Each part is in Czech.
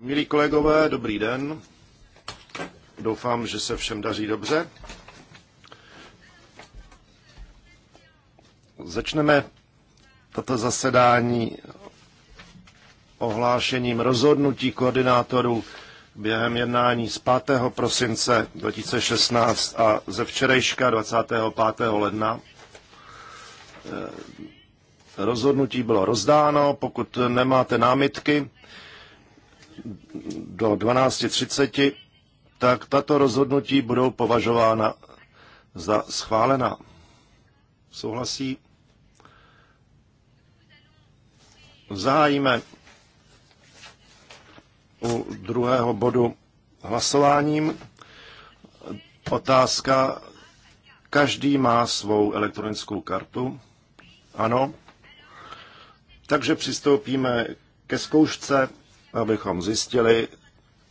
Milí kolegové, dobrý den. Doufám, že se všem daří dobře. Začneme tato zasedání ohlášením rozhodnutí koordinátorů během jednání z 5. prosince 2016 a ze včerejška 25. ledna Rozhodnutí bylo rozdáno, pokud nemáte námitky do 12.30, tak tato rozhodnutí budou považována za schválená. Souhlasí? Zahájíme u druhého bodu hlasováním. Otázka. Každý má svou elektronickou kartu. Ano. Takže přistoupíme ke zkoušce, abychom zjistili,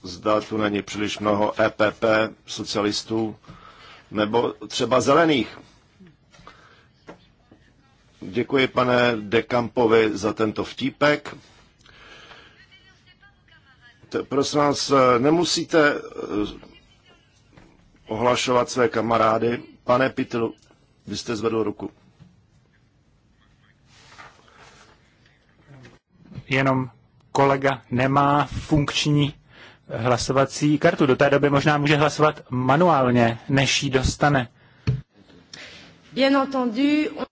zda tu není příliš mnoho EPP, socialistů, nebo třeba zelených. Děkuji, pane Dekampovi, za tento vtípek. Prosím vás, nemusíte eh, ohlašovat své kamarády. Pane Pitlu, vy jste zvedl ruku. jenom kolega nemá funkční hlasovací kartu. Do té doby možná může hlasovat manuálně, než ji dostane.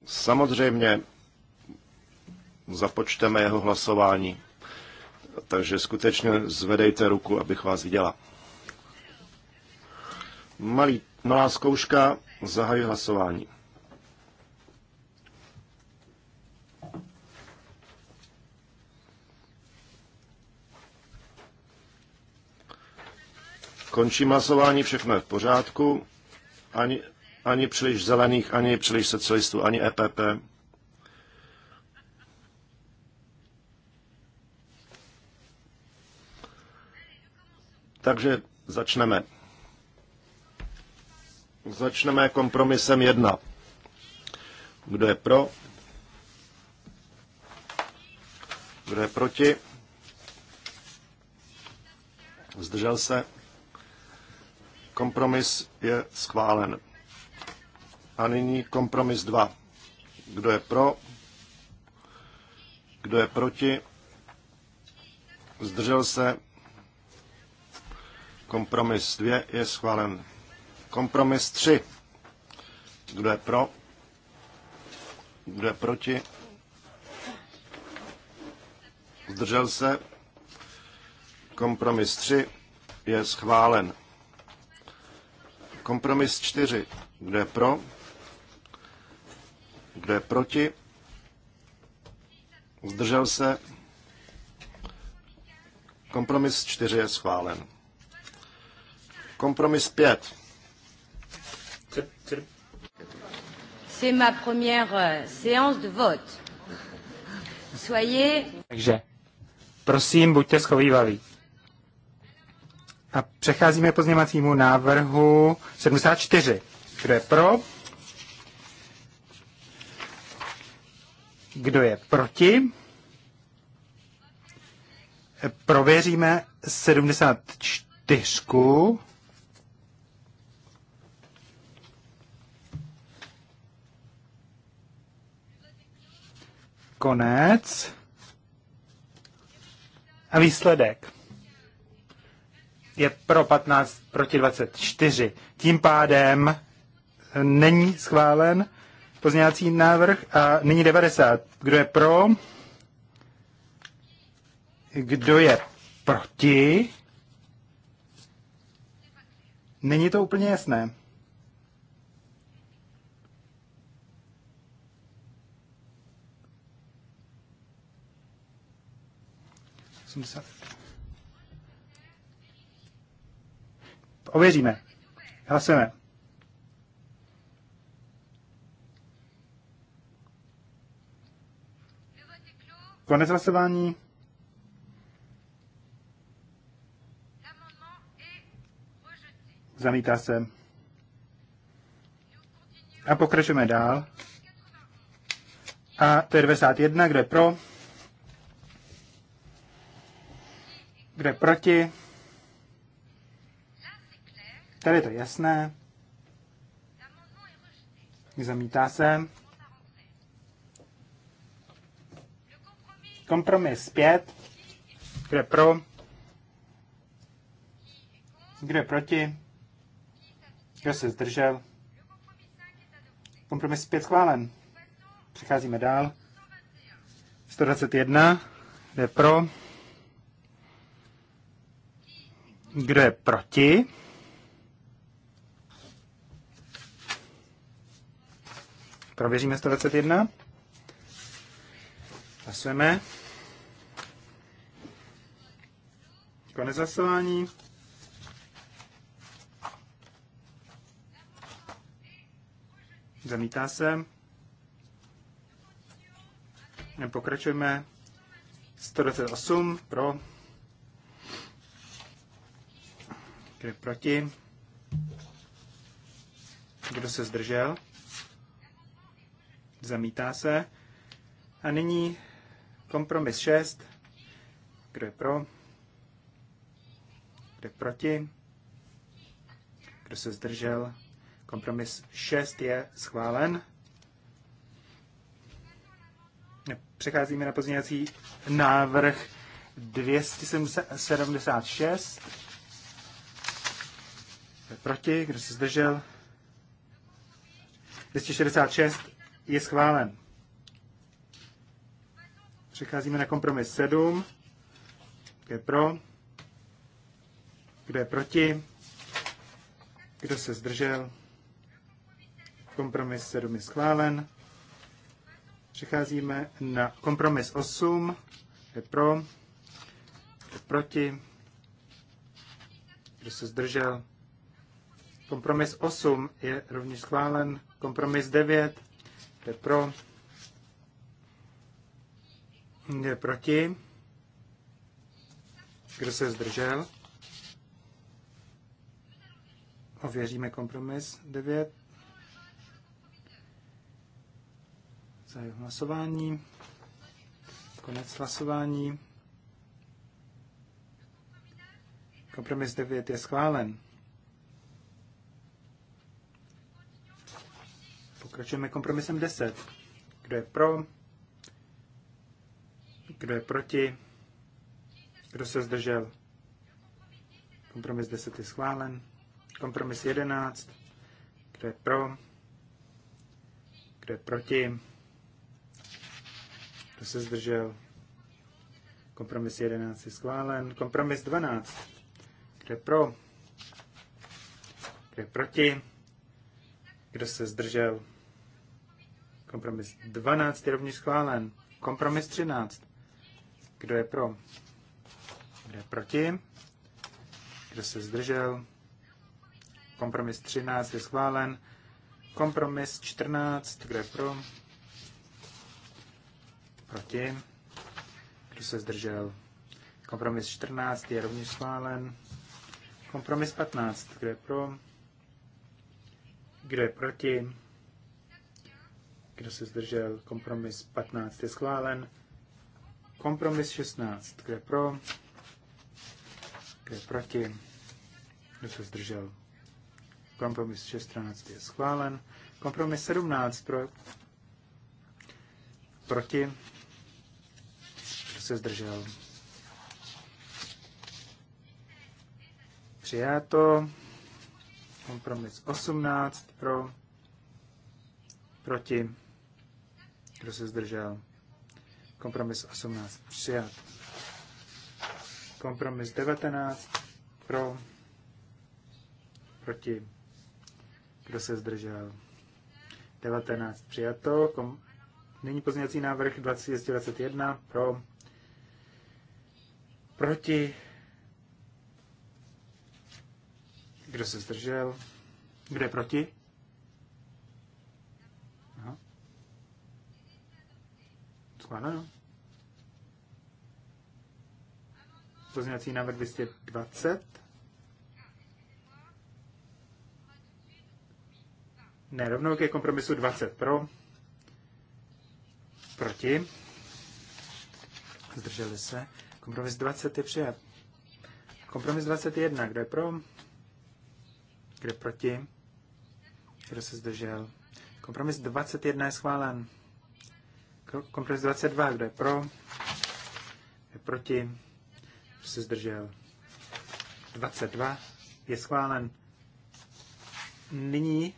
Samozřejmě započteme jeho hlasování. Takže skutečně zvedejte ruku, abych vás viděla. Malý, malá zkouška, zahajuji hlasování. Končím hlasování, všechno je v pořádku. Ani, ani příliš zelených, ani příliš socialistů, ani EPP. Takže začneme. Začneme kompromisem jedna. Kdo je pro? Kdo je proti? Zdržel se? Kompromis je schválen. A nyní kompromis 2. Kdo je pro? Kdo je proti? Zdržel se? Kompromis 2 je schválen. Kompromis 3. Kdo je pro? Kdo je proti? Zdržel se? Kompromis 3 je schválen. Kompromis 4. Kdo je pro? Kdo je proti? Zdržel se? Kompromis 4 je schválen. Kompromis 5. C'est ma première euh, séance de vote. Soyez... Takže, prosím, buďte schovývaví. A přecházíme k pozněmacímu návrhu 74. Kdo je pro? Kdo je proti? Prověříme 74. Konec. A výsledek je pro 15 proti 24. Tím pádem není schválen pozněvací návrh a nyní 90. Kdo je pro? Kdo je proti? Není to úplně jasné. stuff. Ověříme. Hlasujeme. Konec hlasování. Zamítá se. A pokračujeme dál. A to je 91, je pro? je proti? Tady je to jasné. Zamítá se. Kompromis 5. Kde pro? Kde proti? Kdo se zdržel? Kompromis 5 schválen. Přicházíme dál. 121. Kde pro? Kdo je proti? Prověříme 121. Hlasujeme. Konec hlasování. Zamítá se. Pokračujeme. 128 pro. Kdo proti? Kdo se zdržel? Zamítá se. A nyní kompromis 6. Kdo je pro? Kdo je proti? Kdo se zdržel? Kompromis 6 je schválen. Přecházíme na pozměňovací návrh 276. Kdo je proti? Kdo se zdržel? 266 je schválen. Přecházíme na kompromis 7. Kdo je pro? Kdo je proti? Kdo se zdržel? Kompromis 7 je schválen. Přecházíme na kompromis 8. Kdo je pro? Kdo je proti? Kdo se zdržel? Kompromis 8 je rovněž schválen. Kompromis 9 je pro? je proti? Kdo se zdržel? Ověříme kompromis 9. Zahajuji hlasování. Konec hlasování. Kompromis 9 je schválen. Pokračujeme kompromisem 10. Kdo je pro? Kdo je proti? Kdo se zdržel? Kompromis 10 je schválen. Kompromis 11. Kdo je pro? Kdo je proti? Kdo se zdržel? Kompromis 11 je schválen. Kompromis 12. Kdo je pro? Kdo je proti? Kdo se zdržel? Kompromis 12 je rovněž schválen. Kompromis 13. Kdo je pro? Kdo je proti? Kdo se zdržel? Kompromis 13 je schválen. Kompromis 14. Kdo je pro? Proti? Kdo se zdržel? Kompromis 14 je rovněž schválen. Kompromis 15. Kdo je pro? Kdo je proti? Kdo se zdržel? Kompromis 15 je schválen. Kompromis 16. Kdo je pro? Kdo je proti? Kdo se zdržel? Kompromis 16 je schválen. Kompromis 17 pro, proti. Kdo se zdržel? Přijato. Kompromis 18 pro, proti kdo se zdržel? Kompromis 18 přijat. Kompromis 19 pro, proti, kdo se zdržel. 19 přijato. Kom, nyní pozměňovací návrh 2021 pro, proti, kdo se zdržel, kde proti, schváleno. Pozměňovací návrh 220. Ne, rovnou ke kompromisu 20 pro. Proti. Zdrželi se. Kompromis 20 je přijat. Kompromis 21. Kdo je pro? Kdo je proti? Kdo se zdržel? Kompromis 21 je schválen. Kompres 22, kdo je pro? Je proti? Kdo se zdržel? 22 je schválen. Nyní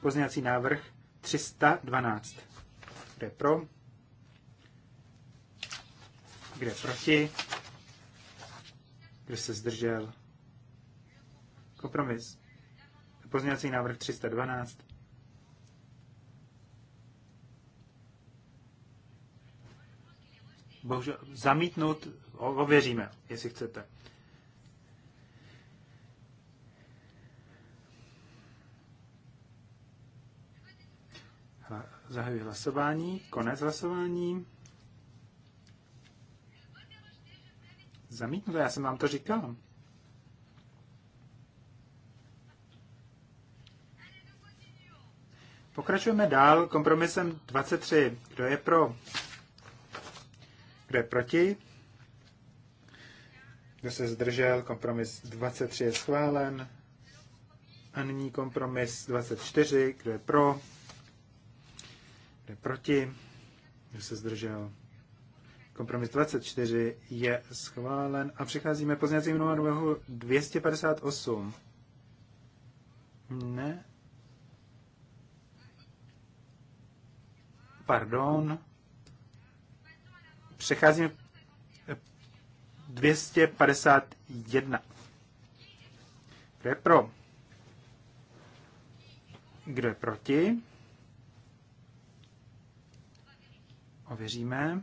pozněvací návrh 312. Kdo je pro? Kdo je proti? Kdo se zdržel? Kompromis. pozněvací návrh 312. bohužel zamítnout ověříme, jestli chcete. Zahajuji hlasování, konec hlasování. Zamítnuto, já jsem vám to říkal. Pokračujeme dál kompromisem 23. Kdo je pro? Kdo je proti? Kdo se zdržel? Kompromis 23 je schválen. A nyní kompromis 24. Kdo je pro? Kdo je proti? Kdo se zdržel? Kompromis 24 je schválen a přecházíme pozněcím návrhu 258. Ne? Pardon. Přecházíme 251. Eh, Kdo je pro? Kdo je proti? Ověříme.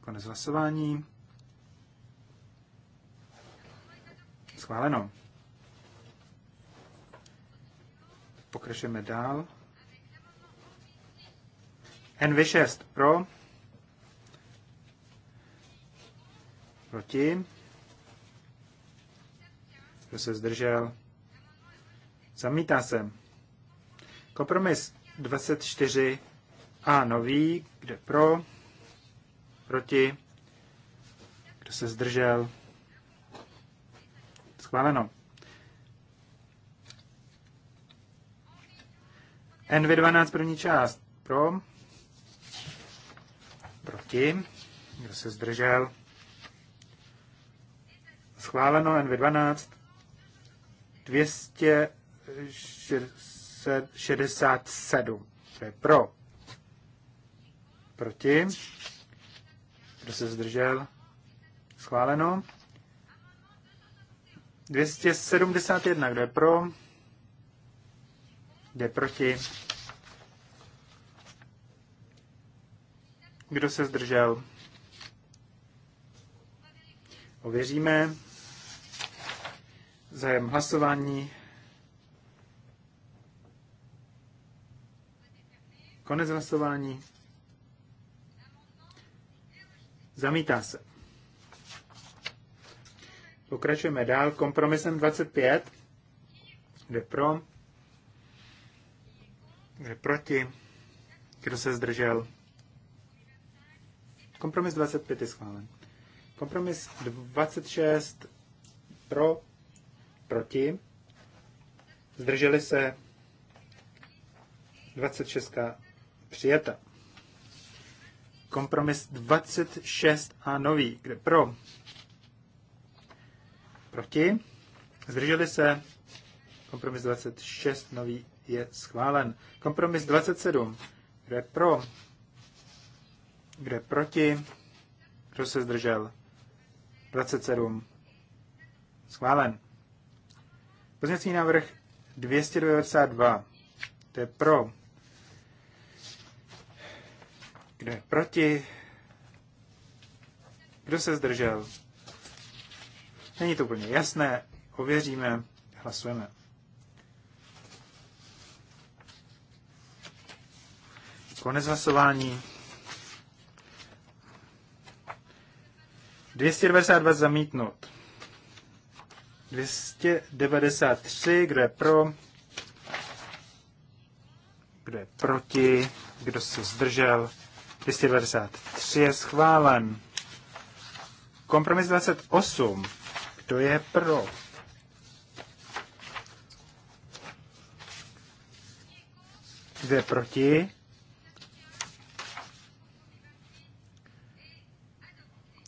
Konec hlasování. Schváleno. Pokračujeme dál. NV6 pro. Proti. Kdo se zdržel? Zamítá se. Kompromis 24 a nový, kde pro, proti, kdo se zdržel. Schváleno. NV12 první část pro, proti, kdo se zdržel, schváleno NV12 267, to je pro, proti, kdo se zdržel, schváleno 271, kdo je pro, Jde proti. Kdo se zdržel? Ověříme. Zajem hlasování. Konec hlasování. Zamítá se. Pokračujeme dál kompromisem 25, Jde pro, kdo je proti? Kdo se zdržel? Kompromis 25 je schválen. Kompromis 26 pro, proti. Zdrželi se 26 přijata. Kompromis 26 a nový, kde pro, proti. Zdrželi se kompromis 26 nový je schválen. Kompromis 27. Kdo je pro? Kdo je proti? Kdo se zdržel? 27. Schválen. Pozměcí návrh 292. To je pro. Kdo je proti? Kdo se zdržel? Není to úplně jasné. Ověříme. Hlasujeme. Konec hlasování. 292 zamítnut. 293, kdo je pro? Kdo je proti? Kdo se zdržel? 293 je schválen. Kompromis 28. Kdo je pro? Kdo je proti?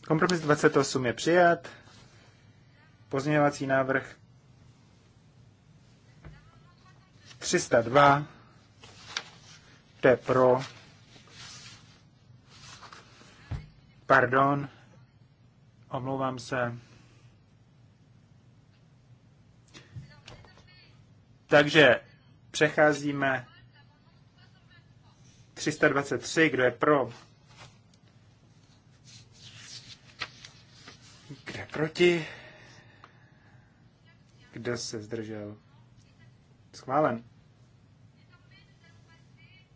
Kompromis 28 je přijat. Pozměňovací návrh 302. To je pro. Pardon. Omlouvám se. Takže přecházíme 323, kdo je pro, Proti? Kdo se zdržel? Schválen.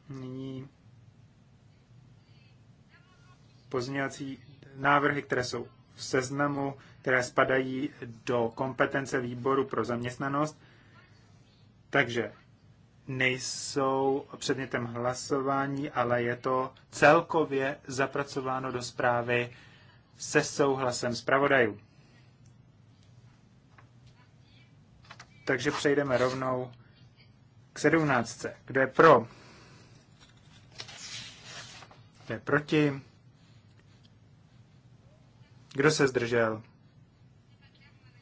Nyní pozměňovací návrhy, které jsou v seznamu, které spadají do kompetence výboru pro zaměstnanost. Takže nejsou předmětem hlasování, ale je to celkově zapracováno do zprávy se souhlasem zpravodajů. takže přejdeme rovnou k sedmnáctce. Kdo je pro? Kdo je proti? Kdo se zdržel?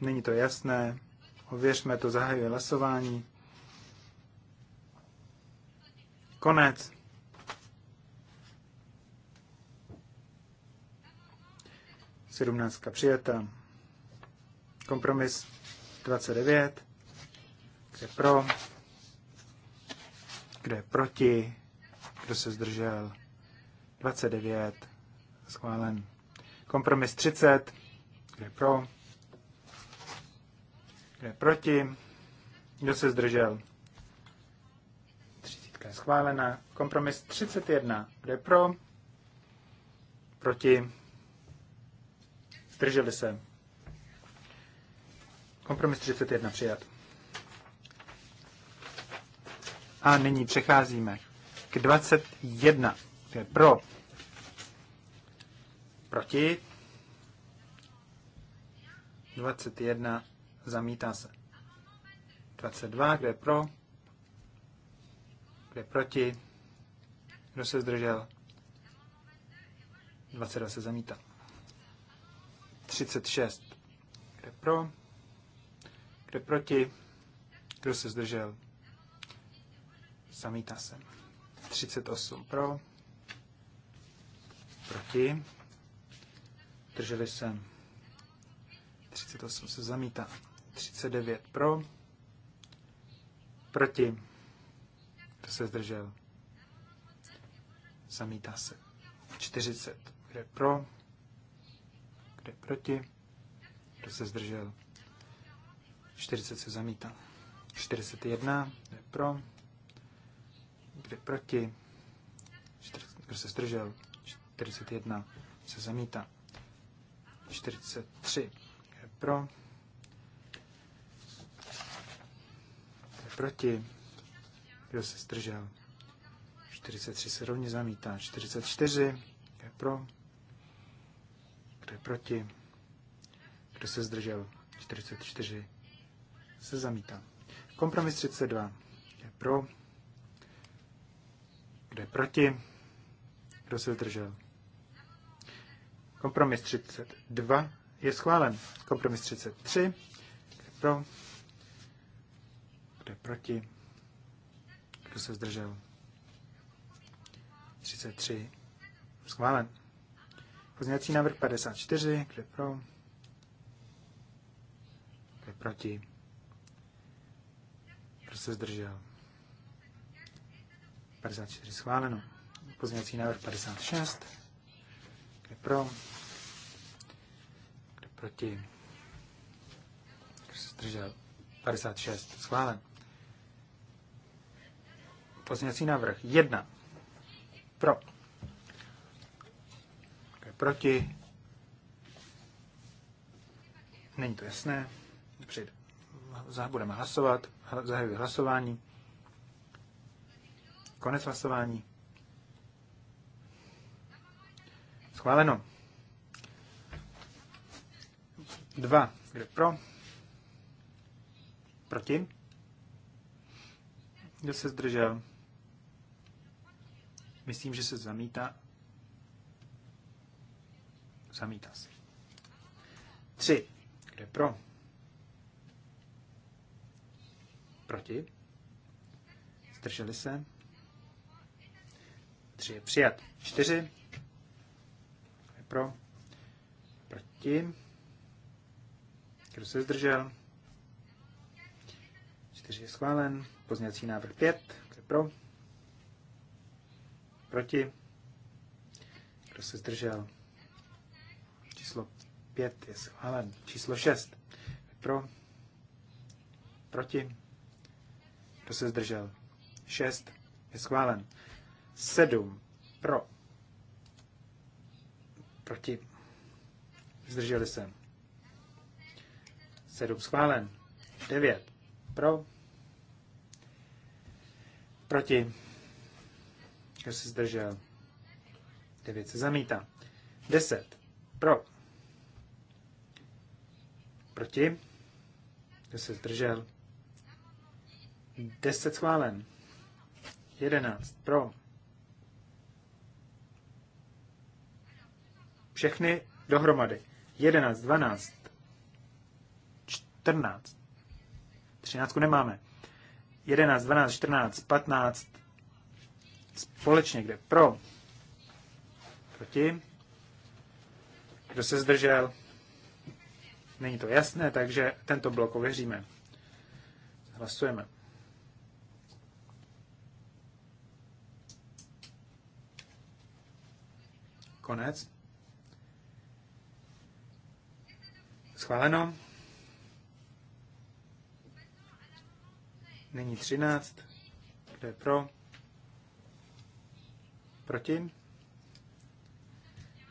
Není to jasné. Ověřme to, zahajuje hlasování. Konec. Sedmnáctka přijata. Kompromis 29. Kdo je pro? Kdo je proti? Kdo se zdržel? 29. Schválen. Kompromis 30. Kdo je pro? Kdo je proti? Kdo se zdržel? 30 je schválena. Kompromis 31. Kdo je pro? Proti? Zdrželi se. Kompromis 31 přijat. A nyní přecházíme k 21. To je pro. Proti. 21. Zamítá se. 22. Kde je pro? Kde je proti? Kdo se zdržel? 22 se zamítá. 36. Kde pro? Kde proti? Kdo se zdržel? Zamítá se. 38 pro. Proti. Drželi se. 38 se zamítá. 39 pro. Proti. To se zdržel. Zamítá se. 40. Kde pro? Kde proti? Kdo se zdržel? 40 se zamítá. 41. Kde pro? kde proti, kdo se zdržel, 41 se zamítá, 43 je pro, je proti, kdo se zdržel, 43 se rovně zamítá, 44 je pro, kdo je proti, kdo se zdržel, 44 se zamítá. Kompromis 32 je pro, kdo je proti? Kdo se zdržel? Kompromis 32 je schválen. Kompromis 33. Kdo je pro? Kdo je proti? Kdo se zdržel? 33. Schválen. Pozměňovací návrh 54. Kdo je pro? Kdo je proti? Kdo se zdržel? 54 schváleno. Pozměňovací návrh 56. Kde pro? Kde proti? Kdo se zdržel? 56 schválen. Pozměňovací návrh 1. Pro. Kde proti? Není to jasné. Dobře, Budeme hlasovat. Zahajuji hlasování. Konec hlasování. Schváleno. Dva. Kdo pro? Proti? Kdo se zdržel? Myslím, že se zamítá. Zamítá se. Tři. Kdo pro? Proti? Zdrželi se? 3 je přijat. 4 je pro, proti, kdo se zdržel, 4 je schválen, pozněcí návrh 5, kdo je pro, proti, kdo se zdržel, číslo 5 je schválen, číslo 6 je pro, proti, kdo se zdržel, 6 je schválen. 7 pro. Proti. Zdrželi se. 7 schválen. 9 pro. Proti. Kdo se zdržel? 9 se zamítá. 10 pro. Proti. Kdo se zdržel? 10 schválen. 11 pro Všechny dohromady. 11, 12, 14. 13 nemáme. 11, 12, 14, 15. Společně kde? Pro. Proti. Kdo se zdržel? Není to jasné, takže tento blok ověříme. Hlasujeme. Konec. Schváleno. Není 13. Kdo je pro? Proti?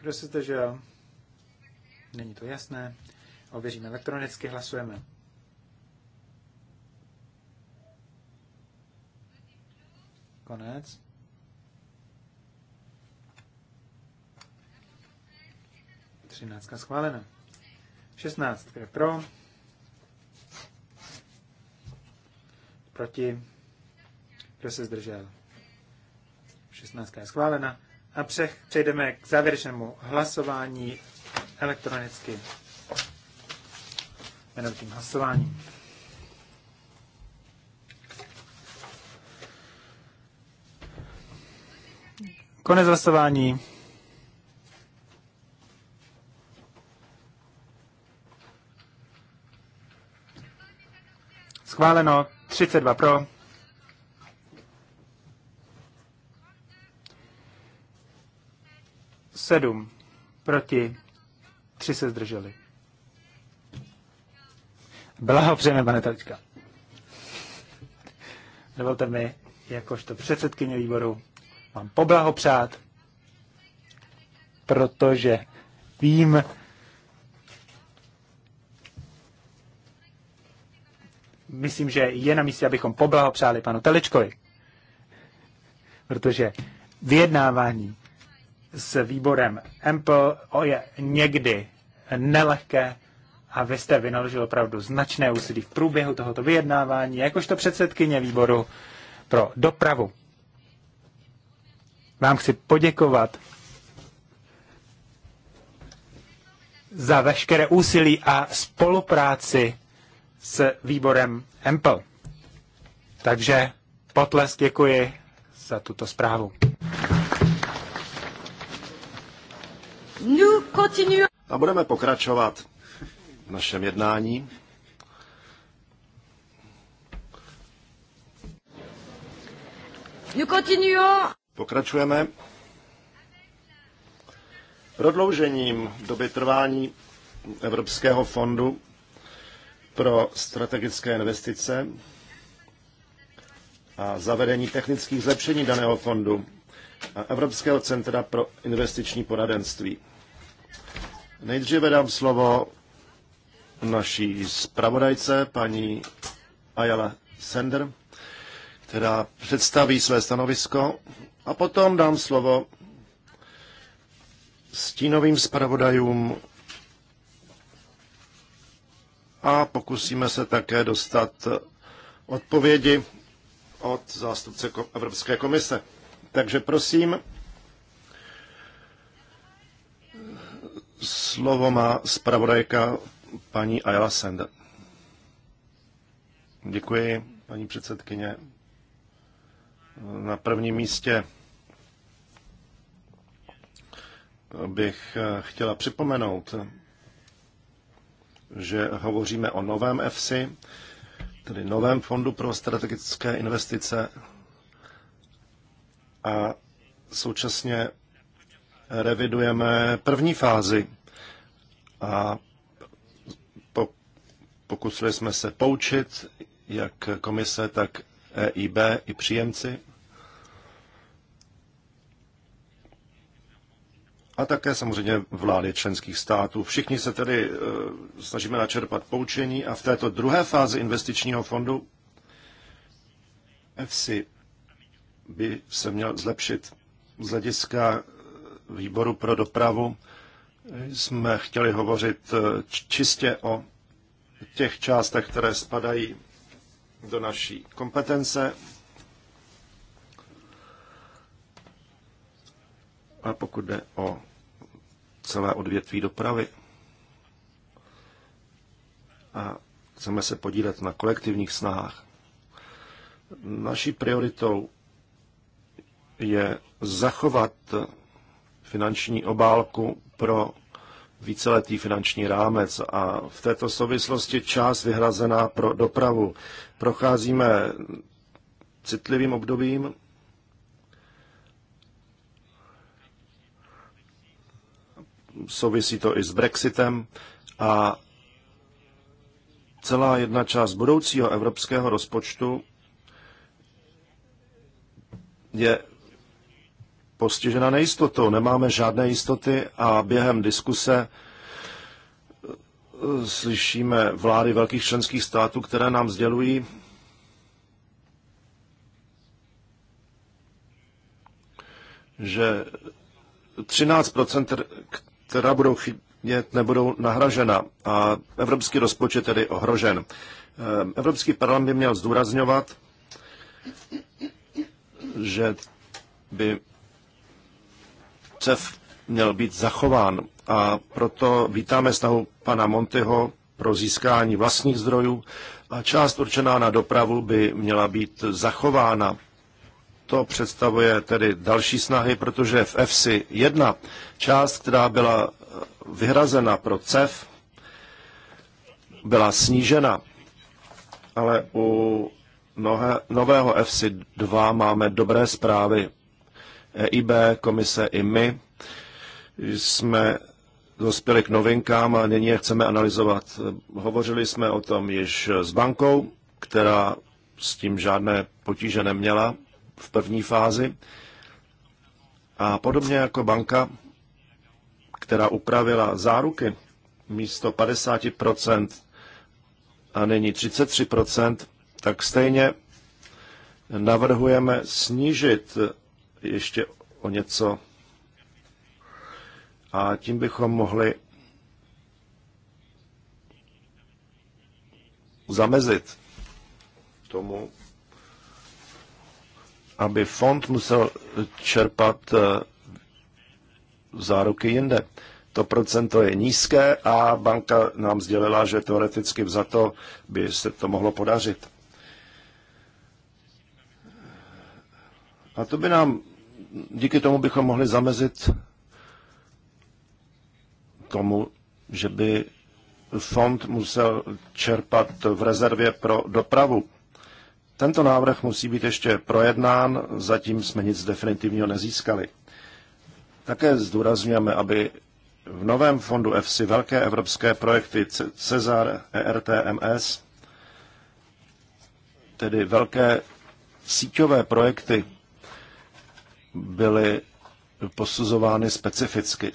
Kdo se zdržel? Není to jasné. Ověříme elektronicky, hlasujeme. Konec. Třináctka schválena. 16 je pro. Proti. Kdo se zdržel? 16 je schválena. A přech, přejdeme k závěrečnému hlasování elektronicky. Jmenovitým hlasováním. Konec hlasování. Schváleno 32 pro. Sedm proti, tři se zdrželi. Blahopřejeme, pane Telička. Dovolte mi, jakožto předsedkyně výboru, vám poblahopřát, protože vím, myslím, že je na místě, abychom poblahopřáli panu Telečkovi, protože vyjednávání s výborem Ample je někdy nelehké a vy jste vynaložil opravdu značné úsilí v průběhu tohoto vyjednávání, jakožto předsedkyně výboru pro dopravu. Vám chci poděkovat za veškeré úsilí a spolupráci s výborem EMPL. Takže potles děkuji za tuto zprávu. A budeme pokračovat v našem jednání. Pokračujeme prodloužením doby trvání Evropského fondu pro strategické investice a zavedení technických zlepšení daného fondu a Evropského centra pro investiční poradenství. Nejdříve dám slovo naší zpravodajce, paní Ayala Sender, která představí své stanovisko a potom dám slovo stínovým zpravodajům a pokusíme se také dostat odpovědi od zástupce Evropské komise. Takže prosím, slovo má zpravodajka paní Ayala Sender. Děkuji, paní předsedkyně. Na prvním místě bych chtěla připomenout, že hovoříme o novém EFSI, tedy novém fondu pro strategické investice a současně revidujeme první fázi a pokusili jsme se poučit, jak komise, tak EIB i příjemci a také samozřejmě vlády členských států. Všichni se tedy e, snažíme načerpat poučení a v této druhé fázi investičního fondu EFSI by se měl zlepšit. Z hlediska eh, výboru pro dopravu eh, jsme chtěli hovořit čistě o těch částech, které spadají do naší kompetence. A pokud jde o celé odvětví dopravy. A chceme se podílet na kolektivních snahách. Naší prioritou je zachovat finanční obálku pro víceletý finanční rámec a v této souvislosti část vyhrazená pro dopravu. Procházíme citlivým obdobím souvisí to i s Brexitem a celá jedna část budoucího evropského rozpočtu je postižena nejistotou. Nemáme žádné jistoty a během diskuse eh, slyšíme vlády velkých členských států, které nám sdělují, že 13%, která budou chybět, nebudou nahražena a evropský rozpočet tedy ohrožen. Ehm, evropský parlament by měl zdůrazňovat, že by CEF měl být zachován a proto vítáme snahu pana Monteho pro získání vlastních zdrojů a část určená na dopravu by měla být zachována to představuje tedy další snahy, protože v EFSI 1 část, která byla eh, vyhrazena pro CEF, byla snížena, ale u nohe, nového EFSI 2 máme dobré zprávy. EIB, komise i my jsme dospěli k novinkám a nyní je chceme analyzovat. Hovořili jsme o tom již s bankou, která s tím žádné potíže neměla v první fázi. A podobně jako banka, která upravila záruky místo 50% a nyní 33%, tak stejně navrhujeme snížit ještě o něco a tím bychom mohli zamezit tomu, aby fond musel čerpat eh, záruky jinde. To procento je nízké a banka nám sdělila, že teoreticky za to by se to mohlo podařit. A to by nám, díky tomu bychom mohli zamezit tomu, že by fond musel čerpat v rezervě pro dopravu. Tento návrh musí být ještě projednán, zatím jsme nic definitivního nezískali. Také zdůrazňujeme, aby v novém fondu EFSI velké evropské projekty Cezar, ERTMS, tedy velké síťové projekty, byly posuzovány specificky,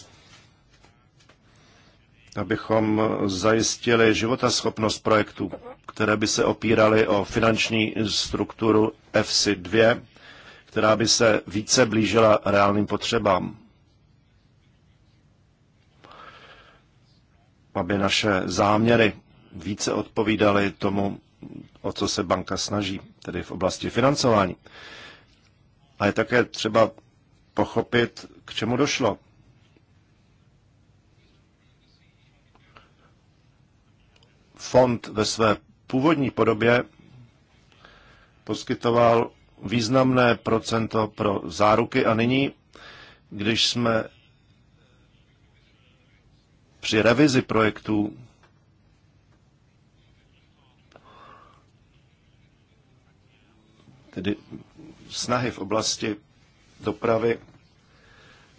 abychom zajistili životaschopnost projektu které by se opíraly o finanční strukturu FC 2, která by se více blížila reálným potřebám. Aby naše záměry více odpovídaly tomu, o co se banka snaží, tedy v oblasti financování. A je také třeba pochopit, k čemu došlo. Fond ve své původní podobě poskytoval významné procento pro záruky a nyní, když jsme při revizi projektů tedy snahy v oblasti dopravy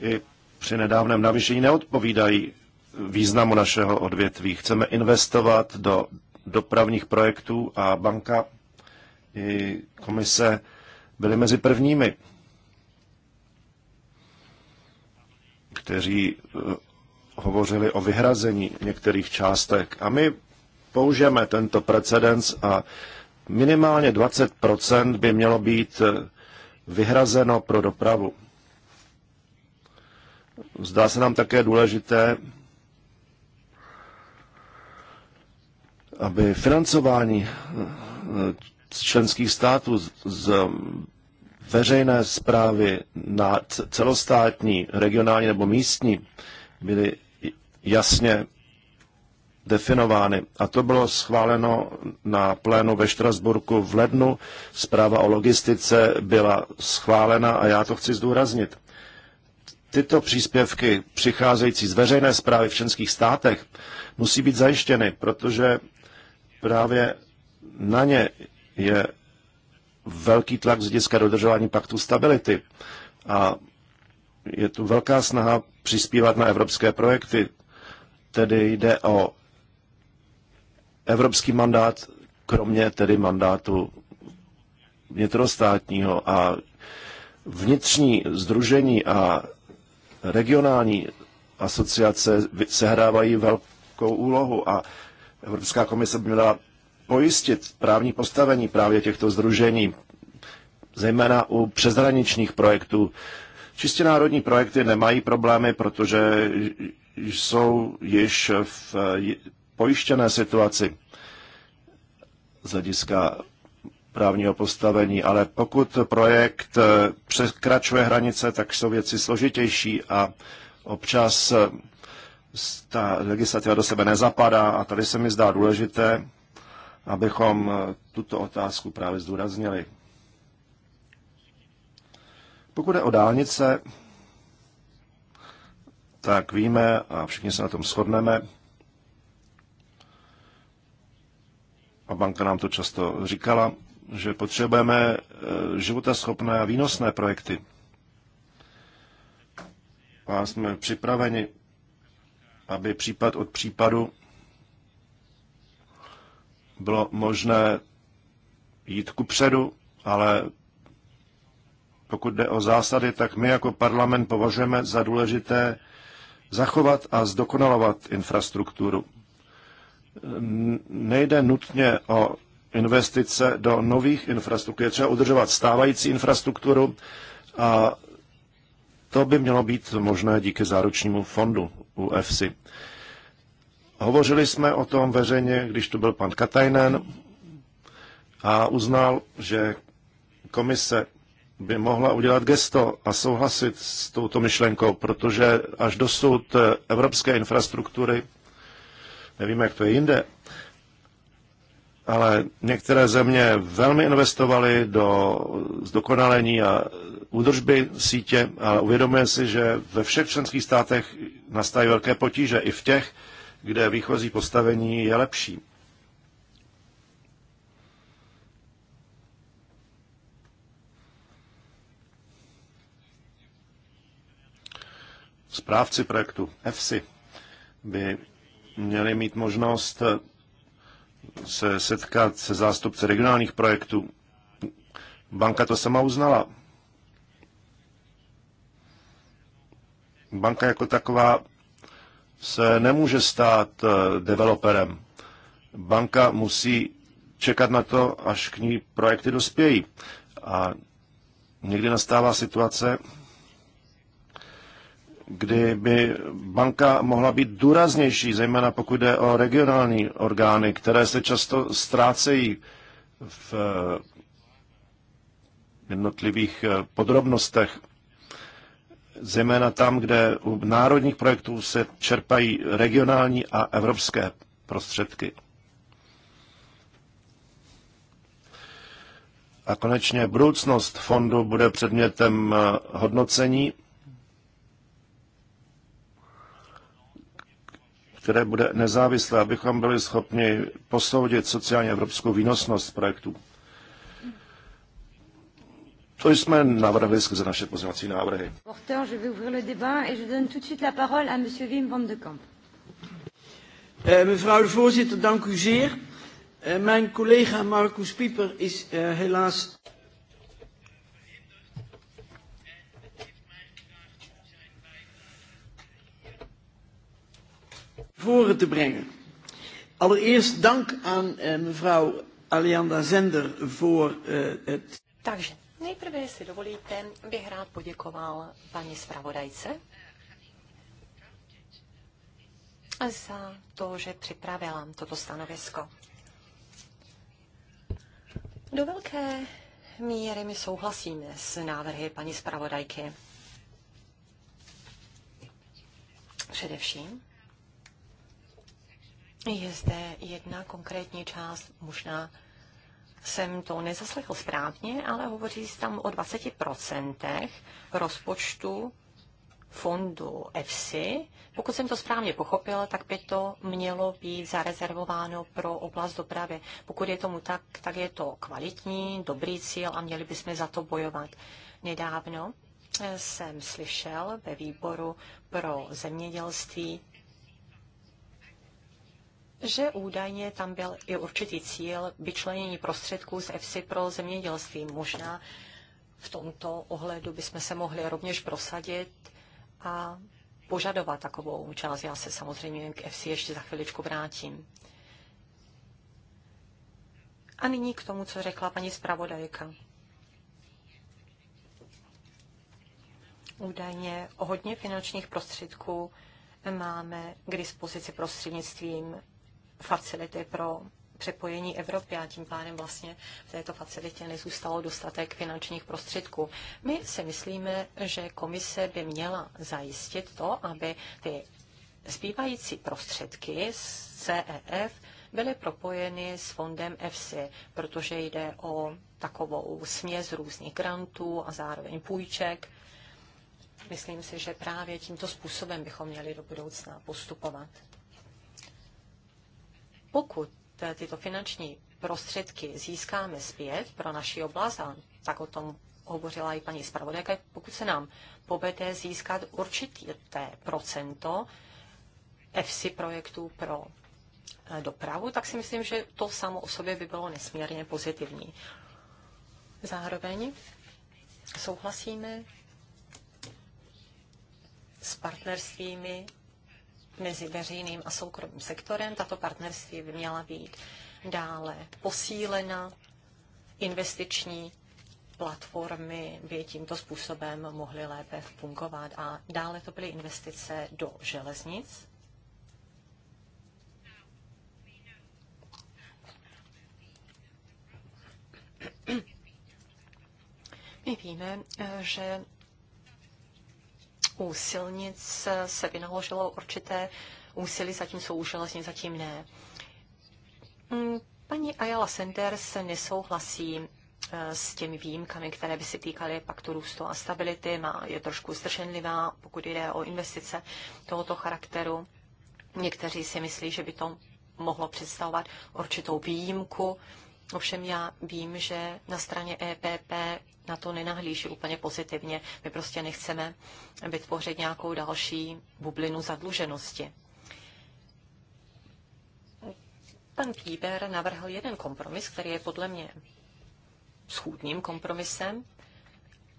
i při nedávném navýšení neodpovídají významu našeho odvětví. Chceme investovat do dopravních projektů a banka i komise byli mezi prvními, kteří eh, hovořili o vyhrazení některých částek. A my použijeme tento precedens a minimálně 20% by mělo být eh, vyhrazeno pro dopravu. Zdá se nám také důležité aby financování eh, členských států z veřejné zprávy na celostátní, regionální nebo místní byly jasně definovány. A to bylo schváleno na plénu ve Štrasburku v lednu. Zpráva o logistice byla schválena a já to chci zdůraznit. Tyto příspěvky přicházející z veřejné zprávy v členských státech musí být zajištěny, protože právě na ně je velký tlak z hlediska dodržování paktu stability. A je tu velká snaha přispívat na evropské projekty. Tedy jde o evropský mandát, kromě tedy mandátu vnitrostátního a vnitřní združení a regionální asociace sehrávají velkou úlohu a Evropská komise by měla pojistit právní postavení právě těchto združení, zejména u přeshraničních projektů. Čistě národní projekty nemají problémy, protože jsou již v pojištěné situaci z hlediska právního postavení, ale pokud projekt překračuje hranice, tak jsou věci složitější a občas ta legislativa do sebe nezapadá a tady se mi zdá důležité, abychom eh, tuto otázku právě zdůraznili. Pokud je o dálnice, tak víme a všichni se na tom shodneme, a banka nám to často říkala, že potřebujeme eh, životaschopné a výnosné projekty. A jsme připraveni aby případ od případu bylo možné jít ku předu, ale pokud jde o zásady, tak my jako parlament považujeme za důležité zachovat a zdokonalovat infrastrukturu. Nejde nutně o investice do nových infrastruktur. Je třeba udržovat stávající infrastrukturu a to by mělo být možné díky záručnímu fondu u EFSI. Hovořili jsme o tom veřejně, když tu byl pan Katajnen a uznal, že komise by mohla udělat gesto a souhlasit s touto myšlenkou, protože až dosud eh, evropské infrastruktury, nevíme, jak to je jinde, ale některé země velmi investovaly do zdokonalení a údržby sítě, ale uvědomuje si, že ve všech členských státech nastají velké potíže, i v těch, kde výchozí postavení je lepší. Správci projektu EFSI by měli mít možnost se setkat se zástupce regionálních projektů. Banka to sama uznala. Banka jako taková se nemůže stát eh, developerem. Banka musí čekat na to, až k ní projekty dospějí. A někdy nastává situace, kdyby banka mohla být důraznější, zejména pokud jde o regionální orgány, které se často ztrácejí v eh, jednotlivých eh, podrobnostech, zejména tam, kde u národních projektů se čerpají regionální a evropské prostředky. A konečně budoucnost fondu bude předmětem eh, hodnocení které bude nezávislé, abychom byli schopni posoudit sociálně evropskou výnosnost projektů. To jsme navrhli skrze naše pozměňovací návrhy. Eh, mevrouw de voorzitter, dank u zeer. Eh, mijn collega Marcus Pieper is eh, helaas... voren te brengen. Allereerst dank aan eh, mevrouw Alianda Zender voor eh, het. Takže nejprve, jestli dovolíte, bych rád poděkoval paní zpravodajce za to, že připravila toto stanovisko. Do velké míry my souhlasíme s návrhy paní zpravodajky. Především je zde jedna konkrétní část, možná jsem to nezaslechl správně, ale hovoří se tam o 20% rozpočtu fondu EFSI. Pokud jsem to správně pochopil, tak by to mělo být zarezervováno pro oblast dopravy. Pokud je tomu tak, tak je to kvalitní, dobrý cíl a měli bychom za to bojovat. Nedávno eh, jsem slyšel ve výboru pro zemědělství že údajně tam byl i určitý cíl vyčlenění prostředků z EFSI pro zemědělství. Možná v tomto ohledu bychom se mohli rovněž prosadit a požadovat takovou účast. Já se samozřejmě k EFSI ještě za chviličku vrátím. A nyní k tomu, co řekla paní zpravodajka. Údajně o hodně finančních prostředků máme k dispozici prostřednictvím facility pro přepojení Evropy a tím pádem vlastně v této facilitě nezůstalo dostatek finančních prostředků. My si myslíme, že komise by měla zajistit to, aby ty zbývající prostředky z CEF byly propojeny s fondem EFSI, protože jde o takovou směs různých grantů a zároveň půjček. Myslím si, že právě tímto způsobem bychom měli do budoucna postupovat pokud tyto finanční prostředky získáme zpět pro naši oblast, a tak o tom hovořila i paní zpravodajka, pokud se nám povede získat určité procento EFSI projektů pro eh, dopravu, tak si myslím, že to samo o sobě by bylo nesmírně pozitivní. Zároveň souhlasíme s partnerstvími mezi veřejným a soukromým sektorem. Tato partnerství by měla být dále posílena. Investiční platformy by tímto způsobem mohly lépe fungovat. A dále to byly investice do železnic. My víme, že u silnic se vynaložilo určité úsilí, zatímco u železně zatím ne. Mm, paní Ayala Sanders nesouhlasí e, s těmi výjimkami, které by se týkaly paktu růstu a stability. Má, je trošku zdrženlivá, pokud jde o investice tohoto charakteru. Někteří si myslí, že by to mohlo představovat určitou výjimku Ovšem já vím, že na straně EPP na to nenahlíží úplně pozitivně. My prostě nechceme vytvořit nějakou další bublinu zadluženosti. Pan Píber navrhl jeden kompromis, který je podle mě schůdným kompromisem.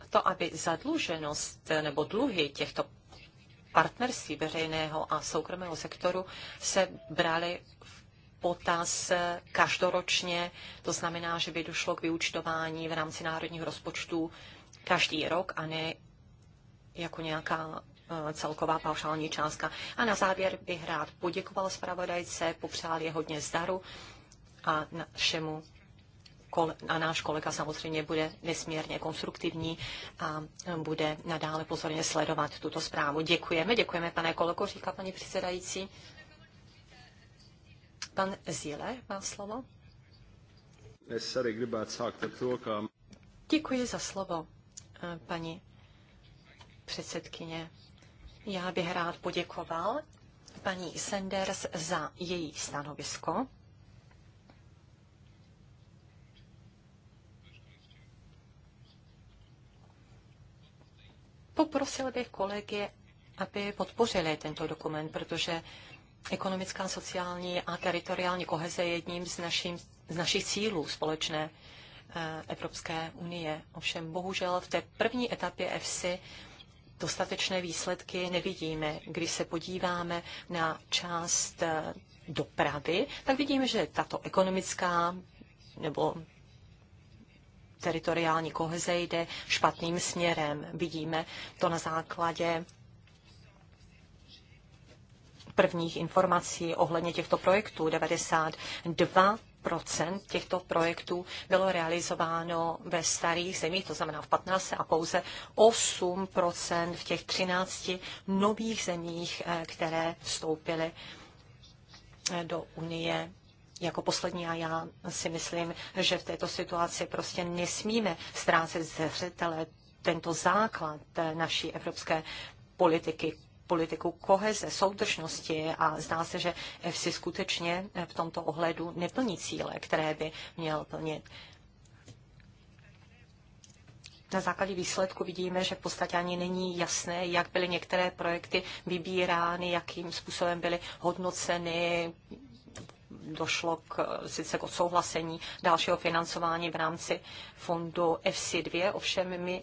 To, aby zadluženost nebo dluhy těchto partnerství veřejného a soukromého sektoru se brali potaz každoročně, to znamená, že by došlo k vyučtování v rámci národních rozpočtů každý rok a ne jako nějaká eh, celková paušální částka. A na závěr bych rád poděkoval zpravodajce, popřál je hodně zdaru a našemu a náš kolega samozřejmě bude nesmírně konstruktivní a eh, bude nadále pozorně sledovat tuto zprávu. Děkujeme, děkujeme, pane kolego, říká paní předsedající. Pan má slovo. Děkuji za slovo, eh, paní předsedkyně. Já bych rád poděkoval paní Senders za její stanovisko. Poprosil bych kolegy, aby podpořili tento dokument, protože Ekonomická, sociální a teritoriální koheze je jedním z, našim, z našich cílů společné eh, Evropské unie. Ovšem bohužel v té první etapě EFSI dostatečné výsledky nevidíme. Když se podíváme na část eh, dopravy, tak vidíme, že tato ekonomická nebo teritoriální koheze jde špatným směrem. Vidíme to na základě prvních informací ohledně těchto projektů. 92 těchto projektů bylo realizováno ve starých zemích, to znamená v 15 a pouze 8 v těch 13 nových zemích, eh, které vstoupily eh, do Unie jako poslední a já si myslím, že v této situaci prostě nesmíme ztrácet zřetele tento základ eh, naší evropské politiky politiku koheze, soudržnosti a zdá se, že EFSI skutečně v tomto ohledu neplní cíle, které by měl plnit. Na základě výsledku vidíme, že v podstatě ani není jasné, jak byly některé projekty vybírány, jakým způsobem byly hodnoceny, došlo k, sice k odsouhlasení dalšího financování v rámci fondu FC2, ovšem my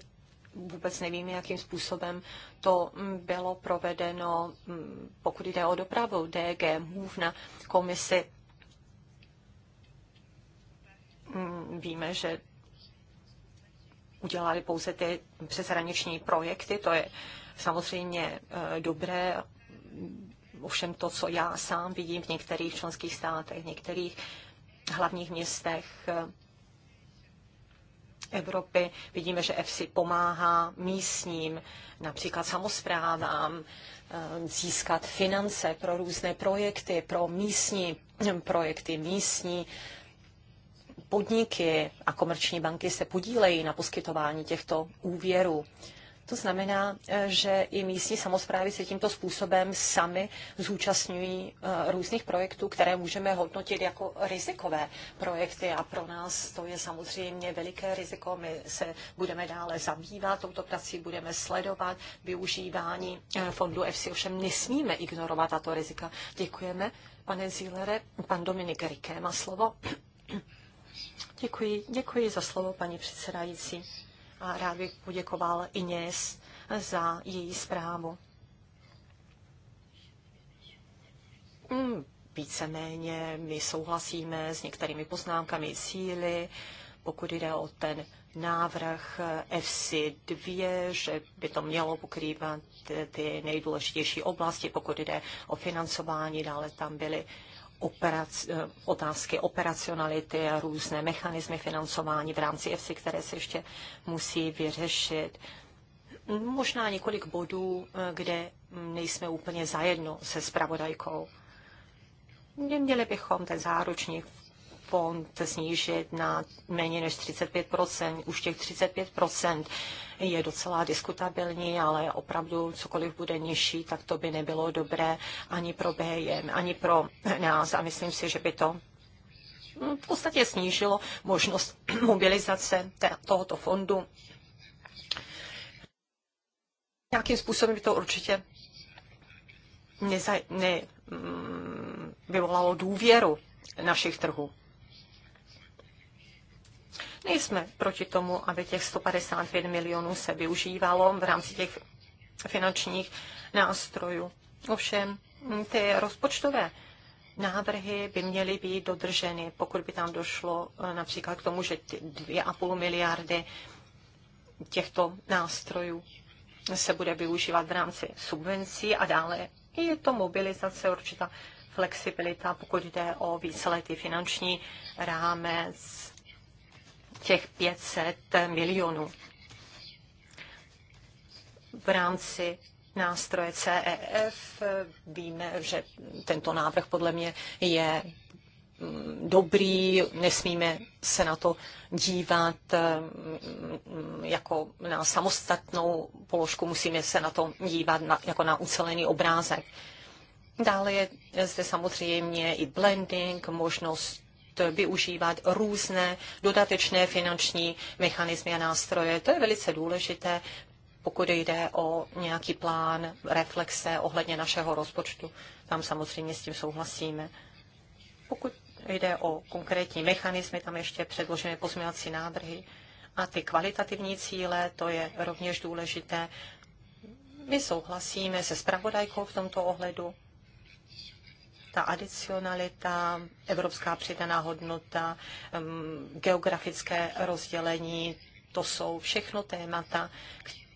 vůbec nevím, jakým způsobem to mm, bylo provedeno, mm, pokud jde o dopravu DG, MUV na komisi. Mm, víme, že udělali pouze ty přeshraniční projekty, to je samozřejmě e, dobré, ovšem to, co já sám vidím v některých členských státech, v některých hlavních městech, e, Evropy. Vidíme, že EFSI pomáhá místním, například samozprávám, ehm, získat finance pro různé projekty, pro místní ehm, projekty, místní podniky a komerční banky se podílejí na poskytování těchto úvěrů. To znamená, eh, že i místní samozprávy se tímto způsobem sami zúčastňují eh, různých projektů, které můžeme hodnotit jako rizikové projekty a pro nás to je samozřejmě veliké riziko. My se budeme dále zabývat touto prací, budeme sledovat využívání eh, fondu EFSI, ovšem nesmíme ignorovat tato rizika. Děkujeme, pane Zílere. Pan Dominik Riké má slovo. Děkuji, děkuji za slovo, paní předsedající a rád bych poděkoval Iněs za její zprávu. Mm, víceméně my souhlasíme s některými poznámkami síly, pokud jde o ten návrh FC2, že by to mělo pokrývat ty nejdůležitější oblasti, pokud jde o financování, dále tam byly operac, eh, otázky operacionality a různé mechanismy financování v rámci EFSI, které se ještě musí vyřešit. Možná několik bodů, eh, kde nejsme úplně zajedno se spravodajkou. Měli bychom ten záruční fond snížit na méně než 35 Už těch 35 je docela diskutabilní, ale opravdu cokoliv bude nižší, tak to by nebylo dobré ani pro BM, ani pro nás. A myslím si, že by to no, v podstatě snížilo možnost mobilizace tohoto fondu. Nějakým způsobem by to určitě neza, ne, mm, vyvolalo důvěru našich trhů. Nejsme proti tomu, aby těch 155 milionů se využívalo v rámci těch finančních nástrojů. Ovšem, ty rozpočtové návrhy by měly být dodrženy, pokud by tam došlo eh, například k tomu, že 2,5 miliardy těchto nástrojů se bude využívat v rámci subvencí a dále. Je to mobilizace, určitá flexibilita, pokud jde o víceletý finanční rámec těch 500 milionů v rámci nástroje CEF. Víme, že tento návrh podle mě je mm, dobrý, nesmíme se na to dívat mm, jako na samostatnou položku, musíme se na to dívat na, jako na ucelený obrázek. Dále je zde samozřejmě i blending, možnost využívat různé dodatečné finanční mechanismy a nástroje. To je velice důležité, pokud jde o nějaký plán reflexe ohledně našeho rozpočtu. Tam samozřejmě s tím souhlasíme. Pokud jde o konkrétní mechanismy, tam ještě předložené pozměňovací návrhy. A ty kvalitativní cíle, to je rovněž důležité. My souhlasíme se spravodajkou v tomto ohledu ta adicionalita, evropská přidaná hodnota, geografické rozdělení, to jsou všechno témata,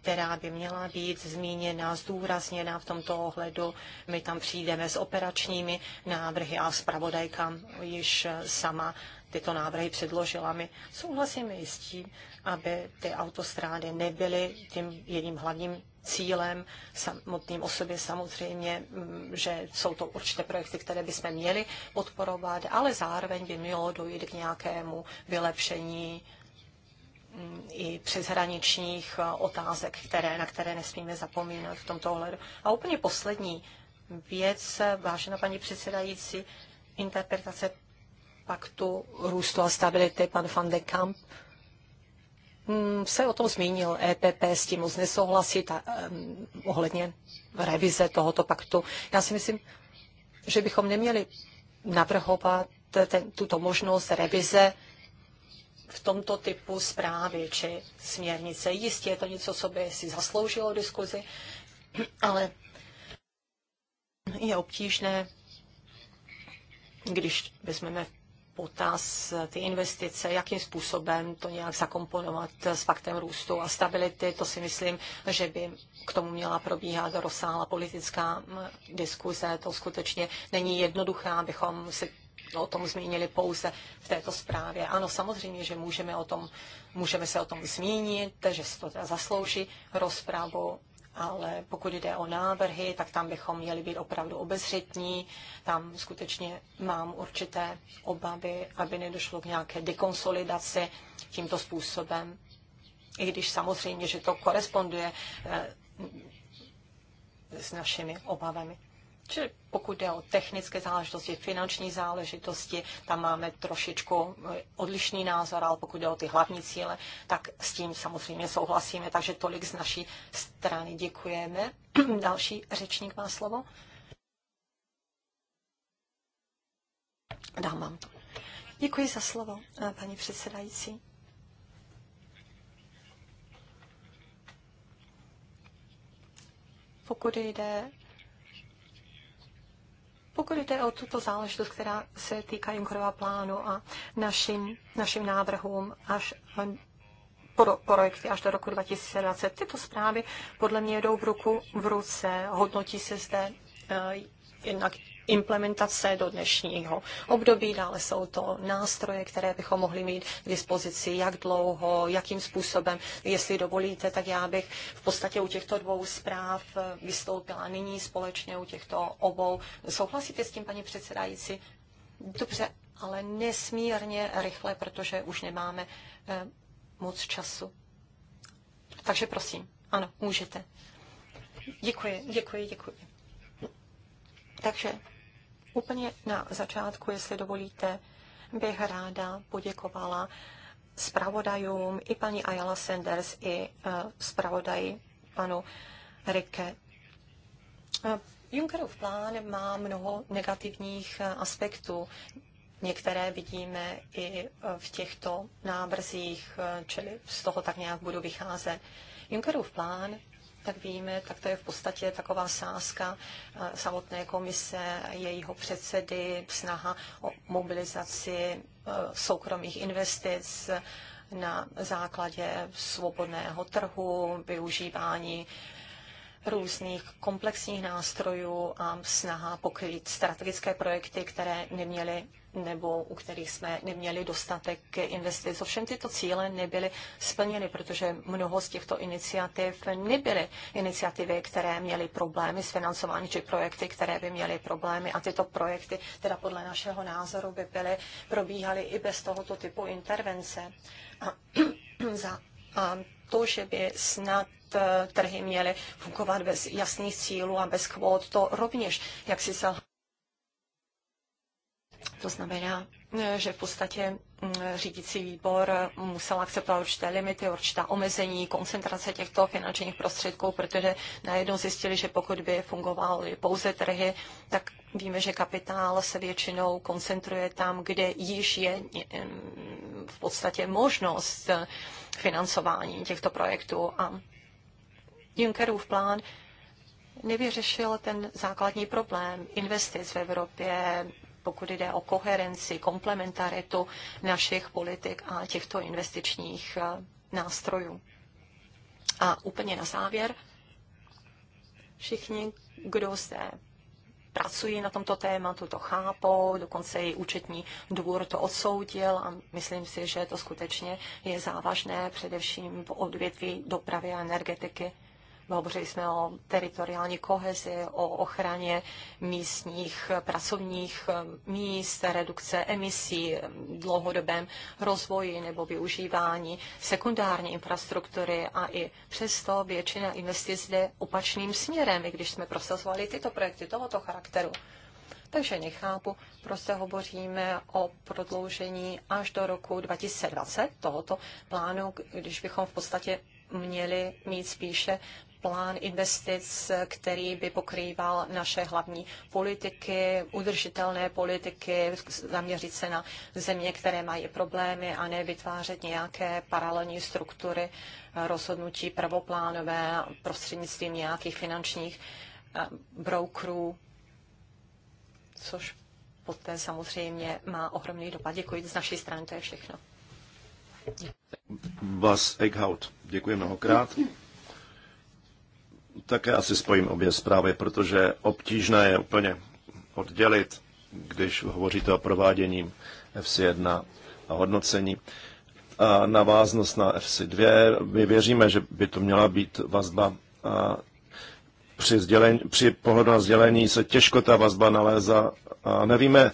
která by měla být zmíněna, zdůrazněna v tomto ohledu. My tam přijdeme s operačními návrhy a zpravodajka již sama tyto návrhy předložila. My souhlasíme i s tím, aby ty autostrády nebyly tím jedním hlavním cílem samotným o sobě samozřejmě, mm, že jsou to určité projekty, které bychom měli podporovat, ale zároveň by mělo dojít k nějakému vylepšení mm, i přeshraničních e, otázek, které, na které nesmíme zapomínat v tomto ohledu. A úplně poslední věc, vážená paní předsedající, interpretace paktu růstu a stability, pan van de Kamp Mm, se o tom zmínil. EPP s tím moc nesouhlasí a, um, ohledně revize tohoto paktu. Já si myslím, že bychom neměli navrhovat ten, tuto možnost revize v tomto typu zprávy či směrnice. Jistě je to něco, co by si zasloužilo diskuzi, ale je obtížné, když vezmeme potaz ty investice, jakým způsobem to nějak zakomponovat s faktem růstu a stability. To si myslím, že by k tomu měla probíhat rozsáhlá politická mm, diskuze. To skutečně není jednoduché, abychom si o tom zmínili pouze v této zprávě. Ano, samozřejmě, že můžeme, o tom, můžeme se o tom zmínit, že se to teda zaslouží rozpravu, ale pokud jde o návrhy, tak tam bychom měli být opravdu obezřetní. Tam skutečně mám určité obavy, aby nedošlo k nějaké dekonsolidaci tímto způsobem. I když samozřejmě, že to koresponduje eh, s našimi obavami. Čili pokud jde o technické záležitosti, finanční záležitosti, tam máme trošičku eh, odlišný názor, ale pokud jde o ty hlavní cíle, tak s tím samozřejmě souhlasíme. Takže tolik z naší strany děkujeme. Další řečník má slovo. Dám vám to. Děkuji za slovo, eh, paní předsedající. Pokud jde pokud jde o tuto záležitost, která se týká Junckerova plánu a našim, našim návrhům až pro projekty až do roku 2020. Tyto zprávy podle mě jdou v, ruku, v ruce, hodnotí se zde uh, jednak implementace do dnešního období. Dále jsou to nástroje, které bychom mohli mít k dispozici, jak dlouho, jakým způsobem. Jestli dovolíte, tak já bych v podstatě u těchto dvou zpráv eh, vystoupila nyní společně u těchto obou. Souhlasíte s tím, paní předsedající? Dobře, ale nesmírně rychle, protože už nemáme eh, moc času. Takže prosím, ano, můžete. Děkuji, děkuji, děkuji. Takže Úplně na začátku, jestli dovolíte, bych ráda poděkovala zpravodajům i paní Ayala Sanders, i e, zpravodaji panu Rike. E, Junckerův plán má mnoho negativních e, aspektů. Některé vidíme i v těchto návrzích, čili z toho tak nějak budu vycházet. Junckerův plán tak víme, tak to je v podstatě taková sázka eh, samotné komise, jejího předsedy, snaha o mobilizaci eh, soukromých investic na základě svobodného trhu, využívání různých komplexních nástrojů a snaha pokrýt strategické projekty, které neměly nebo u kterých jsme neměli dostatek investic. Ovšem tyto cíle nebyly splněny, protože mnoho z těchto iniciativ nebyly iniciativy, které měly problémy s financováním, či projekty, které by měly problémy. A tyto projekty, teda podle našeho názoru, by byly, probíhaly i bez tohoto typu intervence. A, za, a to, že by snad eh, trhy měly fungovat bez jasných cílů a bez kvót, to rovněž, jak si se... To znamená, že v podstatě mm, řídící výbor musel akceptovat určité limity, určitá omezení, koncentrace těchto finančních prostředků, protože najednou zjistili, že pokud by fungovaly pouze trhy, tak víme, že kapitál se většinou koncentruje tam, kde již je mm, v podstatě možnost financování těchto projektů. A Junckerův plán nevyřešil ten základní problém investic v Evropě, pokud jde o koherenci, komplementaritu našich politik a těchto investičních eh, nástrojů. A úplně na závěr, všichni, kdo se pracují na tomto tématu, to chápou, dokonce i účetní dvůr to odsoudil a myslím si, že to skutečně je závažné, především v odvětví dopravy a energetiky. Hovořili jsme o teritoriální kohezi, o ochraně místních pracovních eh, míst, redukce emisí, eh, dlouhodobém rozvoji nebo využívání sekundární infrastruktury a i přesto většina investic jde opačným směrem, i když jsme prosazovali tyto projekty tohoto charakteru. Takže nechápu, prostě hovoříme o prodloužení až do roku 2020 tohoto plánu, když bychom v podstatě měli mít spíše plán investic, který by pokrýval naše hlavní politiky, udržitelné politiky, zaměřit se na země, které mají problémy a ne vytvářet nějaké paralelní struktury eh, rozhodnutí prvoplánové prostřednictvím nějakých finančních eh, brokerů, což poté samozřejmě má ohromný dopad. Děkuji z naší strany, to je všechno. Vás Eichhout, děkuji mnohokrát. Také asi spojím obě zprávy, protože obtížné je úplně oddělit, když hovoříte o provádění FC1 a hodnocení. A naváznost na FC2, my věříme, že by to měla být vazba a při, sdělení, při pohledu na sdělení se těžko ta vazba nalézá a nevíme,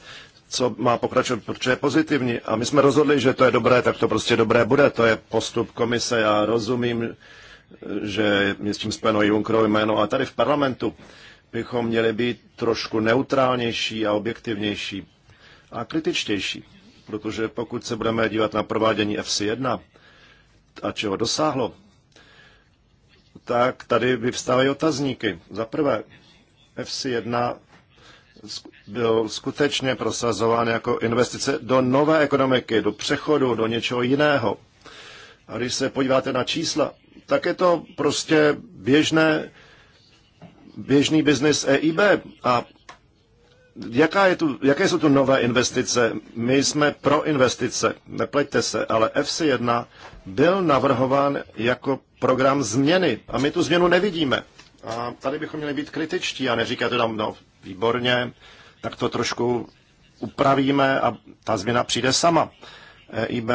co má pokračovat, protože je pozitivní. A my jsme rozhodli, že to je dobré, tak to prostě dobré bude. To je postup komise. Já rozumím, že je s tím spojeno Junckerovo jméno, ale tady v parlamentu bychom měli být trošku neutrálnější a objektivnější a kritičtější, protože pokud se budeme dívat na provádění FC1 a čeho dosáhlo, tak tady vyvstávají otazníky. Za prvé, FC1 byl skutečně prosazován jako investice do nové ekonomiky, do přechodu, do něčeho jiného. A když se podíváte na čísla, tak je to prostě běžné, běžný biznis EIB. A jaká je tu, jaké jsou tu nové investice? My jsme pro investice, nepleťte se, ale FC1 byl navrhován jako program změny a my tu změnu nevidíme. A tady bychom měli být kritičtí a neříkat jenom, no výborně, tak to trošku upravíme a ta změna přijde sama. EIB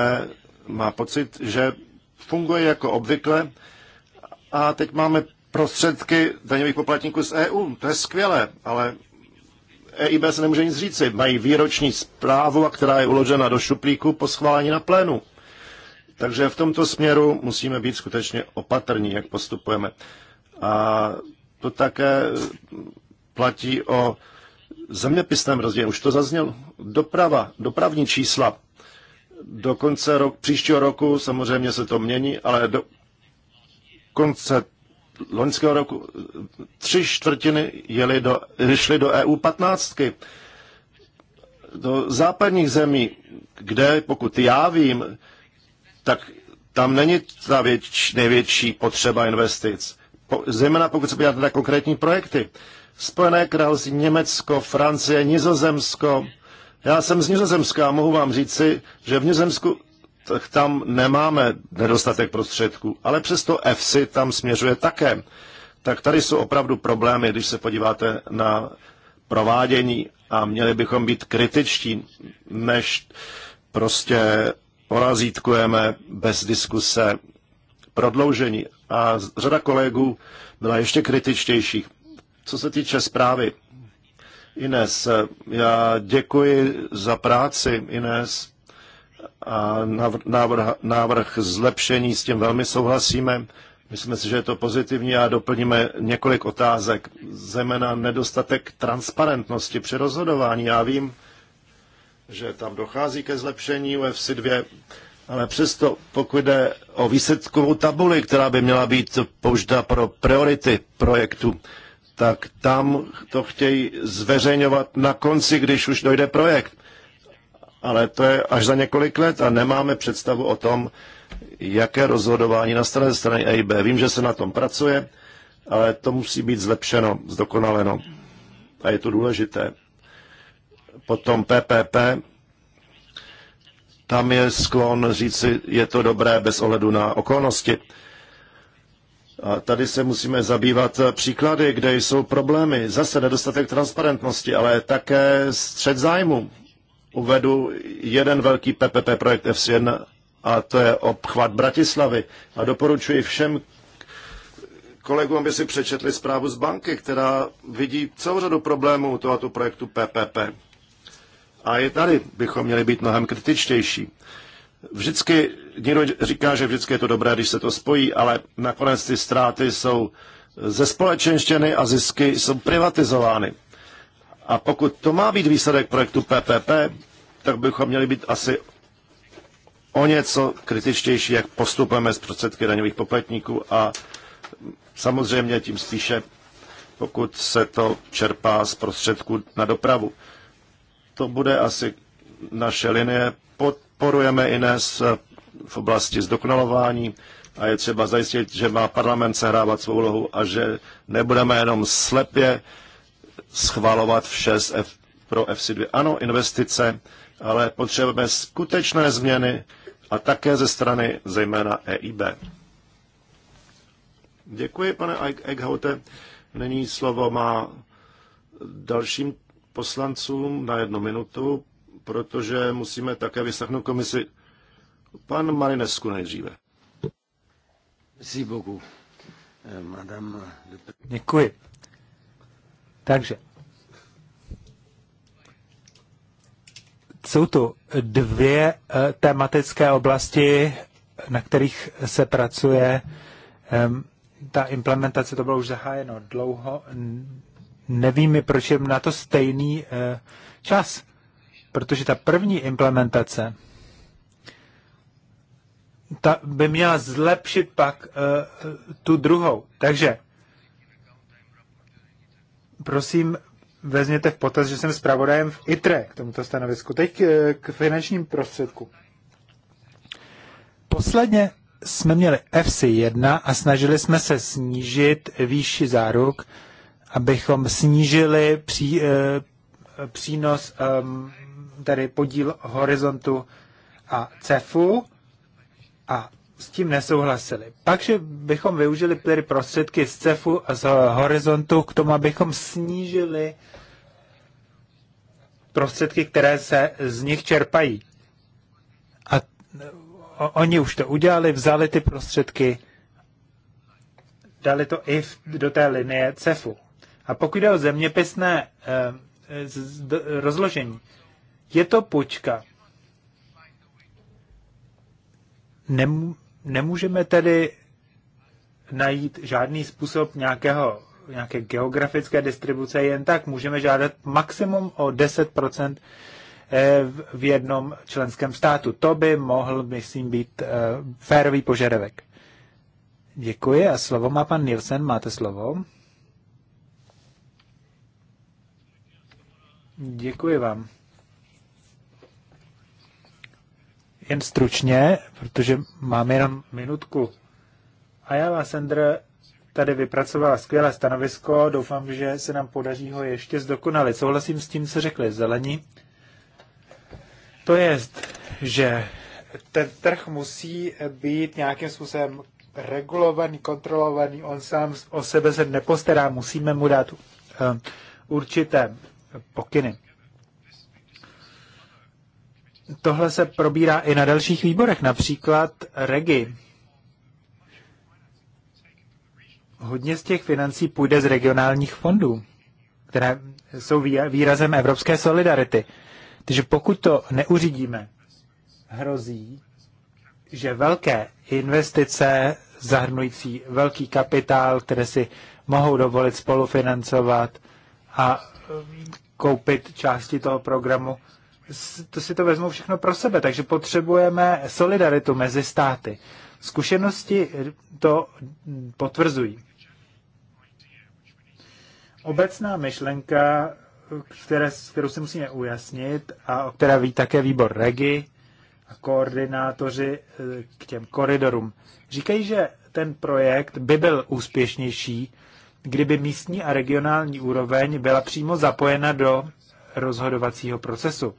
má pocit, že funguje jako obvykle a teď máme prostředky daňových poplatníků z EU. To je skvělé, ale EIB se nemůže nic říci. Mají výroční zprávu, která je uložena do šuplíku po schválení na plénu. Takže v tomto směru musíme být skutečně opatrní, jak postupujeme. A to také platí o zeměpisném rozdílu. Už to zaznělo. Doprava, dopravní čísla do konce rok, příštího roku, samozřejmě se to mění, ale do konce loňského roku tři čtvrtiny jeli do, šly do EU 15. Do západních zemí, kde, pokud já vím, tak tam není ta větš, největší potřeba investic. Po, zejména pokud se podíváte na konkrétní projekty. Spojené království, Německo, Francie, Nizozemsko, já jsem z Nizozemska a mohu vám říci, že v Nizozemsku tam nemáme nedostatek prostředků, ale přesto EFSI tam směřuje také. Tak tady jsou opravdu problémy, když se podíváte na provádění a měli bychom být kritičtí, než prostě porazítkujeme bez diskuse prodloužení. A řada kolegů byla ještě kritičtějších. Co se týče zprávy, Ines, já děkuji za práci, Ines, a návrh, návrh zlepšení, s tím velmi souhlasíme. Myslíme si, že je to pozitivní a doplníme několik otázek, zejména nedostatek transparentnosti při rozhodování. Já vím, že tam dochází ke zlepšení u FC 2, ale přesto, pokud jde o výsledkovou tabuli, která by měla být použita pro priority projektu, tak tam to chtějí zveřejňovat na konci, když už dojde projekt. Ale to je až za několik let a nemáme představu o tom, jaké rozhodování nastane ze strany EIB. Vím, že se na tom pracuje, ale to musí být zlepšeno, zdokonaleno. A je to důležité. Potom PPP, tam je sklon říci, je to dobré bez ohledu na okolnosti. A tady se musíme zabývat příklady, kde jsou problémy. Zase nedostatek transparentnosti, ale také střed zájmu. Uvedu jeden velký PPP projekt f 1 a to je obchvat Bratislavy. A doporučuji všem kolegům, aby si přečetli zprávu z banky, která vidí celou řadu problémů tohoto projektu PPP. A i tady bychom měli být mnohem kritičtější. Vždycky, někdo říká, že vždycky je to dobré, když se to spojí, ale nakonec ty ztráty jsou ze společenštěny a zisky jsou privatizovány. A pokud to má být výsledek projektu PPP, tak bychom měli být asi o něco kritičtější, jak postupujeme z prostředky daňových poplatníků a samozřejmě tím spíše, pokud se to čerpá z prostředků na dopravu. To bude asi naše linie podporujeme Ines eh, v oblasti zdokonalování a je třeba zajistit, že má parlament sehrávat svou úlohu a že nebudeme jenom slepě schvalovat vše F pro FC2. Ano, investice, ale potřebujeme skutečné změny a také ze strany zejména EIB. Děkuji, pane Eichhaute. Nyní slovo má dalším poslancům na jednu minutu protože musíme také vyslechnout komisi. Pan Marinesku nejdříve. Eh, Děkuji. Takže jsou tu dvě eh, tematické oblasti, na kterých se pracuje. Ehm, ta implementace, to bylo už zahájeno dlouho. Nevím, proč je na to stejný eh, čas protože ta první implementace ta by měla zlepšit pak uh, tu druhou. Takže prosím, vezměte v potaz, že jsem zpravodajem v ITRE k tomuto stanovisku. Teď eh, k finančním prostředku. Posledně jsme měli FC1 a snažili jsme se snížit výši záruk, abychom snížili pří, uh, přínos um, tedy podíl Horizontu a CEFu a s tím nesouhlasili. Takže bychom využili tedy prostředky z CEFu a z Horizontu k tomu, abychom snížili prostředky, které se z nich čerpají. A oni už to udělali, vzali ty prostředky, dali to i do té linie CEFu. A pokud jde o zeměpisné eh, rozložení, je to počka. Nem, nemůžeme tedy najít žádný způsob nějakého, nějaké geografické distribuce jen tak. Můžeme žádat maximum o 10% eh, v jednom členském státu. To by mohl, myslím, být eh, férový požadavek. Děkuji a slovo má pan Nielsen. Máte slovo. Děkuji vám. jen stručně, protože máme jenom minutku. Ayala Sender tady vypracovala skvělé stanovisko, doufám, že se nám podaří ho ještě zdokonalit. Souhlasím s tím, co řekli zelení. To je, že ten trh musí být nějakým způsobem regulovaný, kontrolovaný, on sám o sebe se nepostará, musíme mu dát eh, určité pokyny tohle se probírá i na dalších výborech, například REGI. Hodně z těch financí půjde z regionálních fondů, které jsou výrazem evropské solidarity. Takže pokud to neuřídíme, hrozí, že velké investice zahrnující velký kapitál, které si mohou dovolit spolufinancovat a um, koupit části toho programu, to si to vezmou všechno pro sebe, takže potřebujeme solidaritu mezi státy. Zkušenosti to potvrzují. Obecná myšlenka, které, kterou si musíme ujasnit a o které ví také výbor REGI a koordinátoři eh, k těm koridorům, říkají, že ten projekt by byl úspěšnější, kdyby místní a regionální úroveň byla přímo zapojena do rozhodovacího procesu.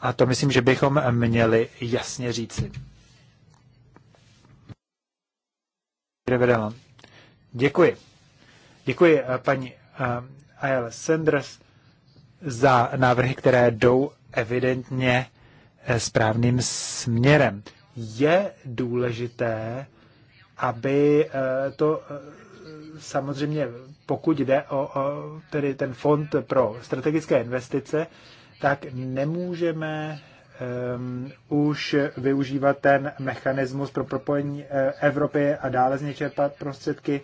A to myslím, že bychom měli jasně říci. Děkuji. Děkuji eh, paní eh, Ayala Sanders za návrhy, které jdou evidentně eh, správným směrem. Je důležité, aby to samozřejmě, pokud jde o, o tedy ten fond pro strategické investice, tak nemůžeme um, už využívat ten mechanismus pro propojení eh, Evropy a dále z něj čerpat prostředky.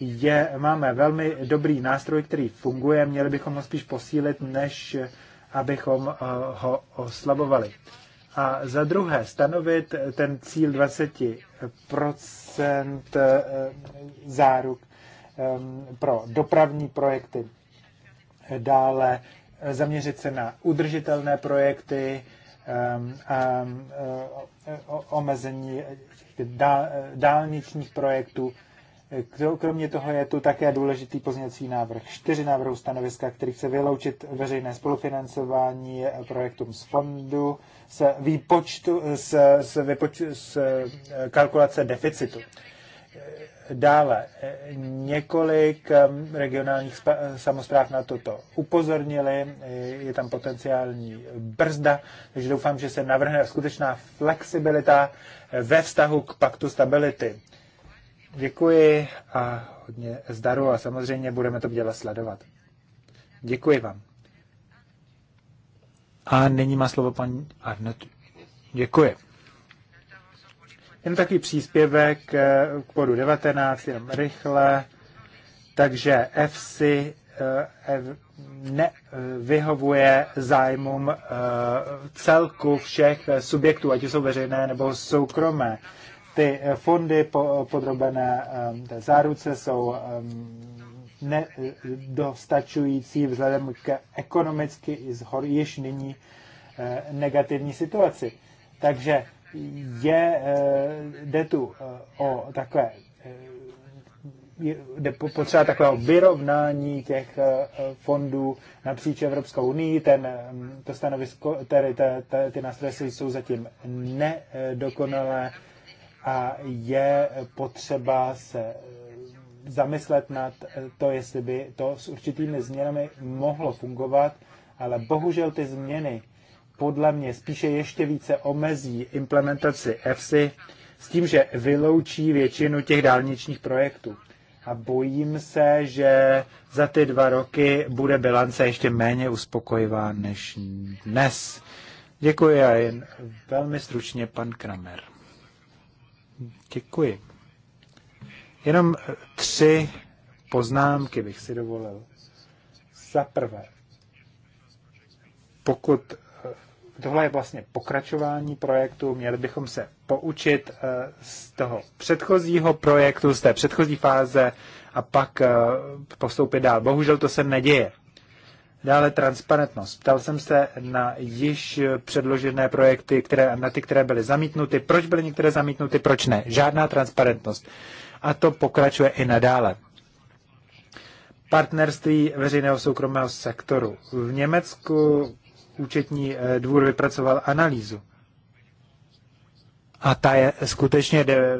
Je, máme velmi dobrý nástroj, který funguje, měli bychom ho spíš posílit, než eh, abychom uh, ho oslabovali. A za druhé, stanovit ten cíl 20% záruk pro dopravní projekty. Dále zaměřit se na udržitelné projekty um, a um, omezení dálničních projektů. Kromě toho je tu také důležitý pozněcí návrh. Čtyři návrhu stanoviska, který chce vyloučit veřejné spolufinancování projektům z fondu, z výpočtu, z, z, vypoč, z eh, kalkulace deficitu. Dále e, několik regionálních samozpráv na toto upozornili, e, je tam potenciální brzda, takže doufám, že se navrhne skutečná flexibilita e, ve vztahu k paktu stability. Děkuji a hodně zdaru a samozřejmě budeme to dělat sledovat. Děkuji vám. A nyní má slovo paní Arnett. Děkuji. Jen takový příspěvek eh, k bodu 19, jenom rychle. Takže FC eh, nevyhovuje eh, zájmům celku všech subjektů, ať jsou veřejné nebo soukromé. Ty fondy podrobené té záruce jsou nedostačující vzhledem k ekonomicky již nyní negativní situaci. Takže Eh, eh, eh, je, jde tu o takové jde potřeba takového vyrovnání těch fondů napříč Evropskou unii. Ten, mm, to stanovisko, tedy te, te, ty nástroje jsou zatím nedokonalé a je potřeba se zamyslet nad to, jestli by to s určitými změnami mohlo fungovat, ale bohužel ty změny podle mě spíše ještě více omezí implementaci EFSI s tím, že vyloučí většinu těch dálničních projektů. A bojím se, že za ty dva roky bude bilance ještě méně uspokojivá než dnes. Děkuji a jen velmi stručně pan Kramer. Děkuji. Jenom eh, tři poznámky bych si dovolil. Za prvé, pokud tohle je vlastně pokračování projektu, měli bychom se poučit eh, z toho předchozího projektu, z té předchozí fáze a pak eh, postoupit dál. Bohužel to se neděje. Dále transparentnost. Ptal jsem se na již předložené projekty, které, na ty, které byly zamítnuty. Proč byly některé zamítnuty, proč ne? Žádná transparentnost. A to pokračuje i nadále. Partnerství veřejného soukromého sektoru. V Německu účetní eh, dvůr vypracoval analýzu. A ta je skutečně de-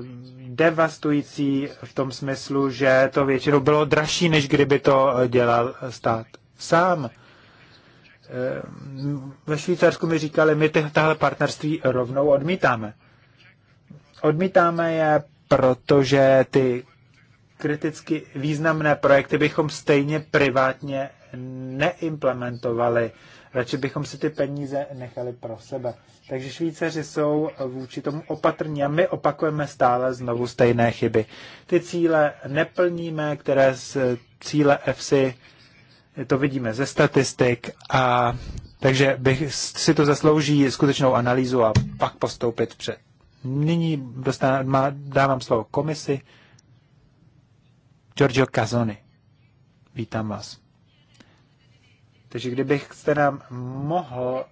devastující v tom smyslu, že to většinou bylo dražší, než kdyby to eh, dělal eh, stát sám. Ve Švýcarsku mi říkali, my tahle partnerství rovnou odmítáme. Odmítáme je, protože ty kriticky významné projekty bychom stejně privátně neimplementovali radši bychom si ty peníze nechali pro sebe. Takže Švýceři jsou vůči tomu opatrní a my opakujeme stále znovu stejné chyby. Ty cíle neplníme, které z cíle EFSI, to vidíme ze statistik a takže bych, si to zaslouží skutečnou analýzu a pak postoupit před. Nyní dostanám, dávám slovo komisi. Giorgio Cazoni. Vítám vás. Takže kdybyste nám mohl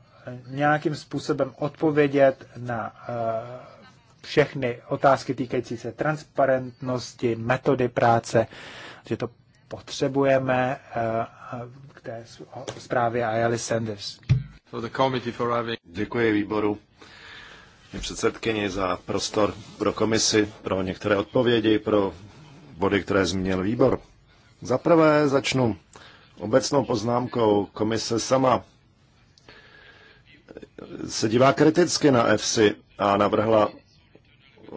nějakým způsobem odpovědět na eh, všechny otázky týkající se transparentnosti, metody práce, že to potřebujeme eh, k té zprávě Ayali Sanders. Děkuji výboru předsedkyni za prostor pro komisi, pro některé odpovědi, pro body, které zmínil výbor. Za prvé začnu obecnou poznámkou. Komise sama se dívá kriticky na EFSI a navrhla eh,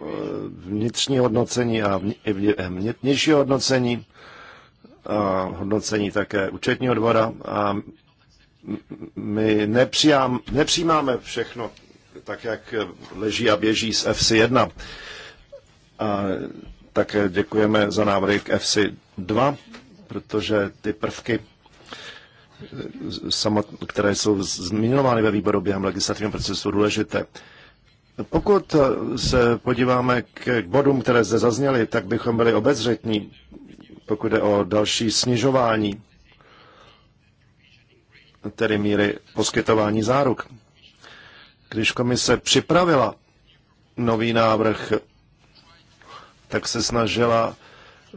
vnitřní hodnocení a eh, vnější hodnocení a hodnocení také účetního dvora a my nepřijám, nepřijímáme všechno tak, jak leží a běží z FC1. A také děkujeme za návrhy k FC2, protože ty prvky které jsou zmiňovány ve výboru během legislativního procesu, důležité. Pokud eh, se podíváme k bodům, které zde zazněly, tak bychom byli obezřetní, pokud jde o další snižování tedy míry poskytování záruk. Když komise připravila nový návrh, tak se snažila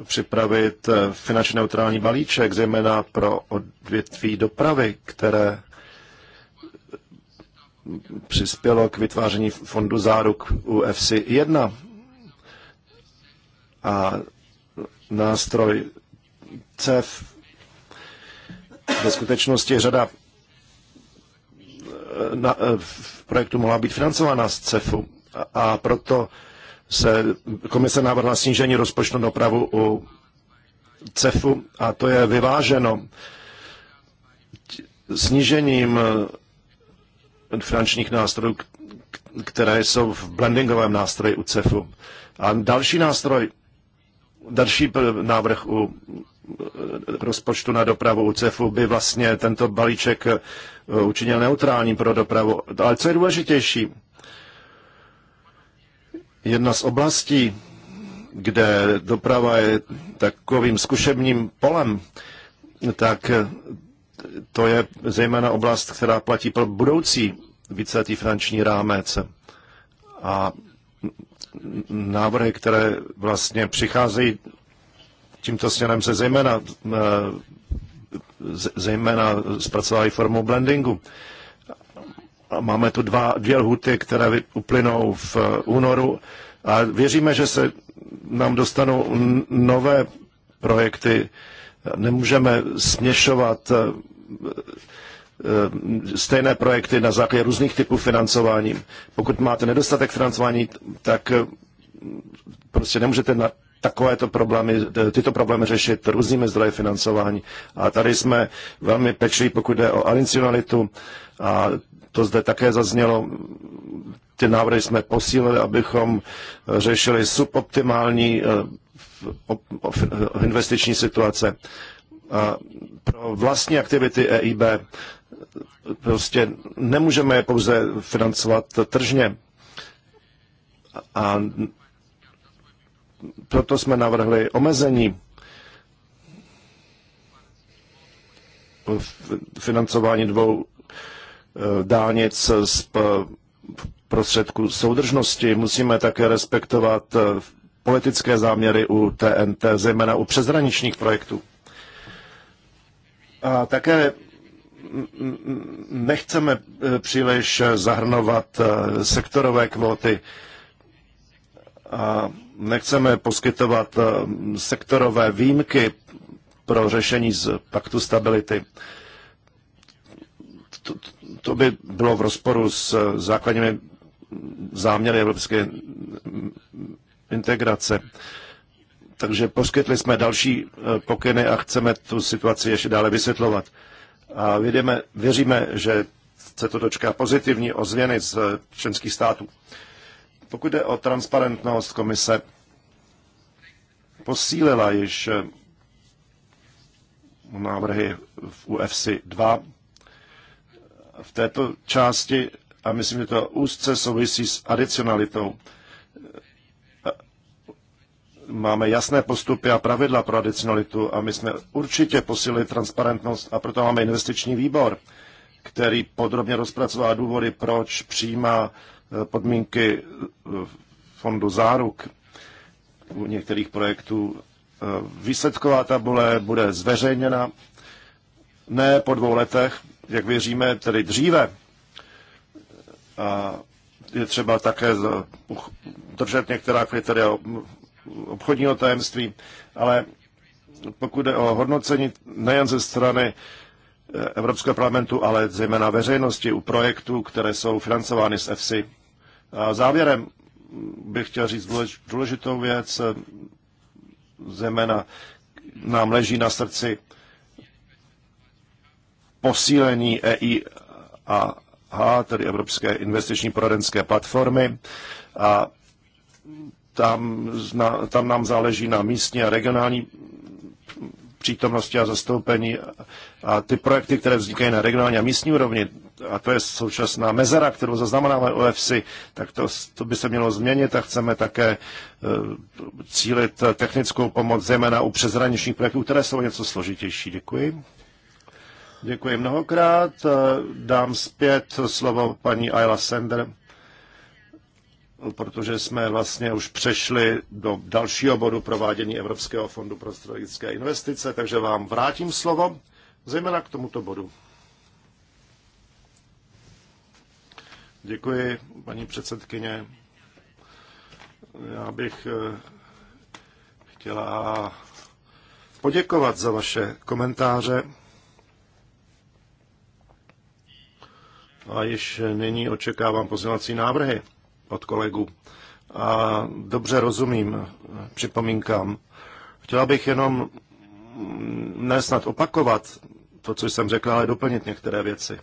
připravit eh, finančně neutrální balíček, zejména pro odvětví dopravy, které přispělo k vytváření fondu záruk u FSI 1 a nástroj CEF ve skutečnosti řada eh, na, eh, v projektu mohla být financována z CEFu a proto se komise navrhla snížení rozpočtu dopravu u CEFu a to je vyváženo snížením eh, finančních nástrojů, které jsou v blendingovém nástroji u CEFu. A další nástroj, další návrh u eh, rozpočtu na dopravu u CEFu by vlastně tento balíček eh, učinil neutrální pro dopravu. Ale co je důležitější, Jedna z oblastí, kde doprava je takovým zkušebním polem, tak to je zejména oblast, která platí pro budoucí víceletý finanční rámec. A návrhy, které vlastně přicházejí tímto směrem se zejména, eh, zejména zpracovávají formou blendingu. Máme tu dva, dvě lhuty, které uplynou v eh, únoru a věříme, že se nám dostanou nové projekty. Nemůžeme směšovat eh, eh, stejné projekty na základě různých typů financování. Pokud máte nedostatek financování, tak prostě nemůžete na takovéto problémy, tyto problémy řešit různými zdroje financování. A tady jsme velmi pečlí, pokud jde o adicionalitu a to zde také zaznělo, ty návrhy jsme posílili, abychom řešili suboptimální eh, eh, investiční situace. A pro vlastní aktivity EIB eh, prostě nemůžeme je pouze financovat tržně. A proto jsme navrhli omezení financování dvou Eh, dálnic z eh, prostředků soudržnosti. Musíme také respektovat eh, politické záměry u TNT, zejména u přezraničních projektů. A také nechceme příliš zahrnovat sektorové kvóty a nechceme poskytovat sektorové výjimky pro řešení z paktu stability to by bylo v rozporu s eh, základními záměry evropské integrace. Takže poskytli jsme další eh, pokyny a chceme tu situaci ještě dále vysvětlovat. A vidíme, věříme, že se to dočká pozitivní ozvěny z eh, členských států. Pokud jde o transparentnost komise, posílila již návrhy v UFC 2 v této části, a myslím, že to úzce souvisí s adicionalitou, máme jasné postupy a pravidla pro adicionalitu a my jsme určitě posílili transparentnost a proto máme investiční výbor, který podrobně rozpracová důvody, proč přijímá eh, podmínky eh, fondu záruk u některých projektů. Eh, výsledková tabule bude zveřejněna ne po dvou letech, jak věříme, tedy dříve. A je třeba také držet některá kritéria obchodního tajemství, ale pokud jde o hodnocení nejen ze strany eh, Evropského parlamentu, ale zejména veřejnosti u projektů, které jsou financovány z EFSI. A závěrem bych chtěl říct důležitou věc, eh, zejména nám leží na srdci posílení EIH, tedy Evropské investiční poradenské platformy. A tam, tam nám záleží na místní a regionální přítomnosti a zastoupení a ty projekty, které vznikají na regionální a místní úrovni, a to je současná mezera, kterou zaznamenáme OFC, tak to, to by se mělo změnit a chceme také uh, cílit technickou pomoc, zejména u přezraničních projektů, které jsou něco složitější. Děkuji. Děkuji mnohokrát. Dám zpět slovo paní Ayla Sender, protože jsme vlastně už přešli do dalšího bodu provádění Evropského fondu pro strategické investice, takže vám vrátím slovo, zejména k tomuto bodu. Děkuji, paní předsedkyně. Já bych eh, chtěla poděkovat za vaše komentáře. a již nyní očekávám pozměňovací návrhy od kolegů. A dobře rozumím připomínkám. Chtěla bych jenom mm, nesnad opakovat to, co jsem řekl, ale doplnit některé věci.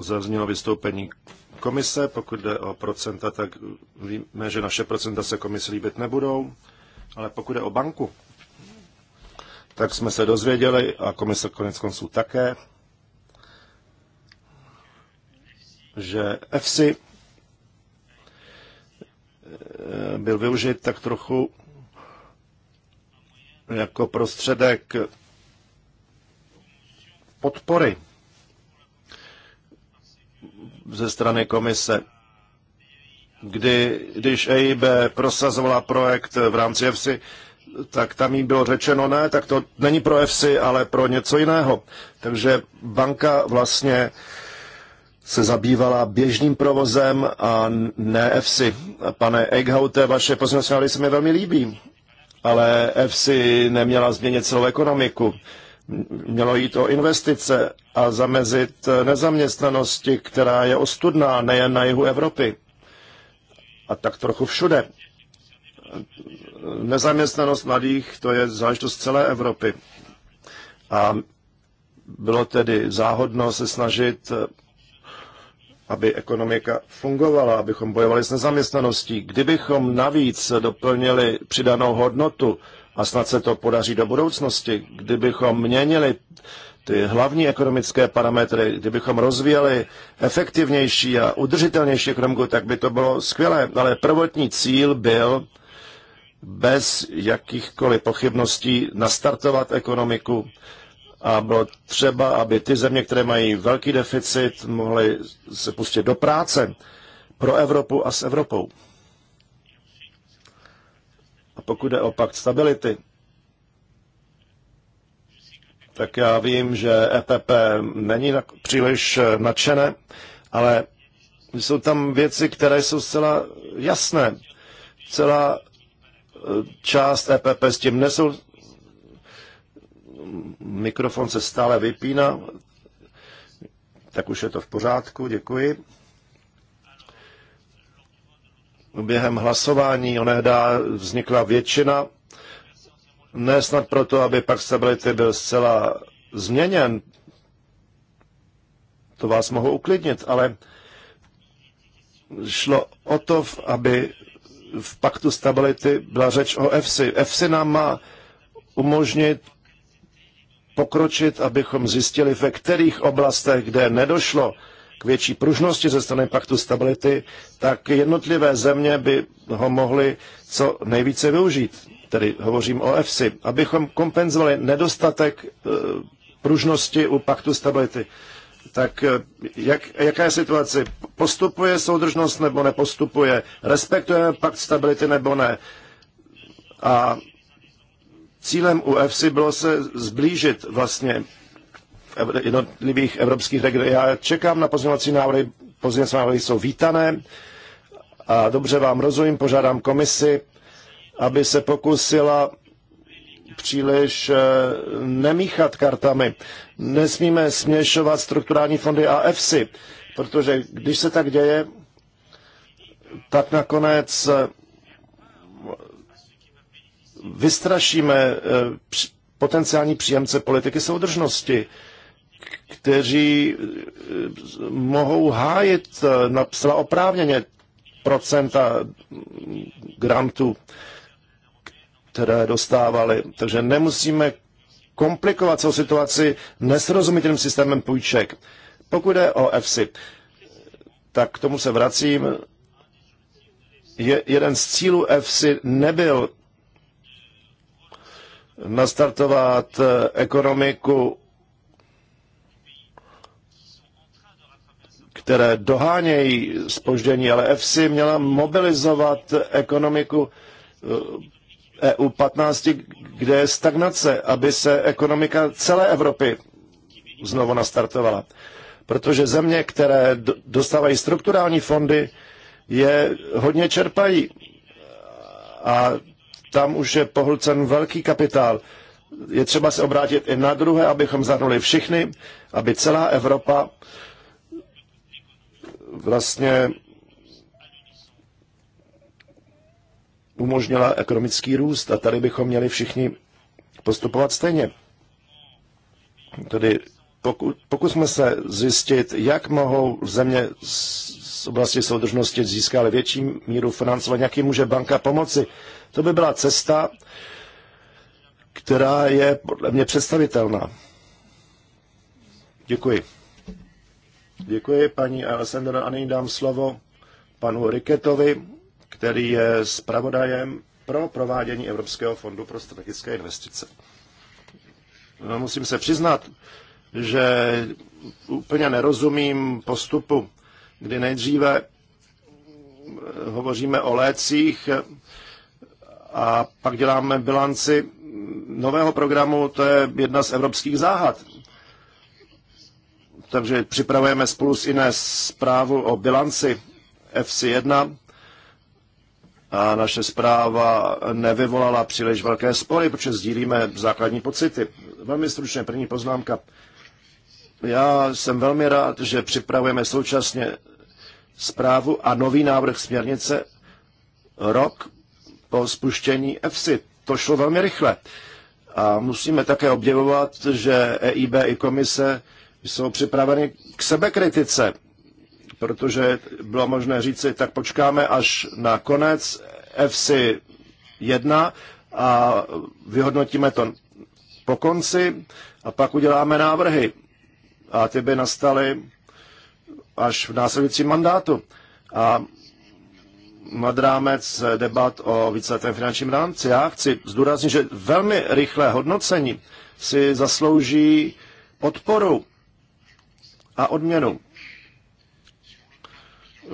Zaznělo vystoupení komise, pokud jde o procenta, tak víme, že naše procenta se komisi líbit nebudou, ale pokud jde o banku, tak jsme se dozvěděli, a komise konec konců také, že EFSI eh, byl využit tak trochu jako prostředek podpory ze strany komise, kdy, když EIB prosazovala projekt v rámci EFSI, tak tam jí bylo řečeno, ne, tak to není pro EFSI, ale pro něco jiného. Takže banka vlastně se zabývala běžným provozem a ne EFSI. Pane Eichhaute, vaše pozměnostnály se mi velmi líbí, ale EFSI neměla změnit celou ekonomiku. Mělo jít o investice a zamezit nezaměstnanosti, která je ostudná nejen na jihu Evropy. A tak trochu všude nezaměstnanost mladých, to je záležitost celé Evropy. A bylo tedy záhodno se snažit, aby ekonomika fungovala, abychom bojovali s nezaměstnaností. Kdybychom navíc doplnili přidanou hodnotu, a snad se to podaří do budoucnosti, kdybychom měnili ty hlavní ekonomické parametry, kdybychom rozvíjeli efektivnější a udržitelnější ekonomiku, tak by to bylo skvělé. Ale prvotní cíl byl bez jakýchkoliv pochybností nastartovat ekonomiku a bylo třeba, aby ty země, které mají velký deficit, mohly se pustit do práce pro Evropu a s Evropou. A pokud je o pakt stability, tak já vím, že EPP není příliš eh, nadšené, ale jsou tam věci, které jsou zcela jasné. Celá část EPP s tím nesou. Mikrofon se stále vypíná, tak už je to v pořádku, děkuji. Během hlasování onehdá vznikla většina, ne snad proto, aby pak stability byl zcela změněn, to vás mohu uklidnit, ale šlo o to, aby v paktu stability byla řeč o EFSI. EFSI nám má umožnit pokročit, abychom zjistili, ve kterých oblastech, kde nedošlo k větší pružnosti ze strany paktu stability, tak jednotlivé země by ho mohly co nejvíce využít. Tedy hovořím o EFSI, abychom kompenzovali nedostatek eh, pružnosti u paktu stability tak eh, jak, jaká je situace? Postupuje soudržnost nebo nepostupuje? Respektujeme pakt stability nebo ne? A cílem UFC bylo se zblížit vlastně jednotlivých evropských regionů. Já čekám na pozměňovací návrhy, pozměňovací návrhy jsou vítané a dobře vám rozumím, požádám komisi, aby se pokusila příliš eh, nemíchat kartami. Nesmíme směšovat strukturální fondy a EFSI, protože když se tak děje, tak nakonec eh, vystrašíme eh, potenciální příjemce politiky soudržnosti, kteří mohou hájit na oprávněně procenta grantů které dostávali. Takže nemusíme komplikovat celou situaci nesrozumitelným systémem půjček. Pokud je o EFSI, tak k tomu se vracím. Je, jeden z cílů EFSI nebyl nastartovat eh, ekonomiku, které dohánějí spoždění, ale EFSI měla mobilizovat ekonomiku eh, EU 15, kde je stagnace, aby se ekonomika celé Evropy znovu nastartovala. Protože země, které dostávají strukturální fondy, je hodně čerpají. A tam už je pohlcen velký kapitál. Je třeba se obrátit i na druhé, abychom zahrnuli všichni, aby celá Evropa vlastně umožnila ekonomický růst a tady bychom měli všichni postupovat stejně. Tedy pokud pokusme se zjistit, jak mohou země z oblasti soudržnosti získat větší míru financování, jaký může banka pomoci. To by byla cesta, která je podle mě představitelná. Děkuji. Děkuji paní Alessandra a nyní dám slovo panu Riketovi který je zpravodajem pro provádění Evropského fondu pro strategické investice. No, musím se přiznat, že úplně nerozumím postupu, kdy nejdříve hovoříme o lécích a pak děláme bilanci nového programu, to je jedna z evropských záhad. Takže připravujeme spolu s INES zprávu o bilanci FC1 a naše zpráva nevyvolala příliš velké spory, protože sdílíme základní pocity. Velmi stručně první poznámka. Já jsem velmi rád, že připravujeme současně zprávu a nový návrh směrnice rok po spuštění EFSI. To šlo velmi rychle. A musíme také objevovat, že EIB i komise jsou připraveny k sebekritice protože bylo možné říci, tak počkáme až na konec FC 1 a vyhodnotíme to po konci a pak uděláme návrhy. A ty by nastaly až v následujícím mandátu. A nad rámec debat o víceletém finančním rámci. Já chci zdůraznit, že velmi rychlé hodnocení si zaslouží podporu a odměnu.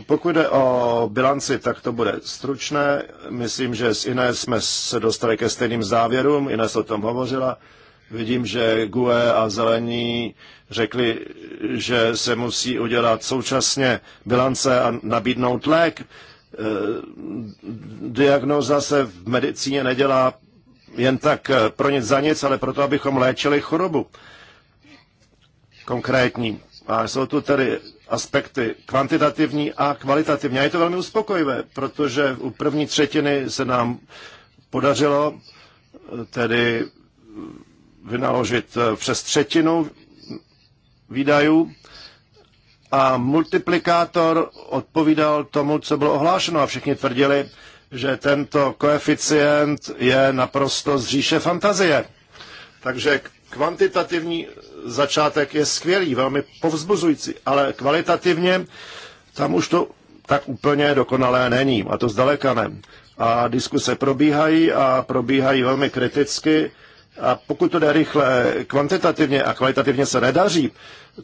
Pokud jde o bilanci, tak to bude stručné. Myslím, že s Ines jsme se dostali ke stejným závěrům. Ines o tom hovořila. Vidím, že GUE a Zelení řekli, že se musí udělat současně bilance a nabídnout lék. E, diagnoza se v medicíně nedělá jen tak e, pro nic za nic, ale proto, abychom léčili chorobu konkrétní. A jsou tu tedy aspekty, kvantitativní a kvalitativní. A je to velmi uspokojivé, protože u první třetiny se nám podařilo eh, tedy vynaložit eh, přes třetinu výdajů a multiplikátor odpovídal tomu, co bylo ohlášeno a všichni tvrdili, že tento koeficient je naprosto z říše fantazie. Takže kvantitativní začátek je skvělý, velmi povzbuzující, ale kvalitativně tam už to tak úplně dokonalé není, a to zdaleka ne. A diskuse probíhají a probíhají velmi kriticky a pokud to jde rychle kvantitativně a kvalitativně se nedaří,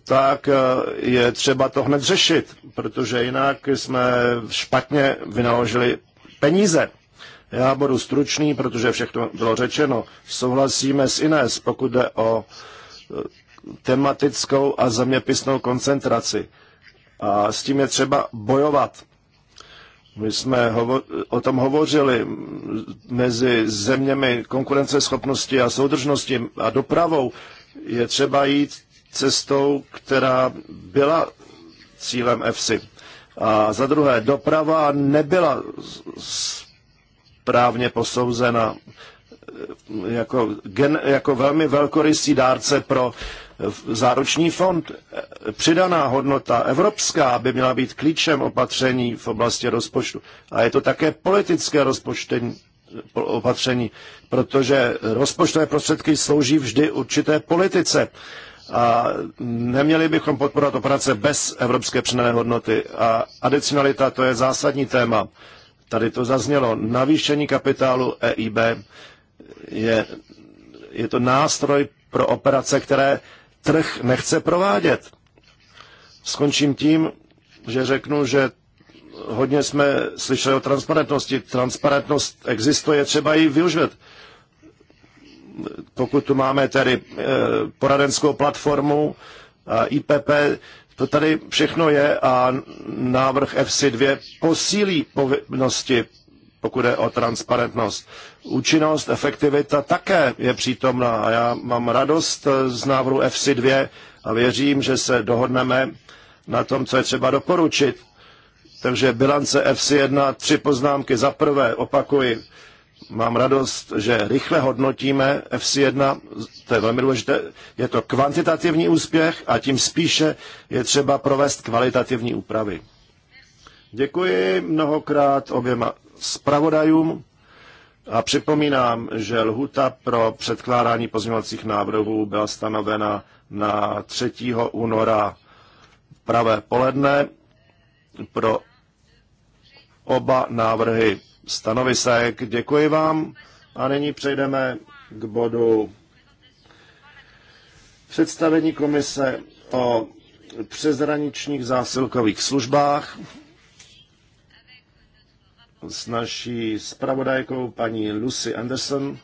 tak eh, je třeba to hned řešit, protože jinak jsme špatně vynaložili peníze. Já budu stručný, protože všechno bylo řečeno. Souhlasíme s Ines, pokud jde o eh, tematickou a zeměpisnou koncentraci. A s tím je třeba bojovat. My jsme o tom hovořili mezi zeměmi konkurenceschopnosti a soudržnosti a dopravou. Je třeba jít cestou, která byla cílem EFSI. A za druhé, doprava nebyla správně posouzena jako, gen, jako velmi velkorysý dárce pro záruční fond, eh, přidaná hodnota evropská by měla být klíčem opatření v oblasti rozpočtu. A je to také politické rozpočtení, eh, opatření, protože rozpočtové prostředky slouží vždy určité politice. A neměli bychom podporovat operace bez evropské přidané hodnoty. A adicionalita to je zásadní téma. Tady to zaznělo. Navýšení kapitálu EIB je, je to nástroj pro operace, které trh nechce provádět. Skončím tím, že řeknu, že hodně jsme slyšeli o transparentnosti. Transparentnost existuje, třeba ji využít. Pokud tu máme tedy eh, poradenskou platformu a IPP, to tady všechno je a návrh FC2 posílí povinnosti pokud je o transparentnost. Účinnost, efektivita také je přítomná a já mám radost z návrhu FC2 a věřím, že se dohodneme na tom, co je třeba doporučit. Takže bilance FC1, tři poznámky. Za prvé, opakuji, mám radost, že rychle hodnotíme FC1, to je velmi důležité, je to kvantitativní úspěch a tím spíše je třeba provést kvalitativní úpravy. Děkuji mnohokrát oběma zpravodajům a připomínám, že lhuta pro předkládání pozměňovacích návrhů byla stanovena na 3. února pravé poledne pro oba návrhy stanovisek. Děkuji vám a nyní přejdeme k bodu představení komise o přezraničních zásilkových službách s naší zpravodajkou paní Lucy Anderson.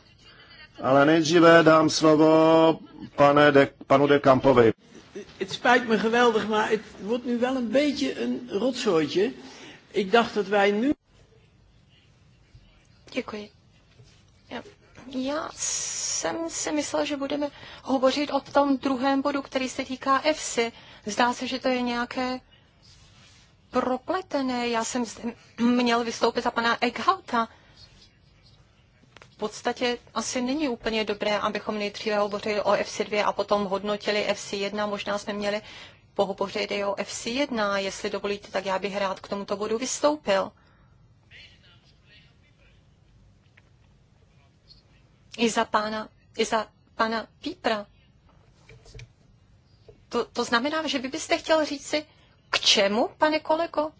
Ale nejdříve dám slovo pane de, panu de Kampovi. Het spijt me geweldig, maar het wordt nu wel een beetje een rotzooitje. Ik dacht dat wij nu... Děkuji. Ja. Já jsem si myslel, že budeme hovořit o tom druhém bodu, který se týká EFSI. Zdá se, že to je nějaké propletené. Já jsem měl vystoupit za pana Eckhouta. V podstatě asi není úplně dobré, abychom nejdříve hovořili o FC2 a potom hodnotili FC1. Možná jsme měli pohovořit i o FC1. Jestli dovolíte, tak já bych rád k tomuto bodu vystoupil. I za pána, i za pana Pípra. To, to znamená, že vy byste chtěl říci, k čemu, pane kolego?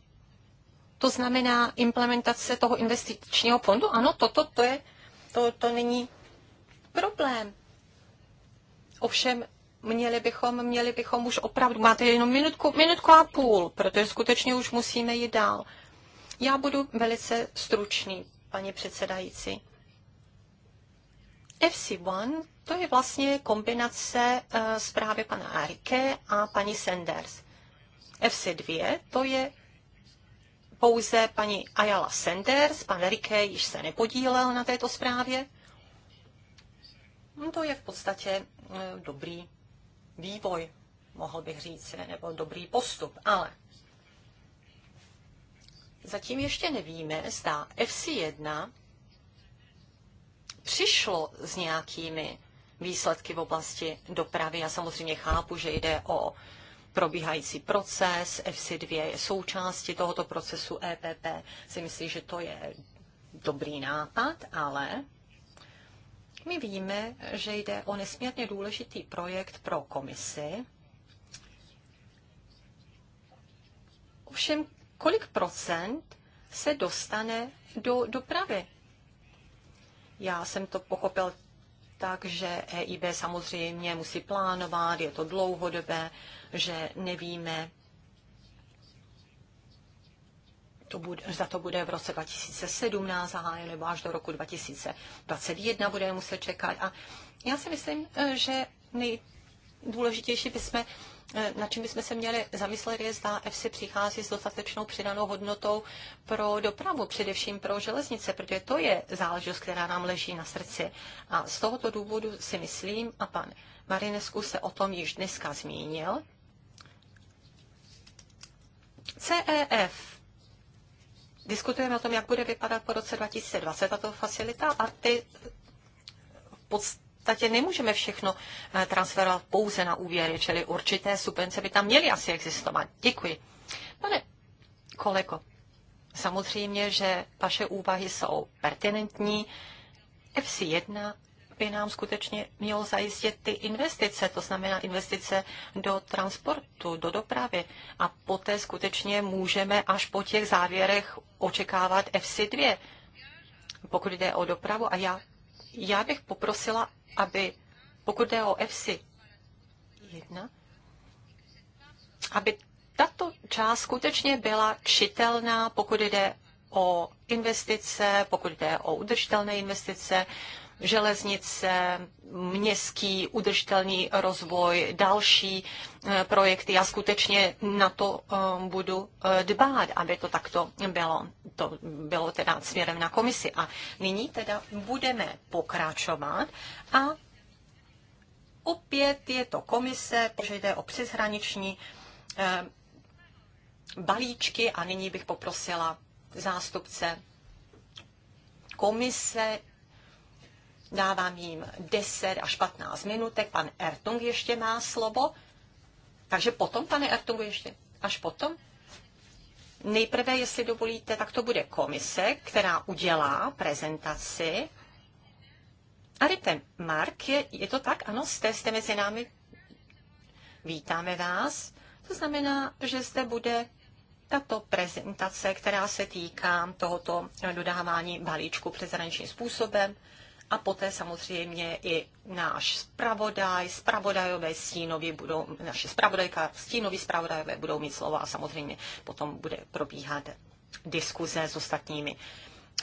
To znamená implementace toho investičního fondu? Ano, toto to, to je, to, to není problém. Ovšem, měli bychom, měli bychom už opravdu, máte jenom minutku, minutku a půl, protože skutečně už musíme jít dál. Já budu velice stručný, paní předsedající. FC1 to je vlastně kombinace eh, zprávy pana Arike a paní Sanders. FC2, to je pouze paní Ayala Sanders, pan Rike již se nepodílel na této zprávě. No to je v podstatě e, dobrý vývoj, mohl bych říct, nebo dobrý postup, ale zatím ještě nevíme, zda FC1 přišlo s nějakými výsledky v oblasti dopravy. Já samozřejmě chápu, že jde o probíhající proces, FC2 je součástí tohoto procesu EPP, si myslí, že to je dobrý nápad, ale my víme, že jde o nesmírně důležitý projekt pro komisi. Ovšem, kolik procent se dostane do dopravy? Já jsem to pochopil tak, že EIB samozřejmě musí plánovat, je to dlouhodobé že nevíme, to bude, za to bude v roce 2017 zahájeno nebo až do roku 2021 bude muset čekat. A já si myslím, eh, že nejdůležitější bychom eh, na čím bychom se měli zamyslet, je, zda EFSI přichází s dostatečnou přidanou hodnotou pro dopravu, především pro železnice, protože to je záležitost, která nám leží na srdci. A z tohoto důvodu si myslím, a pan Marinesku se o tom již dneska zmínil, CEF. Diskutujeme o tom, jak bude vypadat po roce 2020 tato facilita a ty v podstatě nemůžeme všechno eh, transferovat pouze na úvěry, čili určité subvence by tam měly asi existovat. Děkuji. Pane kolego, samozřejmě, že vaše úvahy jsou pertinentní. FC1 by nám skutečně mělo zajistit ty investice, to znamená investice do transportu, do dopravy. A poté skutečně můžeme až po těch závěrech očekávat FC2, pokud jde o dopravu. A já, já bych poprosila, aby pokud jde o FC1, aby tato část skutečně byla čitelná, pokud jde o investice, pokud jde o udržitelné investice, železnice, městský udržitelný rozvoj, další eh, projekty. Já skutečně na to eh, budu eh, dbát, aby to takto bylo. To bylo teda směrem na komisi. A nyní teda budeme pokračovat a opět je to komise, protože jde o přeshraniční balíčky a nyní bych poprosila zástupce komise dávám jim 10 až 15 minutek, pan Ertung ještě má slovo. Takže potom, pane Ertungu, ještě až potom. Nejprve, jestli dovolíte, tak to bude komise, která udělá prezentaci. A Mark, je, je to tak? Ano, jste, jste mezi námi. Vítáme vás. To znamená, že zde bude tato prezentace, která se týká tohoto dodávání balíčku přeshraničním způsobem a poté samozřejmě i náš spravodaj, spravodajové stínovi budou, naše spravodajka, stínoví spravodajové budou mít slovo a samozřejmě potom bude probíhat diskuze s ostatními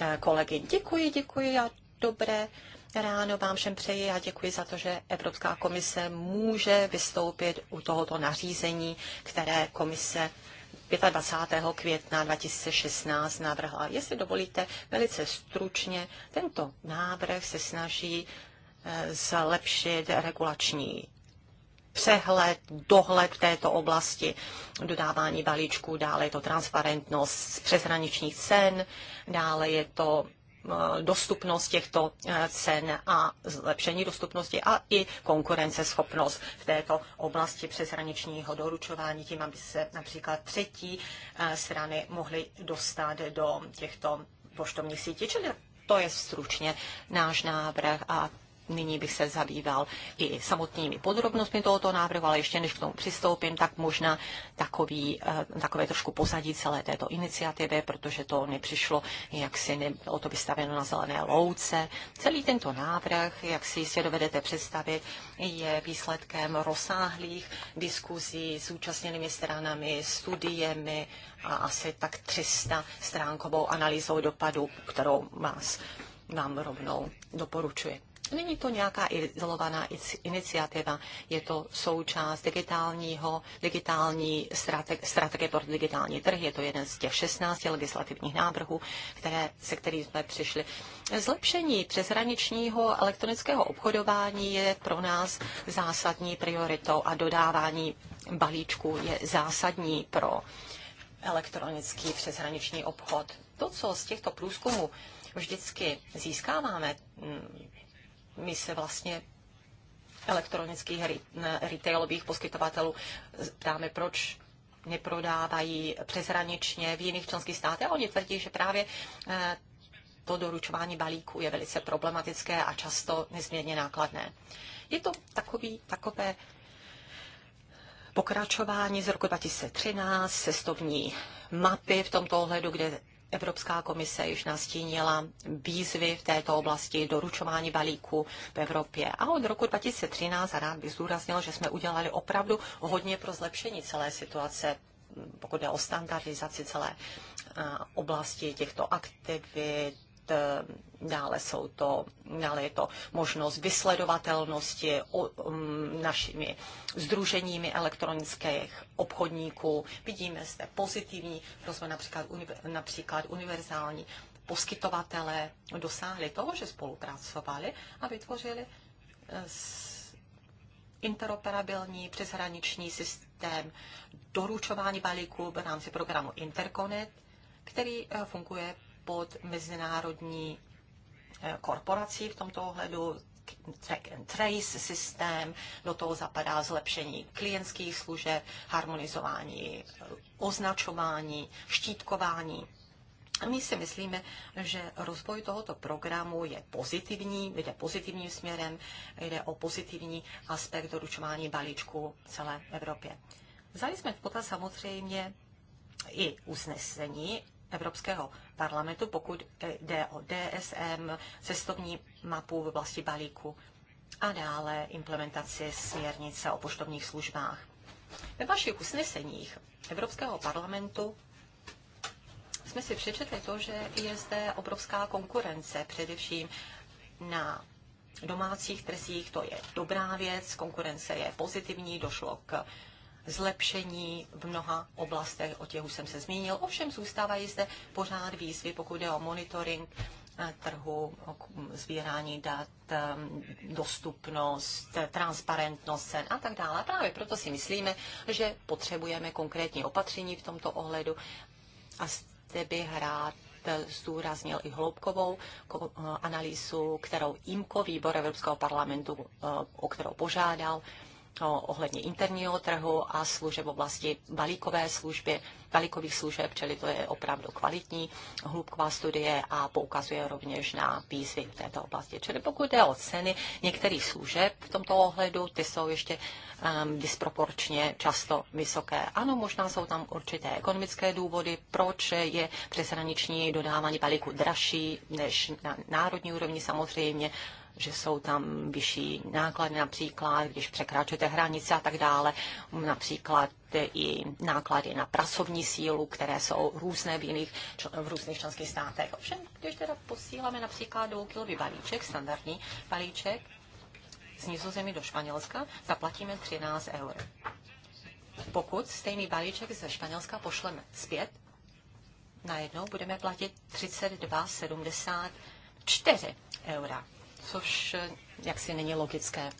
eh, kolegy. Děkuji, děkuji a dobré ráno vám všem přeji a děkuji za to, že Evropská komise může vystoupit u tohoto nařízení, které komise 25. května 2016 navrhla. Jestli dovolíte, velice stručně, tento návrh se snaží eh, zlepšit regulační přehled, dohled v této oblasti dodávání balíčků, dále je to transparentnost přeshraničních cen, dále je to Eh, dostupnost těchto eh, cen a zlepšení dostupnosti a i konkurenceschopnost v této oblasti přeshraničního doručování, tím, aby se například třetí eh, strany mohly dostat do těchto poštovních sítí. Čili to je stručně náš návrh a nyní bych se zabýval i samotnými podrobnostmi tohoto návrhu, ale ještě než k tomu přistoupím, tak možná takový, eh, takové trošku pozadí celé této iniciativy, protože to nepřišlo jak si ne, o to vystaveno na zelené louce. Celý tento návrh, jak si jistě dovedete představit, je výsledkem rozsáhlých diskuzí s účastněnými stranami, studiemi a asi tak 300 stránkovou analýzou dopadu, kterou vás vám rovnou doporučuji. Není to nějaká izolovaná iniciativa, je to součást digitálního, digitální strateg, strategie pro digitální trh, je to jeden z těch 16 legislativních návrhů, které, se kterými jsme přišli. Zlepšení přeshraničního elektronického obchodování je pro nás zásadní prioritou a dodávání balíčku je zásadní pro elektronický přeshraniční obchod. To, co z těchto průzkumů vždycky získáváme, mm, my se vlastně elektronických retailových poskytovatelů ptáme, proč neprodávají přeshraničně v jiných členských státech. A oni tvrdí, že právě eh, to doručování balíků je velice problematické a často nezměrně nákladné. Je to takový, takové pokračování z roku 2013, cestovní mapy v tomto ohledu, kde Evropská komise již nastínila výzvy v této oblasti doručování balíků v Evropě. A od roku 2013, a rád bych zdůraznil, že jsme udělali opravdu hodně pro zlepšení celé situace pokud jde o standardizaci celé oblasti těchto aktivit, Eh, dále, jsou to, dále je to možnost vysledovatelnosti o, um, našimi združeními elektronických obchodníků. Vidíme zde pozitivní jsme například, například univerzální poskytovatele dosáhli toho, že spolupracovali a vytvořili eh, interoperabilní přeshraniční systém doručování balíků v rámci programu Interconnect, který eh, funguje pod mezinárodní eh, korporací v tomto ohledu, track and trace systém, do toho zapadá zlepšení klientských služeb, harmonizování eh, označování, štítkování. My si myslíme, že rozvoj tohoto programu je pozitivní, jde pozitivním směrem, jde o pozitivní aspekt doručování balíčku celé Evropě. Vzali jsme v potaz samozřejmě i usnesení Evropského parlamentu, pokud jde o DSM, cestovní mapu v oblasti balíku a dále implementaci směrnice o poštovních službách. Ve vašich usneseních Evropského parlamentu jsme si přečetli to, že je zde obrovská konkurence, především na domácích trzích. To je dobrá věc, konkurence je pozitivní, došlo k zlepšení v mnoha oblastech, o těch už jsem se zmínil. Ovšem zůstávají zde pořád výzvy, pokud jde o monitoring eh, trhu, zvírání dat, eh, dostupnost, transparentnost cen a tak dále. Právě proto si myslíme, že potřebujeme konkrétní opatření v tomto ohledu a zde bych rád eh, zdůraznil i hloubkovou analýzu, kterou IMCO, výbor Evropského parlamentu, o kterou požádal, ohledně interního trhu a služeb v oblasti balíkové služby, balíkových služeb, čili to je opravdu kvalitní hloubková studie a poukazuje rovněž na výzvy v této oblasti. Čili pokud jde o ceny některých služeb v tomto ohledu, ty jsou ještě um, disproporčně často vysoké. Ano, možná jsou tam určité ekonomické důvody, proč je přeshraniční dodávání balíku dražší než na národní úrovni samozřejmě, že jsou tam vyšší náklady například, když překračujete hranice a tak dále, například i náklady na pracovní sílu, které jsou různé v, jiných, v různých členských státech. Ovšem, když teda posíláme například dvoukilový balíček, standardní balíček, z Nizozemí do Španělska, zaplatíme 13 eur. Pokud stejný balíček ze Španělska pošleme zpět, najednou budeme platit 32,74 eura což eh, jaksi není logické.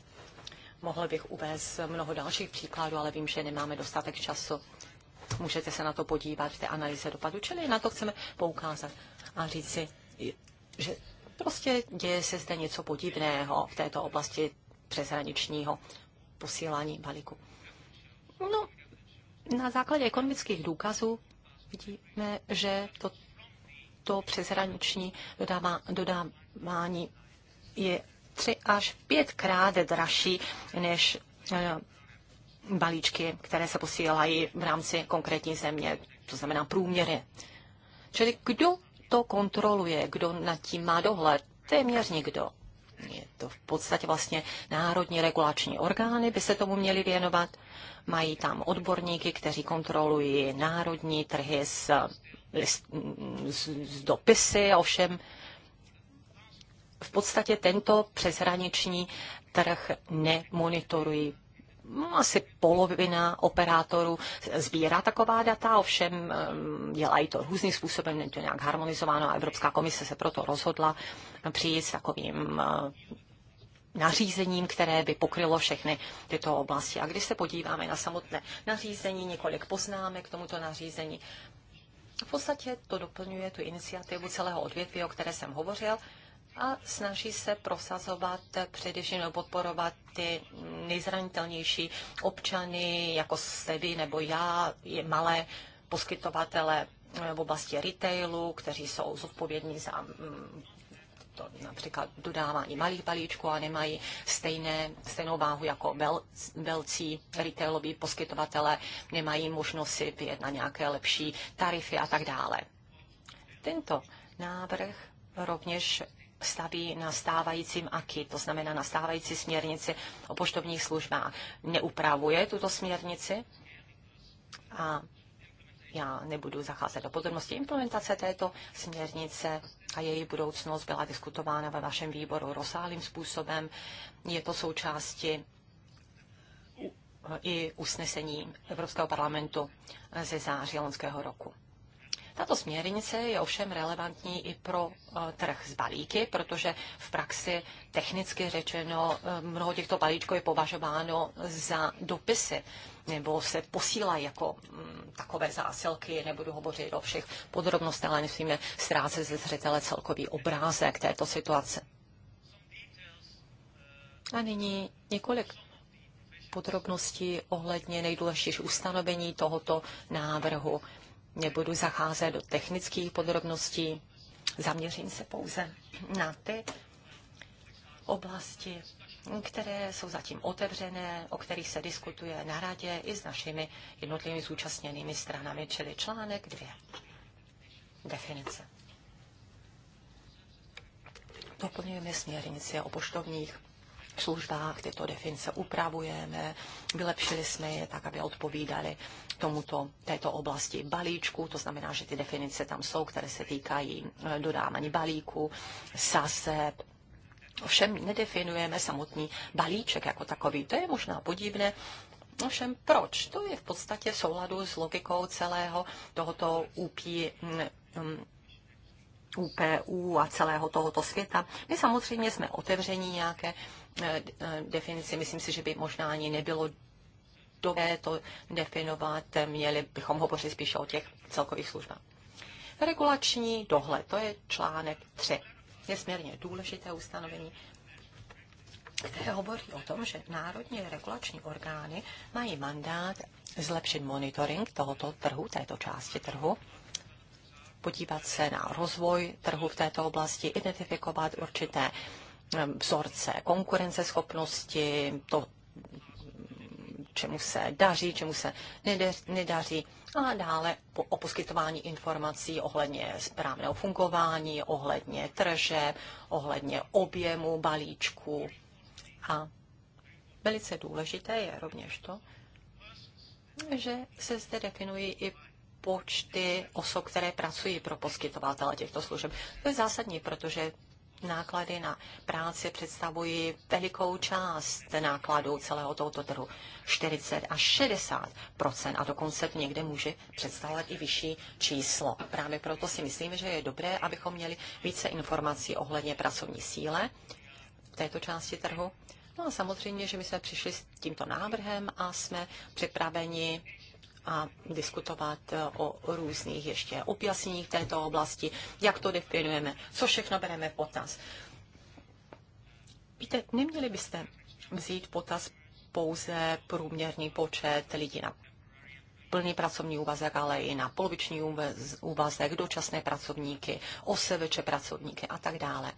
Mohl bych uvést mnoho dalších příkladů, ale vím, že nemáme dostatek času. Můžete se na to podívat v té analýze dopadu, čili na to chceme poukázat a říci, že prostě děje se zde něco podivného v této oblasti přeshraničního posílání balíku. No, na základě ekonomických důkazů vidíme, že to, to přeshraniční dodává, dodávání je tři až pětkrát dražší než eh, balíčky, které se posílají v rámci konkrétní země, to znamená průměry. Čili kdo to kontroluje, kdo nad tím má dohled? Téměř nikdo. Je to v podstatě vlastně národní regulační orgány by se tomu měly věnovat. Mají tam odborníky, kteří kontrolují národní trhy s, list, s dopisy, ovšem v podstatě tento přeshraniční trh nemonitorují. Asi polovina operátorů sbírá taková data, ovšem ehm, dělají to různým způsobem, není to nějak harmonizováno a Evropská komise se proto rozhodla přijít s takovým ehm, nařízením, které by pokrylo všechny tyto oblasti. A když se podíváme na samotné nařízení, několik poznámek k tomuto nařízení, v podstatě to doplňuje tu iniciativu celého odvětví, o které jsem hovořil, a snaží se prosazovat především nebo podporovat ty nejzranitelnější občany, jako jste vy nebo já, je malé poskytovatele eh, v oblasti retailu, kteří jsou zodpovědní za mm, to například dodávání malých balíčků a nemají stejné, stejnou váhu jako vel, velcí retailoví poskytovatele, nemají možnost si vyjet na nějaké lepší tarify a tak dále. Tento návrh rovněž staví na stávajícím AKI, to znamená na stávající směrnici o poštovních službách. Neupravuje tuto směrnici a já nebudu zacházet do podrobnosti implementace této směrnice a její budoucnost byla diskutována ve vašem výboru rozsáhlým způsobem. Je to součástí i usnesení Evropského parlamentu ze září loňského roku. Tato směrnice je ovšem relevantní i pro eh, trh z balíky, protože v praxi technicky řečeno eh, mnoho těchto balíčků je považováno za dopisy nebo se posílají jako mm, takové zásilky, nebudu hovořit o všech podrobnostech, ale nesmíme ztrácet ze zřetele celkový obrázek této situace. A nyní několik podrobností ohledně nejdůležitějších ustanovení tohoto návrhu nebudu zacházet do technických podrobností, zaměřím se pouze na ty oblasti, které jsou zatím otevřené, o kterých se diskutuje na radě i s našimi jednotlivými zúčastněnými stranami, čili článek 2. Definice. Doplňujeme směrnici o poštovních službách tyto definice upravujeme, vylepšili jsme je tak, aby odpovídali tomuto, této oblasti balíčku, to znamená, že ty definice tam jsou, které se týkají eh, dodávání balíku, saseb, Ovšem nedefinujeme samotný balíček jako takový. To je možná podivné, Ovšem proč? To je v podstatě souladu s logikou celého tohoto úpí, mm, mm, UPU a celého tohoto světa. My samozřejmě jsme otevření nějaké Eh, eh, definici. Myslím si, že by možná ani nebylo dobré to definovat. Měli bychom hovořit spíše o těch celkových službách. Regulační dohled, to je článek 3. směrně důležité ustanovení, které hovoří o tom, že národní regulační orgány mají mandát zlepšit monitoring tohoto trhu, této části trhu, podívat se na rozvoj trhu v této oblasti, identifikovat určité vzorce konkurenceschopnosti, to, čemu se daří, čemu se nedaří a dále o poskytování informací ohledně správného fungování, ohledně trže, ohledně objemu balíčku. A velice důležité je rovněž to, že se zde definují i počty osob, které pracují pro poskytovatele těchto služeb. To je zásadní, protože náklady na práci představují velikou část nákladů celého tohoto trhu. 40 až 60 a dokonce někde může představovat i vyšší číslo. Právě proto si myslíme, že je dobré, abychom měli více informací ohledně pracovní síle v této části trhu. No a samozřejmě, že my jsme přišli s tímto návrhem a jsme připraveni a diskutovat eh, o různých ještě objasněních této oblasti, jak to definujeme, co všechno bereme potaz. Víte, neměli byste vzít potaz pouze průměrný počet lidí na plný pracovní úvazek, ale i na poloviční úvazek, dočasné pracovníky, oseveče pracovníky a tak dále.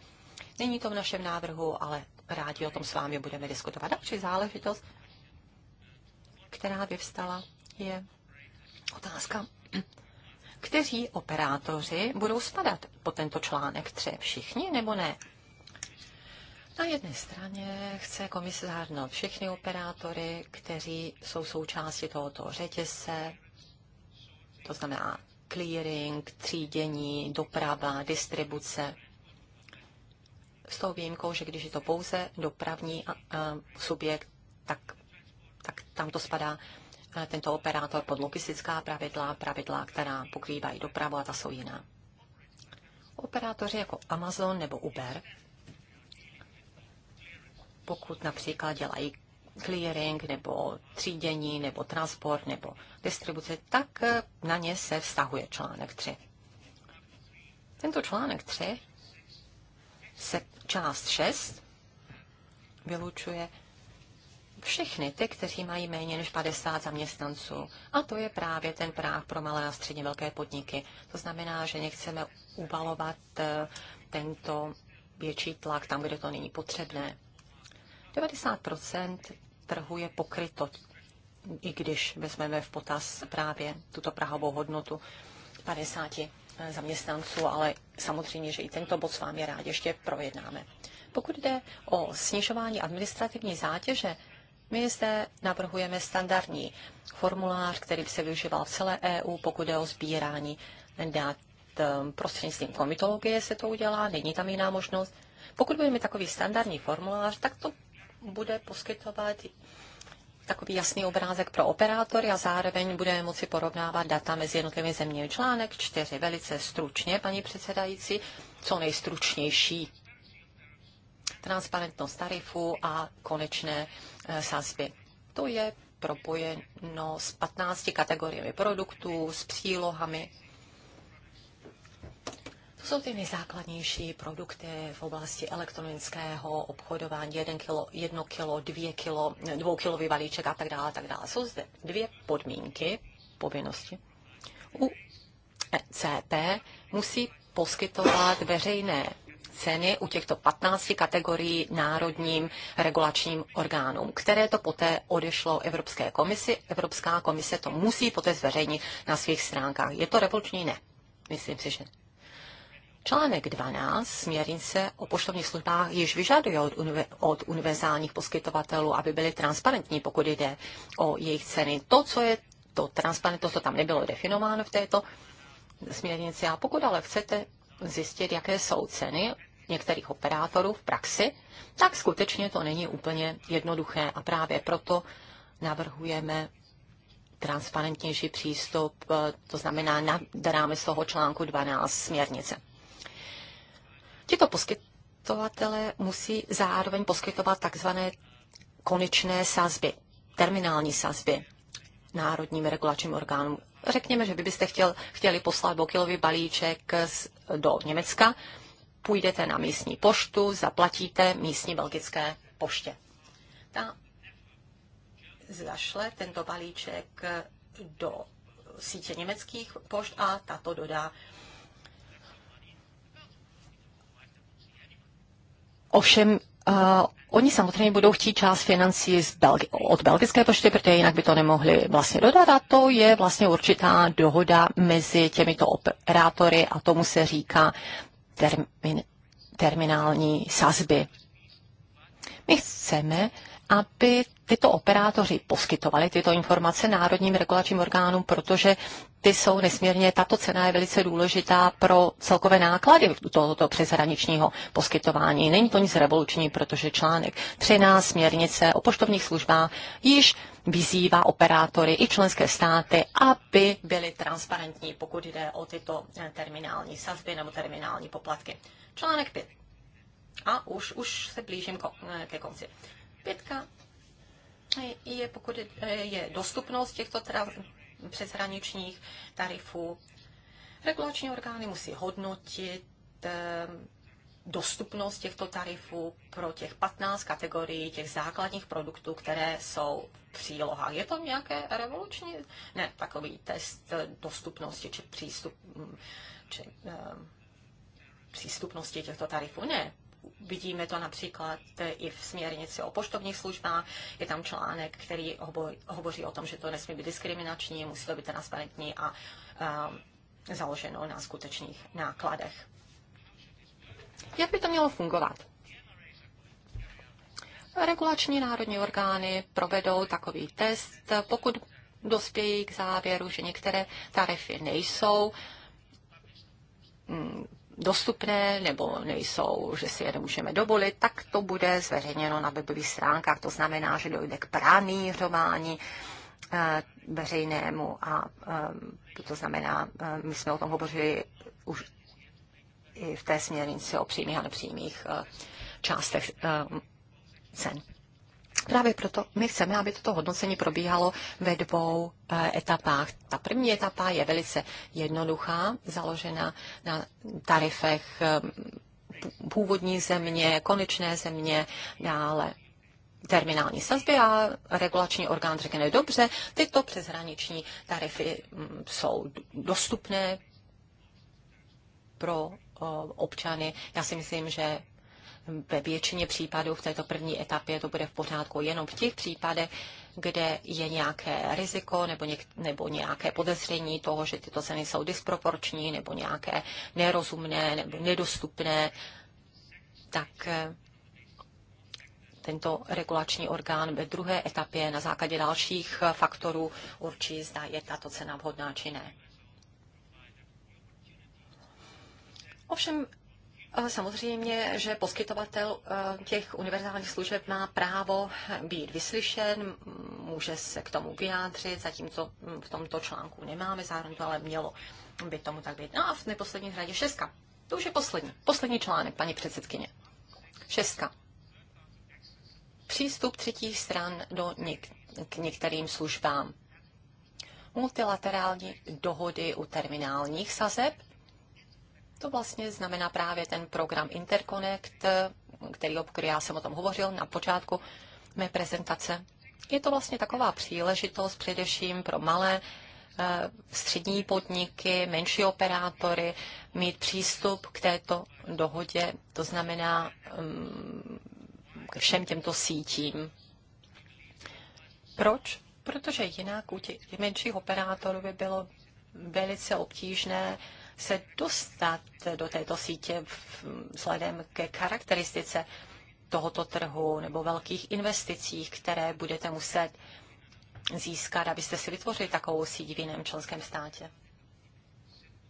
Není to v našem návrhu, ale rádi o tom s vámi budeme diskutovat. Další záležitost, která vyvstala, je Otázka. Kteří operátoři budou spadat po tento článek 3? Všichni nebo ne? Na jedné straně chce komise zahrnout všechny operátory, kteří jsou součástí tohoto řetězce, to znamená clearing, třídění, doprava, distribuce. S tou výjimkou, že když je to pouze dopravní subjekt, tak, tak tam to spadá Eh, tento operátor pod logistická pravidla, pravidla, která pokrývají dopravu a ta jsou jiná. Operátoři jako Amazon nebo Uber, pokud například dělají clearing nebo třídění nebo transport nebo distribuce, tak eh, na ně se vztahuje článek 3. Tento článek 3 se část 6 vylučuje všechny ty, kteří mají méně než 50 zaměstnanců. A to je právě ten práh pro malé a středně velké podniky. To znamená, že nechceme ubalovat eh, tento větší tlak tam, kde to není potřebné. 90 trhu je pokryto, i když vezmeme v potaz právě tuto prahovou hodnotu 50 eh, zaměstnanců, ale samozřejmě, že i tento bod s vámi rád ještě projednáme. Pokud jde o snižování administrativní zátěže, my zde navrhujeme standardní formulář, který by se využíval v celé EU, pokud je o sbírání dat ehm, prostřednictvím komitologie se to udělá, není tam jiná možnost. Pokud budeme takový standardní formulář, tak to bude poskytovat takový jasný obrázek pro operátory a zároveň budeme moci porovnávat data mezi jednotlivými zeměmi. Článek 4, velice stručně, paní předsedající, co nejstručnější. Transparentnost tarifu a konečné Eh, sazby. To je propojeno s 15 kategoriemi produktů, s přílohami. To jsou ty nejzákladnější produkty v oblasti elektronického obchodování, 1 kilo, 1 kilo, 2 kilo, 2 kilový balíček a tak dále, tak dále. Jsou zde dvě podmínky, povinnosti. U ECP musí poskytovat veřejné ceny u těchto 15 kategorií národním regulačním orgánům, které to poté odešlo Evropské komisi. Evropská komise to musí poté zveřejnit na svých stránkách. Je to revoluční? Ne. Myslím si, že Článek 12 směrnice o poštovních službách již vyžaduje od, univer, od univerzálních poskytovatelů, aby byli transparentní, pokud jde o jejich ceny. To, co je to transparentnost, to tam nebylo definováno v této směrnici. A pokud ale chcete zjistit, jaké jsou ceny některých operátorů v praxi, tak skutečně to není úplně jednoduché a právě proto navrhujeme transparentnější přístup, eh, to znamená nad rámec toho článku 12 směrnice. Tito poskytovatele musí zároveň poskytovat takzvané konečné sazby, terminální sazby národním regulačním orgánům. Řekněme, že vy byste chtěl, chtěli poslat bokilový balíček s do Německa, půjdete na místní poštu, zaplatíte místní belgické poště. Ta zašle tento balíček do sítě německých pošt a tato dodá Ovšem Uh, oni samozřejmě budou chtít část financí z Belgi- od belgické pošty, protože jinak by to nemohli vlastně dodat a to je vlastně určitá dohoda mezi těmito operátory a tomu se říká termin- terminální sazby. My chceme, aby tyto operátoři poskytovali tyto informace národním regulačním orgánům, protože ty jsou nesmírně, tato cena je velice důležitá pro celkové náklady tohoto přeshraničního poskytování. Není to nic revoluční, protože článek 13 směrnice o poštovních službách již vyzývá operátory i členské státy, aby byly transparentní, pokud jde o tyto eh, terminální sazby nebo terminální poplatky. Článek 5. A už, už se blížím ko, eh, ke konci. Pětka je, pokud je eh, dostupnost těchto tra- přeshraničních tarifů. Regulační orgány musí hodnotit eh, dostupnost těchto tarifů pro těch 15 kategorií těch základních produktů, které jsou v přílohách. Je to nějaké revoluční, ne, takový test dostupnosti či, přístup, hm, či eh, přístupnosti těchto tarifů? Ne. Vidíme to například eh, i v směrnici o poštovních službách. Je tam článek, který hovoří o tom, že to nesmí být diskriminační, musí to být transparentní a um, založeno na skutečných nákladech. Jak by to mělo fungovat? Regulační národní orgány provedou takový test, pokud dospějí k závěru, že některé tarify nejsou hm, dostupné nebo nejsou, že si je nemůžeme dovolit, tak to bude zveřejněno na webových stránkách. To znamená, že dojde k pranířování eh, veřejnému a eh, to znamená, eh, my jsme o tom hovořili už i v té směrnici o přímých a nepřímých částech cen. Právě proto my chceme, aby toto hodnocení probíhalo ve dvou eh, etapách. Ta první etapa je velice jednoduchá, založena na tarifech eh, původní země, konečné země, dále terminální sazby a regulační orgán řekne, dobře, tyto přeshraniční tarify mm, jsou dostupné pro eh, občany. Já si myslím, že ve většině případů v této první etapě to bude v pořádku jenom v těch případech, kde je nějaké riziko nebo, něk, nebo nějaké podezření toho, že tyto ceny jsou disproporční nebo nějaké nerozumné nebo nedostupné, tak eh, tento regulační orgán ve druhé etapě na základě dalších eh, faktorů určí, zda je tato cena vhodná či ne. Ovšem Eh, samozřejmě, že poskytovatel eh, těch univerzálních služeb má právo být vyslyšen, může se k tomu vyjádřit, zatímco hm, v tomto článku nemáme zároveň, ale mělo by tomu tak být. No a v neposlední řadě šestka. To už je poslední. Poslední článek, paní předsedkyně. Šestka. Přístup třetích stran do něk- k některým službám. Multilaterální dohody u terminálních sazeb to vlastně znamená právě ten program Interconnect, který, obkry, já jsem o tom hovořil na počátku mé prezentace. Je to vlastně taková příležitost především pro malé eh, střední podniky, menší operátory mít přístup k této dohodě, to znamená mm, k všem těmto sítím. Proč? Protože jinak u těch menších operátorů by bylo velice obtížné se dostat do této sítě vzhledem ke charakteristice tohoto trhu nebo velkých investicích, které budete muset získat, abyste si vytvořili takovou síť v jiném členském státě.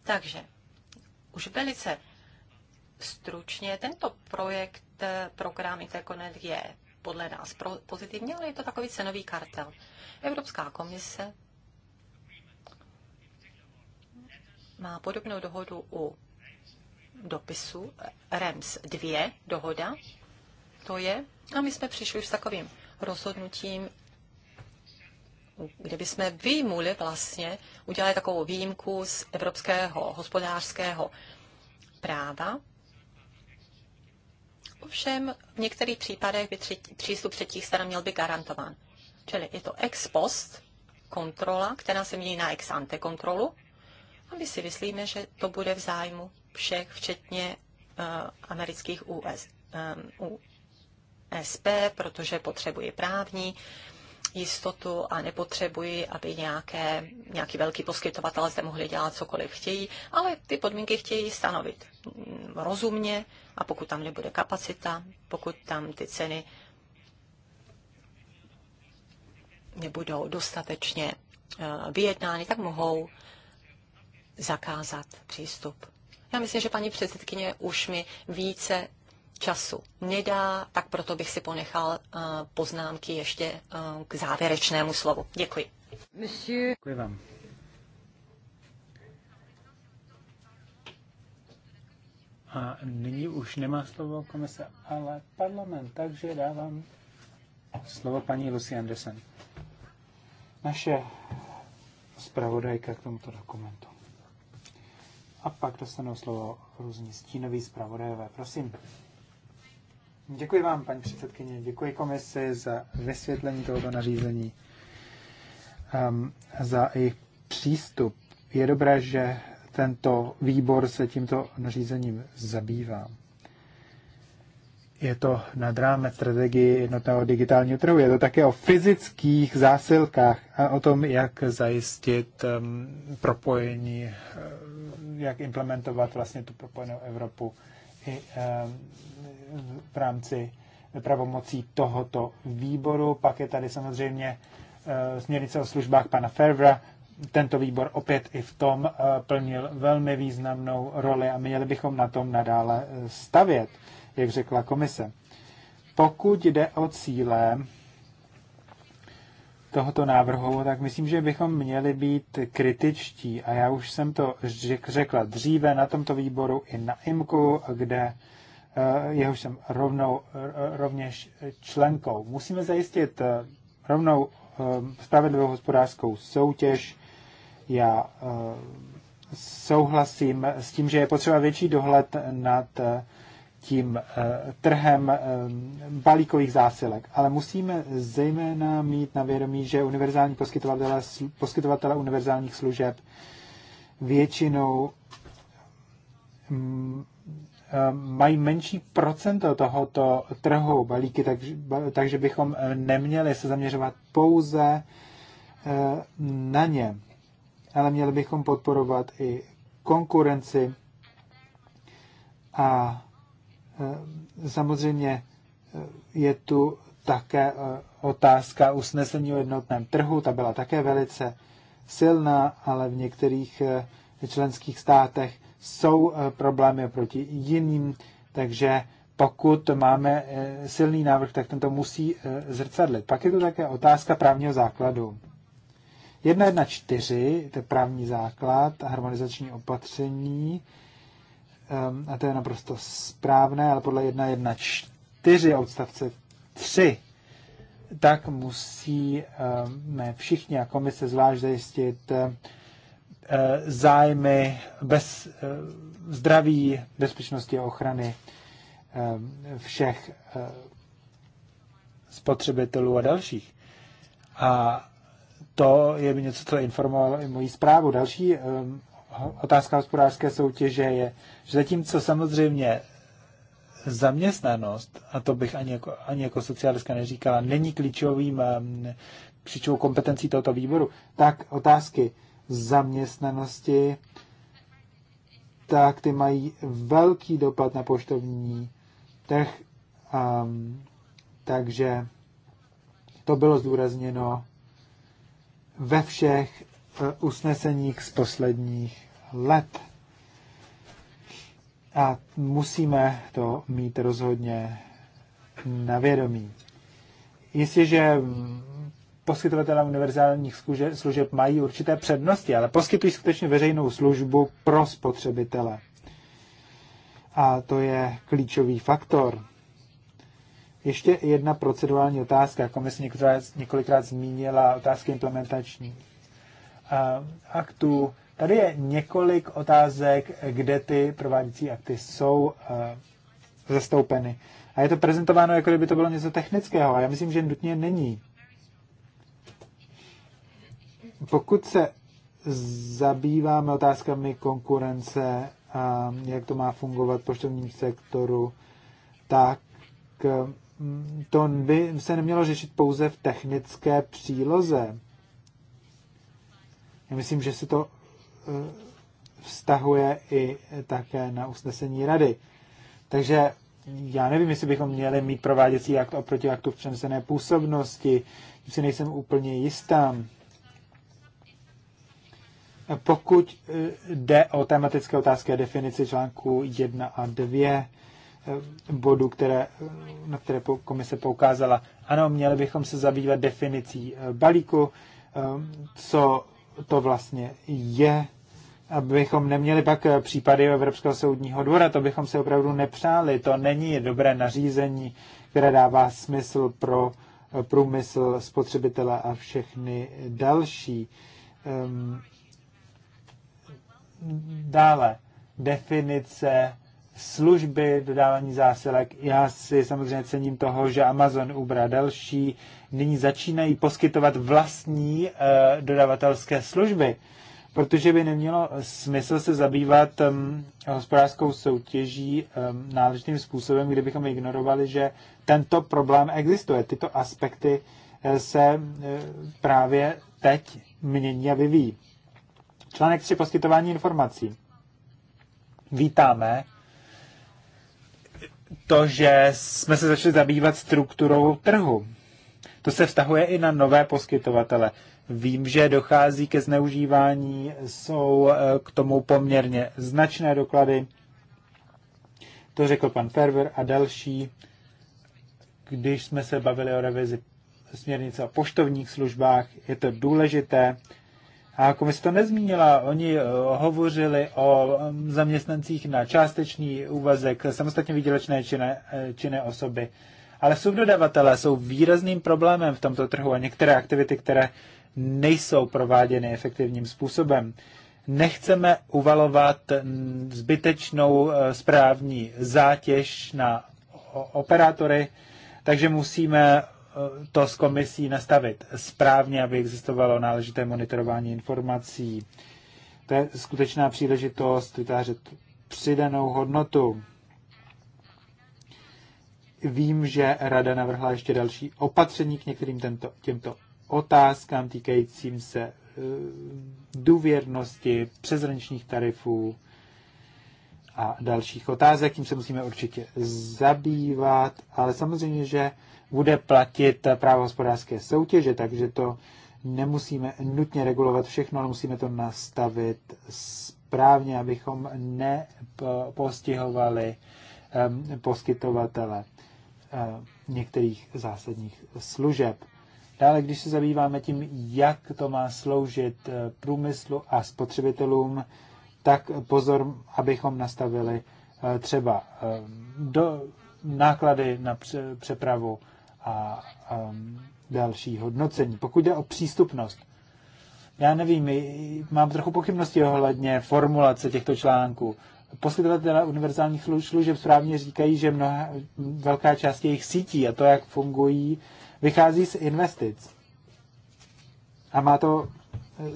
Takže už velice stručně tento projekt, program Interconnect je podle nás pozitivní, ale je to takový cenový kartel. Evropská komise má podobnou dohodu u dopisu REMS 2 dohoda, to je, a my jsme přišli už s takovým rozhodnutím, kde bychom vyjmuli vlastně, udělali takovou výjimku z evropského hospodářského práva. Ovšem v některých případech by tři, přístup třetích stran měl být garantován. Čili je to ex post kontrola, která se mění na ex ante kontrolu a my si myslíme, že to bude v zájmu všech, včetně uh, amerických US, um, eh, USP, protože potřebují právní jistotu a nepotřebují, aby nějaké, nějaký velký poskytovatel zde mohli dělat cokoliv chtějí, ale ty podmínky chtějí stanovit mm, rozumně a pokud tam nebude kapacita, pokud tam ty ceny nebudou dostatečně eh, vyjednány, tak mohou zakázat přístup. Já myslím, že paní předsedkyně už mi více času nedá, tak proto bych si ponechal eh, poznámky ještě eh, k závěrečnému slovu. Děkuji. Monsieur. Děkuji vám. A nyní už nemá slovo komise, ale parlament, takže dávám slovo paní Lucy Anderson. Naše zpravodajka k tomuto dokumentu. A pak dostanou slovo různí stínoví zpravodajové. Prosím. Děkuji vám, paní předsedkyně, děkuji komisi za vysvětlení tohoto nařízení, um, za jejich přístup. Je dobré, že tento výbor se tímto nařízením zabývá. Je to nad rámec strategii jednotného digitálního trhu. Je to také o fyzických zásilkách a o tom, jak zajistit um, propojení um, jak implementovat vlastně tu propojenou Evropu i eh, v rámci pravomocí tohoto výboru. Pak je tady samozřejmě eh, směrnice o službách pana Fervra. Tento výbor opět i v tom eh, plnil velmi významnou roli a měli bychom na tom nadále stavět, jak řekla komise. Pokud jde o cíle, tohoto návrhu, tak myslím, že bychom měli být kritičtí. A já už jsem to řekla dříve na tomto výboru i na IMKU, kde eh, jehož jsem rovnou, eh, rovněž členkou. Musíme zajistit eh, rovnou spravedlivou hospodářskou soutěž. Já souhlasím s tím, že je potřeba větší dohled nad tím eh, trhem eh, balíkových zásilek. Ale musíme zejména mít na vědomí, že univerzální poskytovatele, poskytovatele univerzálních služeb většinou mm, eh, mají menší procento tohoto trhu balíky, takže bychom neměli se zaměřovat pouze na ně, ale měli bychom podporovat i konkurenci a Eh, samozřejmě eh, je tu také eh, otázka usnesení o jednotném trhu, ta byla také velice silná, ale v některých členských státech jsou problémy proti jiným, takže pokud máme silný návrh, tak tento musí zrcadlit. Pak je to také otázka právního základu. 1.1.4, to je právní základ, harmonizační opatření, Ehm, a to je naprosto správné, ale podle 1.1.4 odstavce 3, tak musíme ehm, všichni a komise zvlášť zajistit ehm, e, zájmy bez e, zdraví, bezpečnosti a ochrany všech e, spotřebitelů a dalších. A to je něco, co informovalo i moji zprávu. Další otázka hospodářské soutěže je, že zatímco samozřejmě zaměstnanost, a to bych ani jako, ani jako socialistka neříkala, není klíčovým, klíčovou kompetencí tohoto výboru, tak otázky zaměstnanosti, tak ty mají velký dopad na poštovní trh, um, takže to bylo zdůrazněno ve všech usneseních z posledních let. A musíme to mít rozhodně na vědomí. Jestliže poskytovatelé univerzálních služeb mají určité přednosti, ale poskytují skutečně veřejnou službu pro spotřebitele. A to je klíčový faktor. Ještě jedna procedurální otázka. Komise několikrát, několikrát zmínila otázky implementační aktů. Tady je několik otázek, kde ty prováděcí akty jsou zastoupeny. A je to prezentováno, jako kdyby to bylo něco technického. A já myslím, že nutně není. Pokud se zabýváme otázkami konkurence a jak to má fungovat v poštovním sektoru, tak mm, to by se nemělo řešit pouze v technické příloze. Já myslím, že se to eh, vztahuje i také na usnesení rady. Takže já nevím, jestli bychom měli mít prováděcí akt oproti aktu v přenesené působnosti. Tím si nejsem úplně jistá. Pokud eh, jde o tematické otázky a definici článku 1 a 2 eh, bodů, které, na které komise poukázala, ano, měli bychom se zabývat definicí balíku, co to vlastně je, abychom neměli pak případy Evropského soudního dvora, to bychom si opravdu nepřáli. To není dobré nařízení, které dává smysl pro průmysl, spotřebitele a všechny další. Ehm, dále, definice služby, dodávání zásilek. Já si samozřejmě cením toho, že Amazon, Uber a další nyní začínají poskytovat vlastní uh, dodavatelské služby, protože by nemělo smysl se zabývat um, hospodářskou soutěží um, náležitým způsobem, kdybychom ignorovali, že tento problém existuje. Tyto aspekty uh, se uh, právě teď mění a vyvíjí. Článek 3. Poskytování informací. Vítáme to, že jsme se začali zabývat strukturou trhu. To se vztahuje i na nové poskytovatele. Vím, že dochází ke zneužívání, jsou eh, k tomu poměrně značné doklady. To řekl pan Ferver a další, když jsme se bavili o revizi směrnice o poštovních službách. Je to důležité, a komise to nezmínila. Oni eh, hovořili o mm, zaměstnancích na částečný úvazek, samostatně výdělečné činné, eh, činné osoby. Ale subdodavatelé jsou výrazným problémem v tomto trhu a některé aktivity, které nejsou prováděny efektivním způsobem. Nechceme uvalovat mm, zbytečnou eh, správní zátěž na operátory, takže musíme to s komisí nastavit správně, aby existovalo náležité monitorování informací. To je skutečná příležitost vytvářet přidanou hodnotu. Vím, že Rada navrhla ještě další opatření k některým tento, těmto otázkám týkajícím se e, důvěrnosti, přezraničních tarifů a dalších otázek. Tím se musíme určitě zabývat, ale samozřejmě, že bude platit právo hospodářské soutěže, takže to nemusíme nutně regulovat všechno, ale musíme to nastavit správně, abychom nepostihovali ehm, poskytovatele ehm, některých zásadních služeb. Dále, když se zabýváme tím, jak to má sloužit eh, průmyslu a spotřebitelům, tak pozor, abychom nastavili eh, třeba ehm, do náklady na přepravu a um, další hodnocení. Pokud jde o přístupnost, já nevím, mám trochu pochybnosti ohledně formulace těchto článků. Poskytovatelé univerzálních služeb správně říkají, že mnoha, velká část jejich sítí a to, jak fungují, vychází z investic. A má to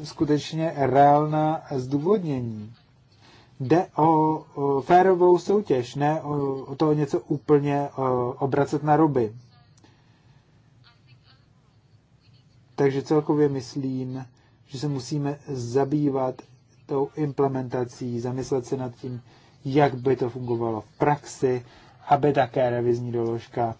e, skutečně reálná zdůvodnění. Jde o, o férovou soutěž, ne o, o to něco úplně o, e, obracet na ruby. Takže celkově myslím, že se musíme zabývat tou implementací, zamyslet se nad tím, jak by to fungovalo v praxi, aby také revizní doložka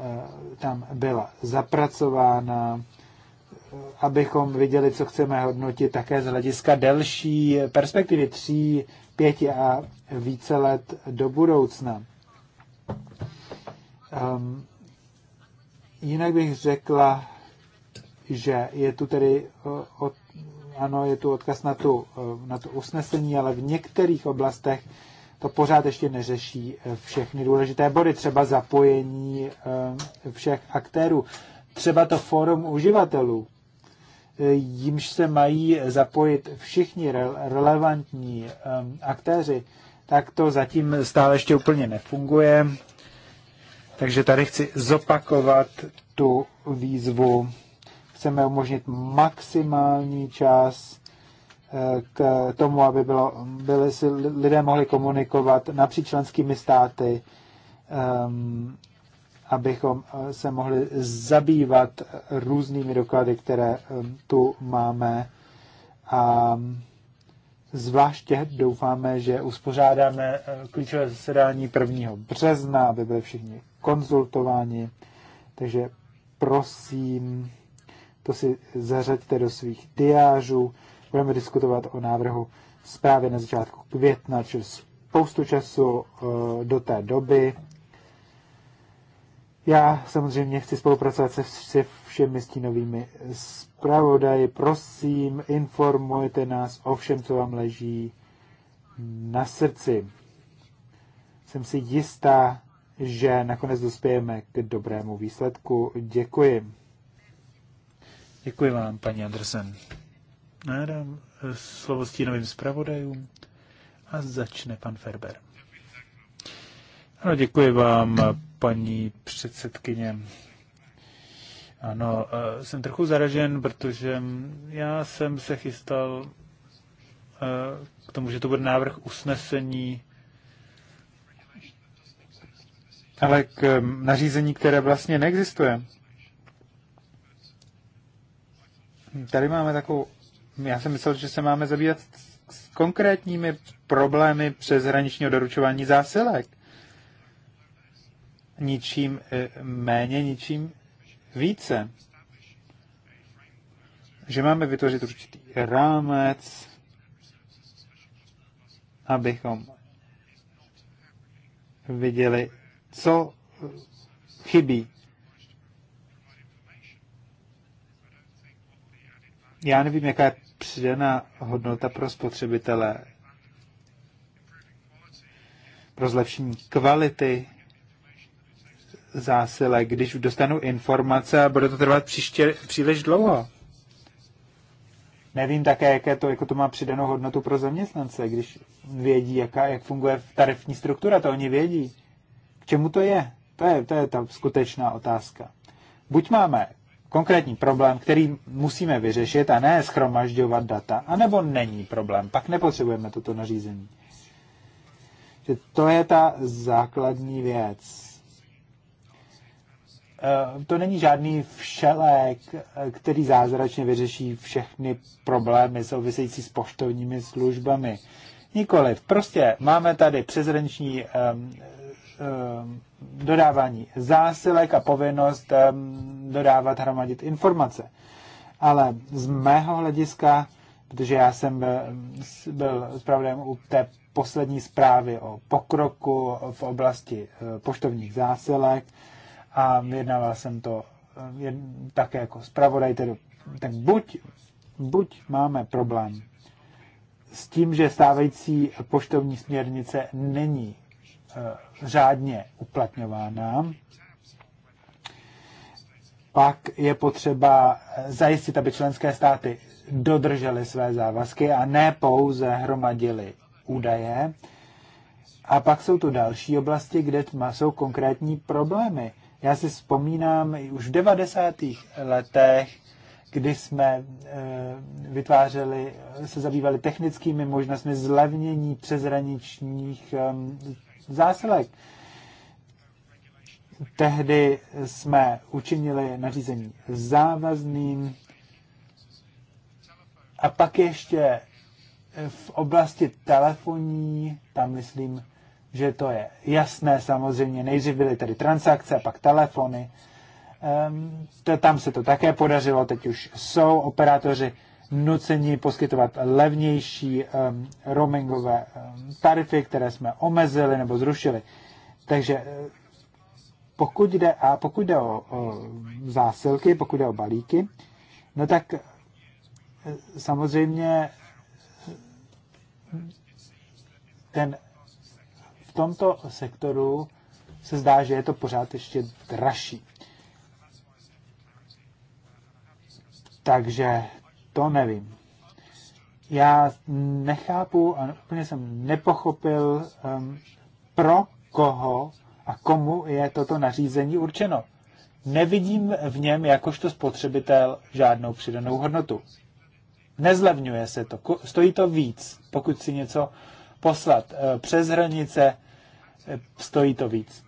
eh, tam byla zapracována, eh, abychom viděli, co chceme hodnotit také z hlediska delší perspektivy tří, pěti a více let do budoucna. Um, jinak bych řekla, že je tu tedy od, ano, je tu odkaz na, tu, na to usnesení, ale v některých oblastech to pořád ještě neřeší e, všechny důležité body, třeba zapojení e, všech aktérů, třeba to fórum uživatelů, e, jimž se mají zapojit všichni relevantní aktéři, tak to zatím stále ještě úplně nefunguje. Takže tady chci zopakovat tu výzvu chceme umožnit maximální čas eh, k tomu, aby bylo, byli si lidé mohli komunikovat napříč členskými státy, um, abychom eh, se mohli zabývat různými doklady, které ehm, tu máme. A ehm, zvláště doufáme, že uspořádáme eh, klíčové zasedání 1. března, aby byli všichni konzultováni. Takže prosím, to si zařaďte do svých diářů. Budeme diskutovat o návrhu zprávy na začátku května, či spoustu času eh, do té doby. Já samozřejmě chci spolupracovat se, se všemi stínovými zpravodaji. Prosím, informujte nás o všem, co vám leží na srdci. Jsem si jistá, že nakonec dospějeme k dobrému výsledku. Děkuji. Děkuji vám, paní Andersen. Nádám eh, slovo stínovým zpravodajům a začne pan Ferber. Ano, děkuji vám, paní předsedkyně. Ano, eh, jsem trochu zaražen, protože já jsem se chystal eh, k tomu, že to bude návrh usnesení, ale k nařízení, které vlastně neexistuje. Tady máme takovou, já jsem myslel, že se máme zabývat s konkrétními problémy přeshraničního doručování zásilek. Ničím eh, méně, ničím více. Že máme vytvořit určitý rámec, abychom viděli, co chybí já nevím, jaká je přidaná hodnota pro spotřebitele, pro zlepšení kvality zásile, když dostanu informace a bude to trvat příště, příliš dlouho. Nevím také, jaké to, jako to má přidanou hodnotu pro zaměstnance, když vědí, jaká, jak funguje tarifní struktura, to oni vědí. K čemu to je? To je, to je ta skutečná otázka. Buď máme konkrétní problém, který musíme vyřešit a ne schromažďovat data, anebo není problém, pak nepotřebujeme toto nařízení. Že to je ta základní věc. Eh, to není žádný všelek, eh, který zázračně vyřeší všechny problémy související s poštovními službami. Nikoliv. Prostě máme tady přezrenční ehm, Eh, dodávání zásilek a povinnost eh, dodávat, hromadit informace. Ale z mého hlediska, protože já jsem byl, byl zpravodajem u té poslední zprávy o pokroku v oblasti eh, poštovních zásilek a vyjednával jsem to také jako zpravodaj, tedy, tak buď, buď máme problém s tím, že stávající poštovní směrnice není Eh, řádně uplatňována, pak je potřeba eh, zajistit, aby členské státy dodržely své závazky a ne pouze hromadily údaje. A pak jsou tu další oblasti, kde jsou konkrétní problémy. Já si vzpomínám už v 90. letech, kdy jsme eh, vytvářeli, se zabývali technickými možnostmi zlevnění přezraničních zásilek. Tehdy jsme učinili nařízení závazným a pak ještě v oblasti telefonní, tam myslím, že to je jasné samozřejmě. Nejdřív byly tady transakce, pak telefony. Um, to, tam se to také podařilo, teď už jsou operátoři, nuceni poskytovat levnější um, roamingové um, tarify, které jsme omezili nebo zrušili. Takže eh, pokud jde, a pokud jde o, o zásilky, pokud jde o balíky, no tak eh, samozřejmě ten v tomto sektoru se zdá, že je to pořád ještě dražší. Takže to nevím. Já nechápu a úplně jsem nepochopil, um, pro koho a komu je toto nařízení určeno. Nevidím v něm jakožto spotřebitel žádnou přidanou hodnotu. Nezlevňuje se to, stojí to víc, pokud si něco poslat eh, přes hranice, eh, stojí to víc.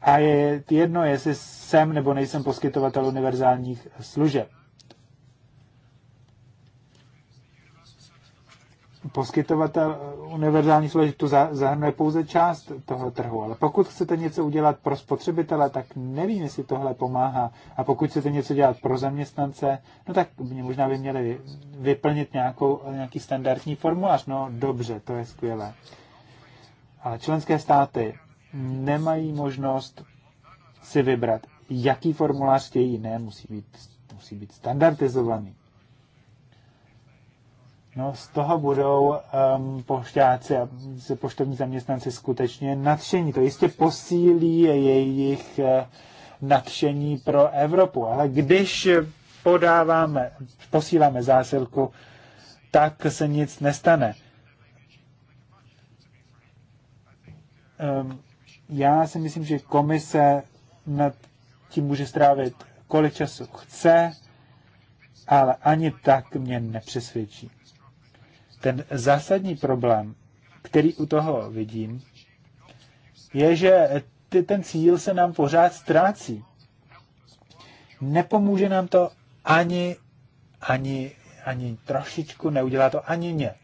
A je jedno, jestli jsem nebo nejsem poskytovatel univerzálních služeb. poskytovatel univerzální služby tu zahrnuje pouze část toho trhu, ale pokud chcete něco udělat pro spotřebitele, tak nevím, jestli tohle pomáhá. A pokud chcete něco dělat pro zaměstnance, no tak možná by měli vyplnit nějakou, nějaký standardní formulář. No dobře, to je skvělé. Ale členské státy nemají možnost si vybrat, jaký formulář chtějí. Ne, musí být, musí být standardizovaný. No, z toho budou um, pošťáci a poštovní zaměstnanci skutečně nadšení. To jistě posílí jejich uh, nadšení pro Evropu. Ale když podáváme, posíláme zásilku, tak se nic nestane. Um, já si myslím, že komise nad tím může strávit kolik času chce, ale ani tak mě nepřesvědčí. Ten zásadní problém, který u toho vidím, je, že ty, ten cíl se nám pořád ztrácí. Nepomůže nám to ani, ani, ani trošičku, neudělá to ani mě.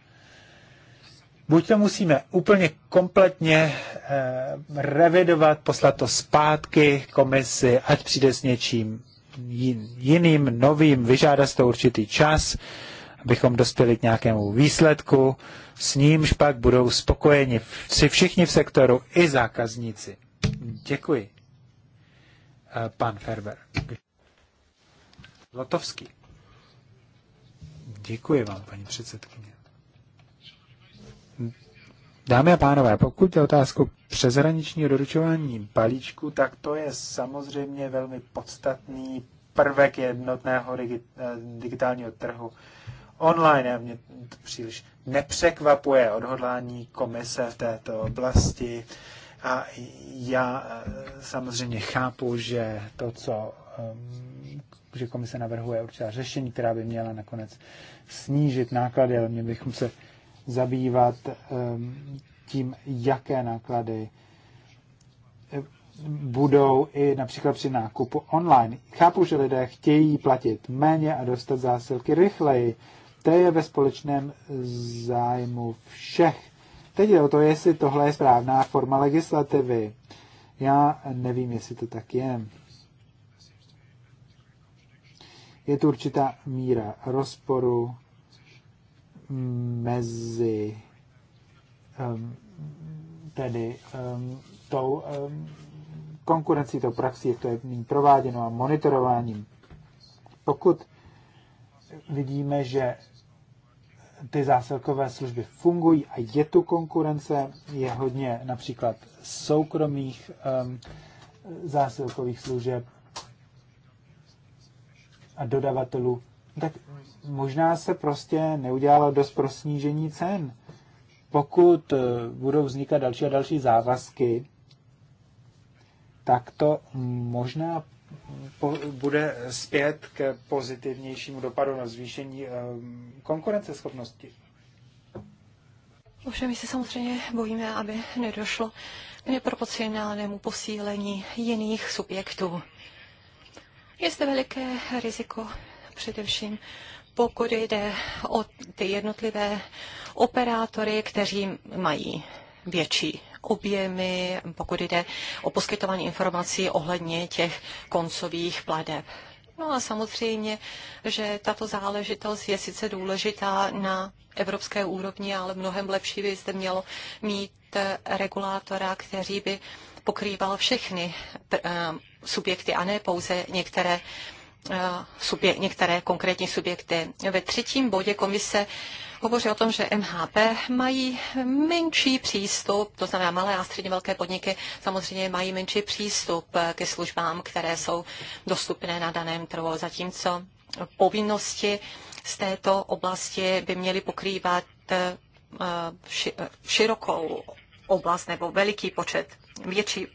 Buď to musíme úplně kompletně eh, revidovat, poslat to zpátky komisi, ať přijde s něčím jiným, novým, vyžádá to určitý čas, eh, abychom dospěli k nějakému výsledku, s nímž pak budou spokojeni si všichni v sektoru i zákazníci. Děkuji. Eh, pan Ferber. Lotovský. Děkuji vám, paní předsedkyně. Dámy a pánové, pokud je otázku přeshraničního doručování balíčku, tak to je samozřejmě velmi podstatný prvek jednotného eh, digitálního trhu online. A mě to příliš nepřekvapuje odhodlání komise v této oblasti. A já eh, samozřejmě chápu, že to, co ehm, že komise navrhuje určitá řešení, která by měla nakonec snížit náklady, ale měli bychom se zabývat ehm, tím, jaké náklady ehm, budou i například při nákupu online. Chápu, že lidé chtějí platit méně a dostat zásilky rychleji, to je ve společném zájmu všech. Teď je o to, jestli tohle je správná forma legislativy. Já nevím, jestli to tak je. Je tu určitá míra rozporu mezi um, tedy um, tou um, konkurencí, tou praxí, jak to je prováděno a monitorováním. Pokud vidíme, že ty zásilkové služby fungují a je tu konkurence, je hodně například soukromých um, zásilkových služeb a dodavatelů, tak možná se prostě neudělalo dost pro snížení cen. Pokud eh, budou vznikat další a další závazky, tak to možná bude zpět k pozitivnějšímu dopadu na zvýšení eh, konkurenceschopnosti. Ovšem my se samozřejmě bojíme, aby nedošlo k neproporcionálnému posílení jiných subjektů. Je zde veliké riziko především pokud jde o ty jednotlivé operátory, kteří mají větší objemy, pokud jde o poskytování informací ohledně těch koncových pladeb. No a samozřejmě, že tato záležitost je sice důležitá na evropské úrovni, ale mnohem lepší by zde mělo mít eh, regulátora, který by pokrýval všechny eh, subjekty a ne pouze některé uh, Eh, některé konkrétní subjekty. Ve třetím bodě komise hovoří o tom, že MHP mají menší přístup, to znamená malé a středně velké podniky samozřejmě mají menší přístup ke službám, které jsou dostupné na daném trhu, zatímco povinnosti z této oblasti by měly pokrývat eh, širokou oblast nebo veliký počet, větší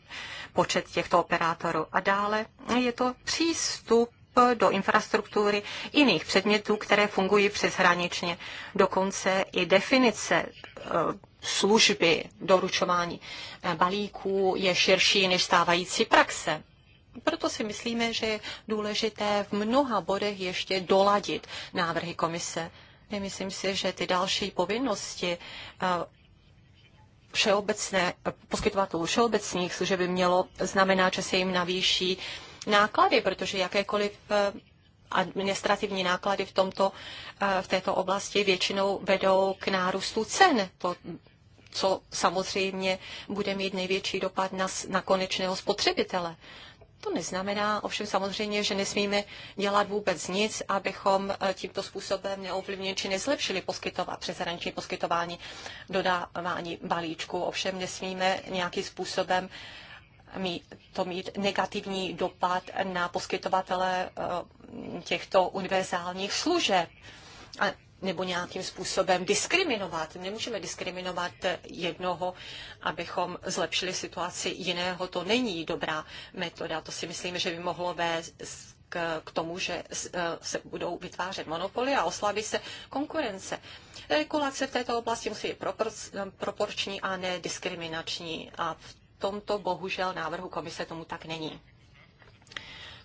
počet těchto operátorů. A dále je to přístup do infrastruktury jiných předmětů, které fungují přeshraničně. Dokonce i definice eh, služby doručování eh, balíků je širší než stávající praxe. Proto si myslíme, že je důležité v mnoha bodech ještě doladit návrhy komise. Nemyslím si, že ty další povinnosti eh, všeobecné, poskytovatelů všeobecných služeb by mělo znamenat, že se jim navýší náklady, protože jakékoliv eh, administrativní náklady v, tomto, eh, v této oblasti většinou vedou k nárůstu cen. To, co samozřejmě bude mít největší dopad na, na konečného spotřebitele. To neznamená ovšem samozřejmě, že nesmíme dělat vůbec nic, abychom eh, tímto způsobem neovlivnili či nezlepšili poskytovat, přeshraniční poskytování dodávání balíčku. Ovšem nesmíme nějakým způsobem mít, to mít negativní dopad na poskytovatele eh, těchto univerzálních služeb. A nebo nějakým způsobem diskriminovat. Nemůžeme diskriminovat jednoho, abychom zlepšili situaci jiného. To není dobrá metoda. To si myslím, že by mohlo vést k, k tomu, že eh, se budou vytvářet monopoly a oslabí se konkurence. Regulace v této oblasti musí být eh, proporční a ne diskriminační. A v tomto bohužel návrhu komise tomu tak není.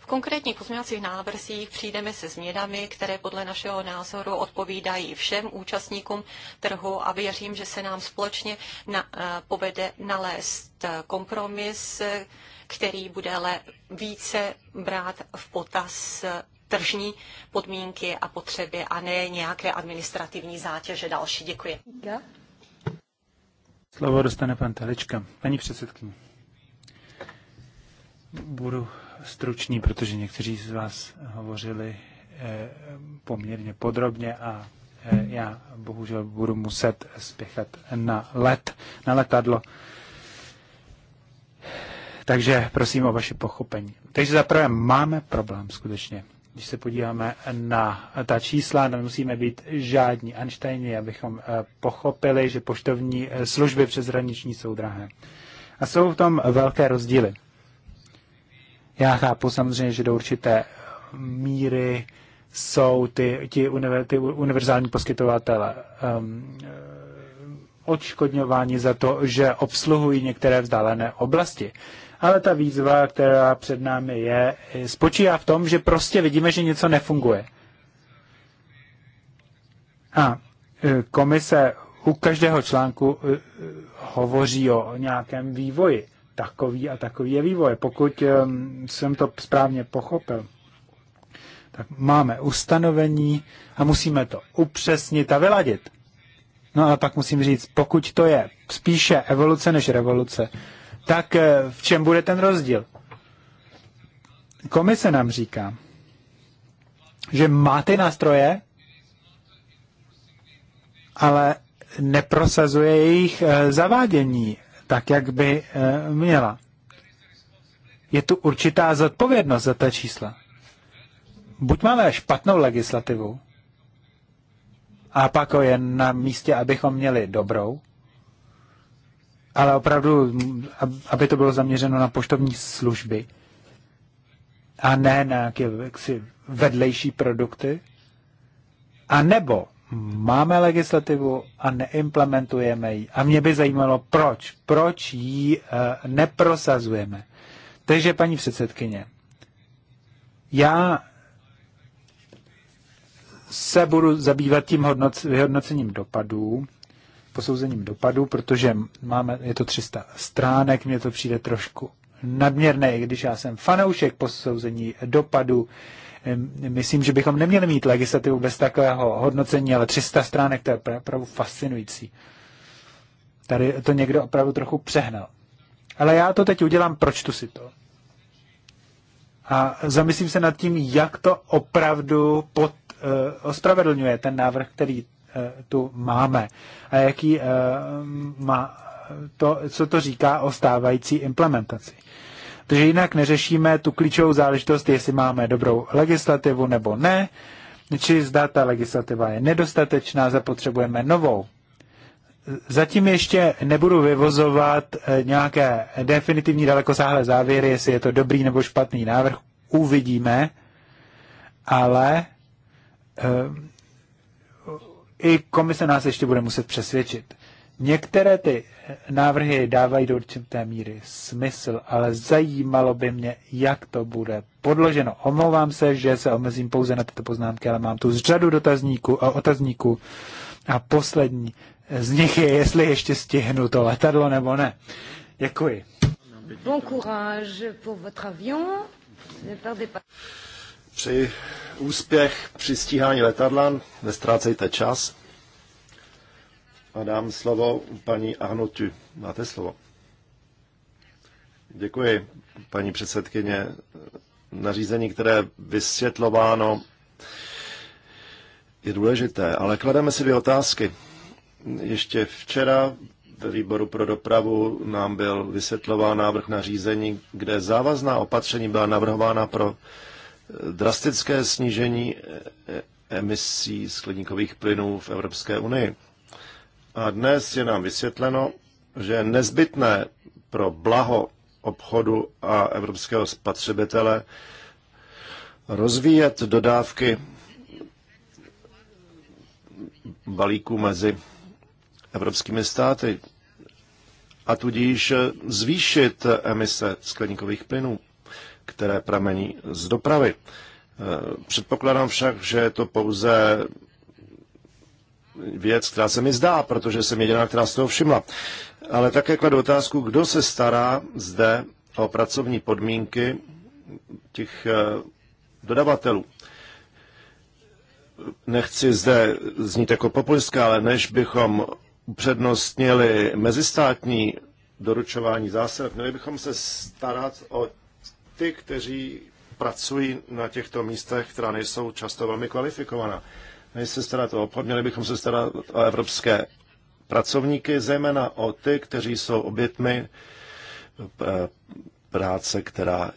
V konkrétních pozměňovacích návrzích přijdeme se změnami, které podle našeho názoru odpovídají všem účastníkům trhu a věřím, že se nám společně na, eh, povede nalézt kompromis, který bude ale více brát v potaz tržní podmínky a potřeby a ne nějaké administrativní zátěže další. Děkuji. Slovo dostane pan Telečka. Paní předsedkyně, budu stručný, protože někteří z vás hovořili eh, poměrně podrobně a eh, já bohužel budu muset spěchat na let, na letadlo. Takže prosím o vaše pochopení. Takže zaprvé máme problém skutečně když se podíváme na ta čísla, nemusíme no, být žádní Einsteini, abychom eh, pochopili, že poštovní eh, služby přeshraniční jsou drahé. A jsou v tom velké rozdíly. Já chápu samozřejmě, že do určité míry jsou ty, ty, univer, ty univerzální poskytovatele um, odškodňováni za to, že obsluhují některé vzdálené oblasti. Uh, ale ta výzva, která před námi je, spočívá v tom, že prostě vidíme, že něco nefunguje. A e, komise u každého článku e, e, hovoří o nějakém vývoji. Takový a takový je vývoj. Pokud jsem to správně pochopil, tak máme ustanovení a musíme to upřesnit a vyladit. No a pak musím říct, pokud to je spíše evoluce než revoluce, tak eh, v čem bude ten rozdíl? Komise nám říká, že má ty nástroje, ale neprosazuje jejich eh, zavádění tak, jak by eh, měla. Je tu určitá zodpovědnost za ta čísla. Buď máme špatnou legislativu, a pak je na místě, abychom měli dobrou, ale opravdu, aby to bylo zaměřeno na poštovní služby a ne na nějaké jaksi vedlejší produkty. A nebo máme legislativu a neimplementujeme ji. A mě by zajímalo, proč. Proč ji eh, neprosazujeme. Takže, paní předsedkyně, já se budu zabývat tím hodnoc, vyhodnocením dopadů posouzením dopadu, protože máme, je to 300 stránek, mně to přijde trošku nadměrné, když já jsem fanoušek posouzení dopadu. Myslím, že bychom neměli mít legislativu bez takového hodnocení, ale 300 stránek to je opravdu fascinující. Tady to někdo opravdu trochu přehnal. Ale já to teď udělám, proč tu si to. A zamyslím se nad tím, jak to opravdu pod, uh, ospravedlňuje ten návrh, který Eh, tu máme a jaký eh, má to, co to říká o stávající implementaci. Takže jinak neřešíme tu klíčovou záležitost, jestli máme dobrou legislativu nebo ne, či zda ta legislativa je nedostatečná, zapotřebujeme novou. Zatím ještě nebudu vyvozovat eh, nějaké definitivní dalekosáhlé závěry, jestli je to dobrý nebo špatný návrh, uvidíme, ale i komise nás ještě bude muset přesvědčit. Některé ty návrhy dávají do určité míry smysl, ale zajímalo by mě, jak to bude podloženo. Omlouvám se, že se omezím pouze na tyto poznámky, ale mám tu řadu dotazníků a otazníků. A poslední z nich je, jestli ještě stihnu to letadlo nebo ne. Děkuji. Bon courage pour votre avion. Ne perdez pas. Přeji úspěch při stíhání letadla, nestrácejte čas. A dám slovo paní Ahnutu. Máte slovo. Děkuji, paní předsedkyně. Nařízení, které vysvětlováno, je důležité, ale klademe si dvě otázky. Ještě včera ve výboru pro dopravu nám byl vysvětlován návrh nařízení, kde závazná opatření byla navrhována pro drastické snížení e, e, emisí skleníkových plynů v Evropské unii. A dnes je nám vysvětleno, že je nezbytné pro blaho obchodu a evropského spotřebitele rozvíjet dodávky balíků mezi evropskými státy a tudíž zvýšit emise skleníkových plynů které pramení z dopravy. E, předpokládám však, že je to pouze věc, která se mi zdá, protože jsem jediná, která z toho všimla. Ale také kladu otázku, kdo se stará zde o pracovní podmínky těch e, dodavatelů. Nechci zde znít jako populistka, ale než bychom upřednostnili mezistátní doručování zásilek, měli bychom se starat o ty, kteří pracují na těchto místech, která nejsou často velmi kvalifikovaná. Než se starat o obchod, měli bychom se starat o evropské pracovníky, zejména o ty, kteří jsou obětmi eh, práce, která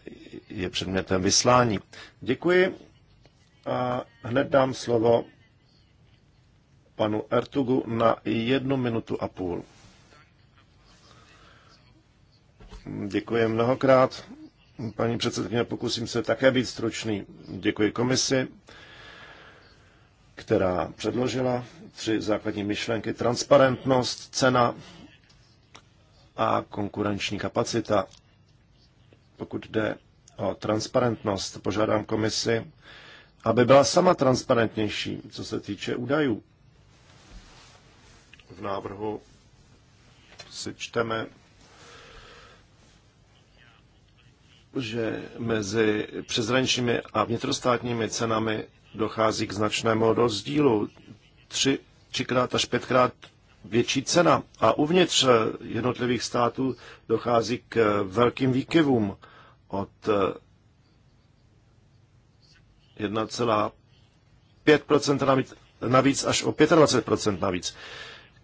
je předmětem vyslání. Děkuji a hned dám slovo panu Ertugu na jednu minutu a půl. Děkuji mnohokrát paní předsedkyně, pokusím se také být stručný. Děkuji komisi, která předložila tři základní myšlenky. Transparentnost, cena a konkurenční kapacita. Pokud jde o transparentnost, požádám komisi, aby byla sama transparentnější, co se týče údajů. V návrhu si čteme, že mezi přezrančními a vnitrostátními cenami dochází k značnému rozdílu. Tři, třikrát až pětkrát větší cena a uvnitř jednotlivých států dochází k velkým výkyvům od 1,5% eh, navíc až o 25% navíc.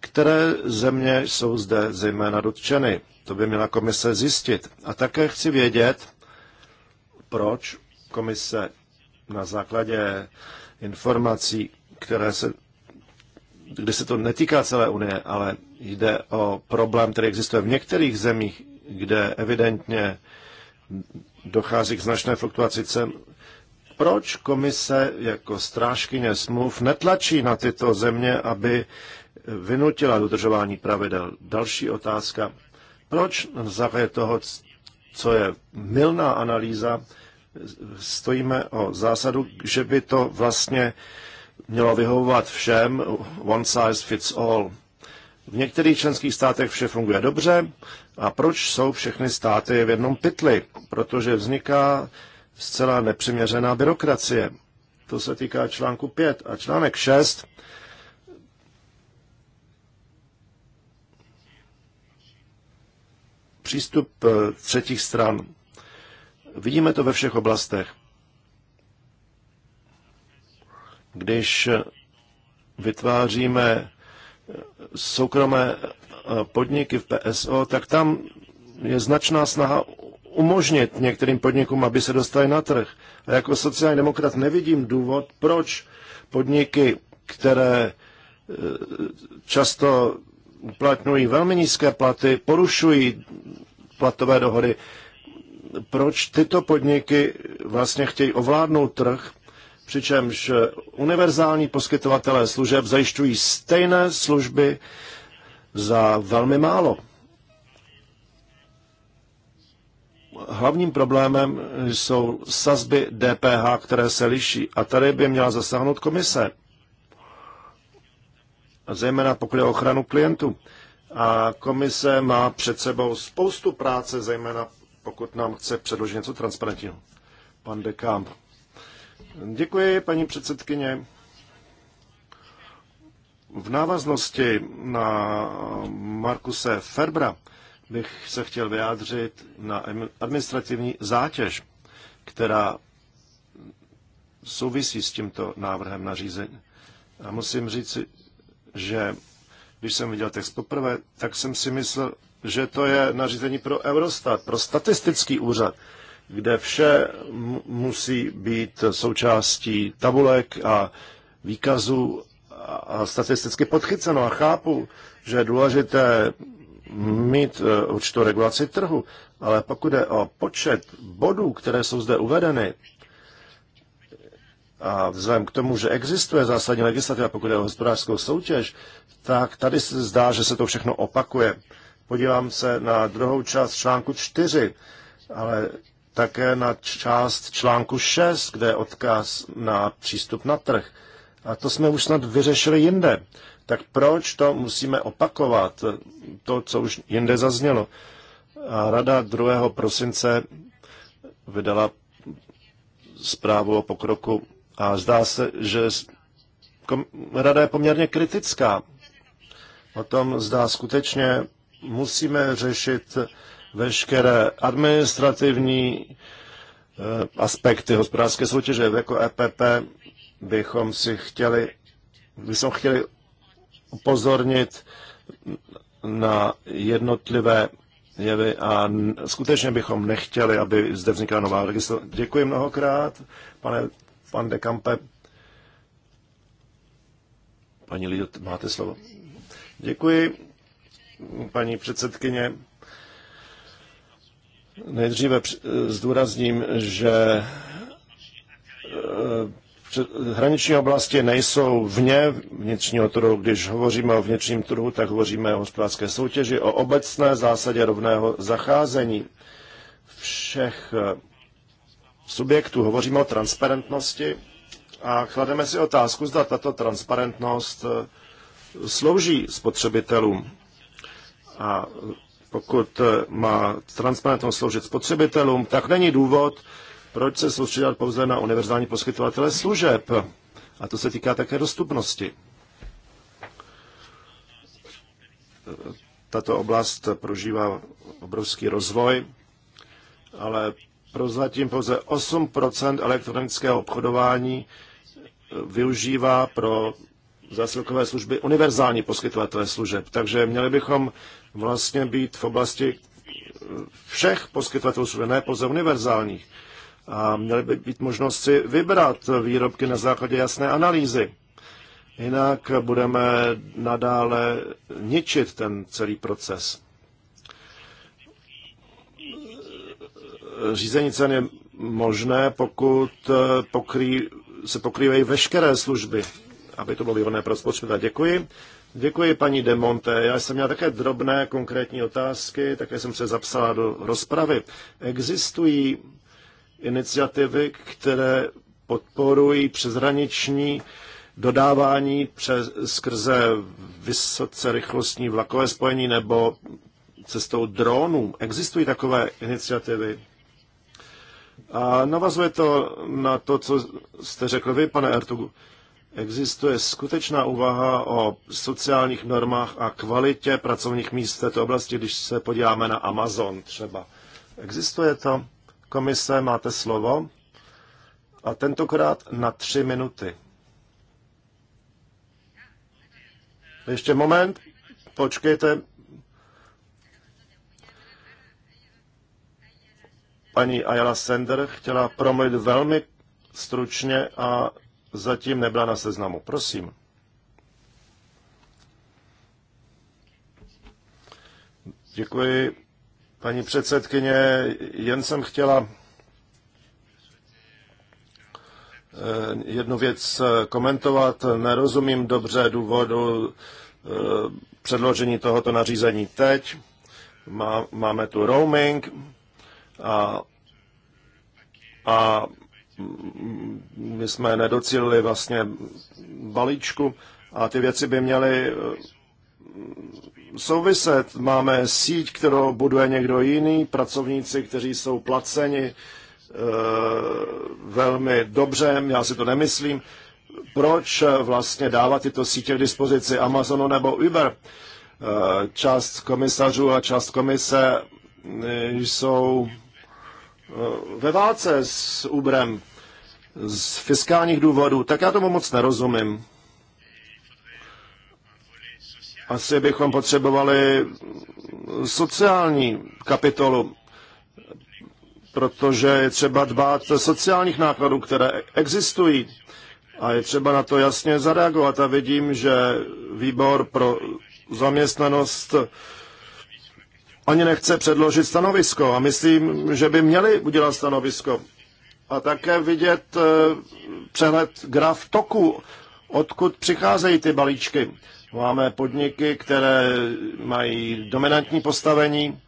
Které země jsou zde zejména dotčeny? To by měla komise zjistit. A také chci vědět, proč komise na základě informací, které se, kde se to netýká celé Unie, ale jde o problém, který existuje v některých zemích, kde evidentně dochází k značné fluktuaci cen. Proč komise jako strážkyně smluv netlačí na tyto země, aby vynutila dodržování pravidel? Další otázka. Proč na základě toho, co je milná analýza, stojíme o zásadu, že by to vlastně mělo vyhovovat všem, one size fits all. V některých členských státech vše funguje dobře a proč jsou všechny státy v jednom pytli? Protože vzniká zcela nepřiměřená byrokracie. To se týká článku 5 a článek 6 přístup eh, třetích stran Vidíme to ve všech oblastech. Když vytváříme soukromé eh, podniky v PSO, tak tam je značná snaha umožnit některým podnikům, aby se dostali na trh. A jako sociální demokrat nevidím důvod, proč podniky, které eh, často uplatňují velmi nízké platy, porušují platové dohody, proč tyto podniky vlastně chtějí ovládnout trh, přičemž univerzální poskytovatelé služeb zajišťují stejné služby za velmi málo. Hlavním problémem jsou sazby DPH, které se liší. A tady by měla zasáhnout komise. Zejména pokud je ochranu klientů. A komise má před sebou spoustu práce, zejména pokud nám chce předložit něco transparentního. Pan dekám. Děkuji, paní předsedkyně. V návaznosti na Markuse Ferbra bych se chtěl vyjádřit na administrativní zátěž, která souvisí s tímto návrhem na řízení. A musím říct, že když jsem viděl text poprvé, tak jsem si myslel, že to je nařízení pro Eurostat, pro statistický úřad, kde vše musí být součástí tabulek a výkazů a statisticky podchyceno. A chápu, že je důležité mít e, určitou regulaci trhu, ale pokud je o počet bodů, které jsou zde uvedeny, a vzhledem k tomu, že existuje zásadní legislativa, pokud je o hospodářskou soutěž, tak tady se zdá, že se to všechno opakuje podívám se na druhou část článku 4, ale také na část článku 6, kde je odkaz na přístup na trh. A to jsme už snad vyřešili jinde. Tak proč to musíme opakovat, to, co už jinde zaznělo? A rada 2. prosince vydala zprávu o pokroku a zdá se, že rada je poměrně kritická o tom, zdá skutečně musíme řešit veškeré administrativní eh, aspekty hospodářské soutěže. Jako EPP bychom si chtěli, bychom chtěli upozornit na jednotlivé jevy a skutečně bychom nechtěli, aby zde vznikla nová registrace. Děkuji mnohokrát, pane pan de Campe. Paní Lidot, máte slovo. Děkuji paní předsedkyně. Nejdříve zdůrazním, že eh, hraniční oblasti nejsou vně vnitřního trhu. Když hovoříme o vnitřním trhu, tak hovoříme o hospodářské soutěži, o obecné zásadě rovného zacházení všech eh, subjektů. Hovoříme o transparentnosti a klademe si otázku, zda tato transparentnost eh, slouží spotřebitelům. A pokud eh, má transparentnost sloužit spotřebitelům, tak není důvod, proč se soustředit pouze na univerzální poskytovatele služeb. A to se týká také dostupnosti. Tato oblast prožívá obrovský rozvoj, ale prozatím pouze 8 elektronického obchodování eh, využívá pro zásilkové služby univerzální poskytovatelé služeb. Takže měli bychom vlastně být v oblasti eh, všech poskytovatelů služeb, ne pouze univerzálních. A měly by být možnost si vybrat výrobky na základě jasné analýzy. Jinak budeme nadále ničit ten celý proces. Řízení cen je možné, pokud eh, pokrý, se pokrývají veškeré služby aby to bylo výhodné pro spotřebitele. Děkuji. Děkuji, paní Demonte. Já jsem měla také drobné konkrétní otázky, také jsem se zapsala do rozpravy. Existují iniciativy, které podporují přeshraniční dodávání přes, skrze vysoce rychlostní vlakové spojení nebo cestou dronů. Existují takové iniciativy? A navazuje to na to, co jste řekl vy, pane Ertugu existuje skutečná úvaha o sociálních normách a kvalitě pracovních míst v této oblasti, když se podíváme na Amazon třeba. Existuje to? Komise, máte slovo. A tentokrát na tři minuty. Ještě moment, počkejte. Paní Ayala Sender chtěla promluvit velmi stručně a zatím nebyla na seznamu. Prosím. Děkuji, paní předsedkyně. Jen jsem chtěla eh, jednu věc eh, komentovat. Nerozumím dobře důvodu eh, předložení tohoto nařízení teď. Máme tu roaming a, a my jsme nedocílili vlastně balíčku a ty věci by měly eh, souviset. Máme síť, kterou buduje někdo jiný, pracovníci, kteří jsou placeni e, velmi dobře, já si to nemyslím. Proč eh, vlastně dávat tyto sítě k dispozici Amazonu nebo Uber? E, část komisařů a část komise jsou Eh, ve válce s Ubrem z fiskálních důvodů, tak já tomu moc nerozumím. Asi bychom potřebovali sociální kapitolu, protože je třeba dbát sociálních nákladů, které existují. A je třeba na to jasně zareagovat. A vidím, že výbor pro zaměstnanost ani nechce předložit stanovisko a myslím, že by měli udělat stanovisko. A také vidět eh, přehled graf toku, odkud přicházejí ty balíčky. Máme podniky, které mají dominantní postavení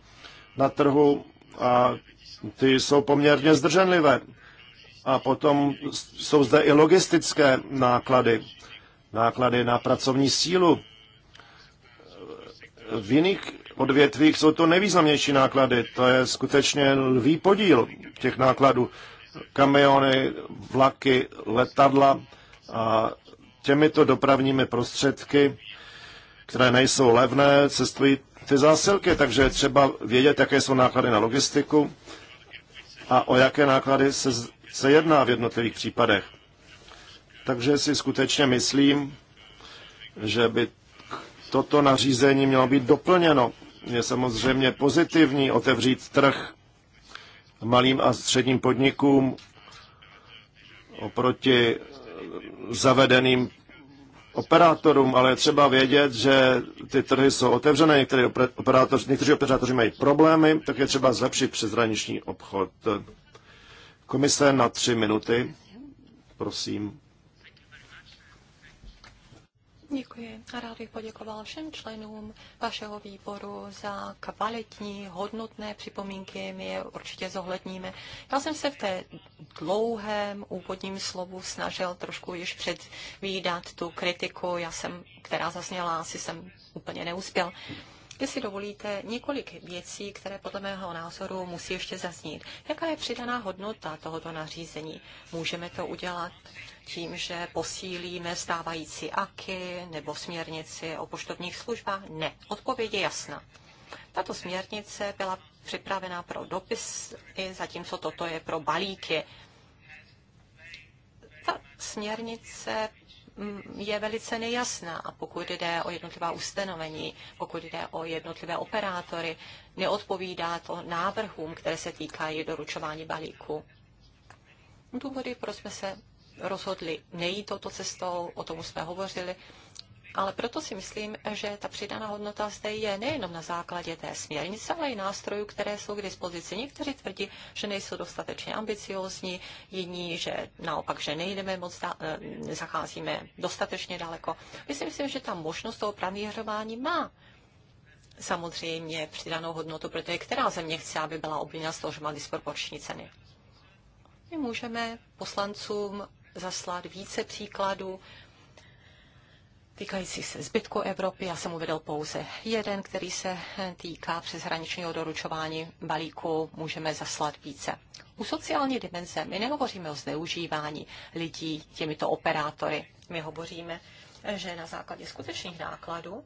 na trhu a ty jsou poměrně zdrženlivé. A potom jsou zde i logistické náklady, náklady na pracovní sílu. V jiných odvětvích jsou to nejvýznamnější náklady. To je skutečně lvý podíl těch nákladů. Kamiony, vlaky, letadla a těmito dopravními prostředky, které nejsou levné, cestují ty zásilky, takže je třeba vědět, jaké jsou náklady na logistiku a o jaké náklady se, se jedná v jednotlivých případech. Takže si skutečně myslím, že by toto nařízení mělo být doplněno je samozřejmě pozitivní otevřít trh malým a středním podnikům oproti zavedeným operátorům, ale je třeba vědět, že ty trhy jsou otevřené, některé operátoři, někteří operátoři mají problémy, tak je třeba zlepšit přeshraniční obchod. Komise na tři minuty, prosím. Děkuji a rád bych poděkoval všem členům vašeho výboru za kvalitní, hodnotné připomínky. My je určitě zohledníme. Já jsem se v té dlouhém úvodním slovu snažil trošku již předvídat tu kritiku, já jsem, která zasněla, asi jsem úplně neuspěl. Jestli dovolíte, několik věcí, které podle mého názoru musí ještě zaznít. Jaká je přidaná hodnota tohoto nařízení? Můžeme to udělat tím, že posílíme stávající AKY nebo směrnici o poštovních službách? Ne. Odpověď je jasná. Tato směrnice byla připravená pro dopisy, zatímco toto je pro balíky. Ta směrnice mm, je velice nejasná, a pokud jde o jednotlivá ustanovení, pokud jde o jednotlivé operátory, neodpovídá to návrhům, které se týkají doručování balíku. Důvody, proč jsme se rozhodli nejít touto cestou, o tom už jsme hovořili, ale proto si myslím, že ta přidaná hodnota zde je nejenom na základě té směrnice, ale i nástrojů, které jsou k dispozici. Někteří tvrdí, že nejsou dostatečně ambiciózní, jiní, že naopak, že nejdeme moc, da- eh, zacházíme dostatečně daleko. Myslím si, že ta možnost toho pranířování má samozřejmě přidanou hodnotu, protože která země chce, aby byla obviněna z toho, že má disproporční ceny. My můžeme poslancům zaslat více příkladů týkající se zbytku Evropy. Já jsem uvedl pouze jeden, který se týká přeshraničního doručování balíku. Můžeme zaslat více. U sociální dimenze my nehovoříme o zneužívání lidí těmito operátory. My hovoříme, že na základě skutečných nákladů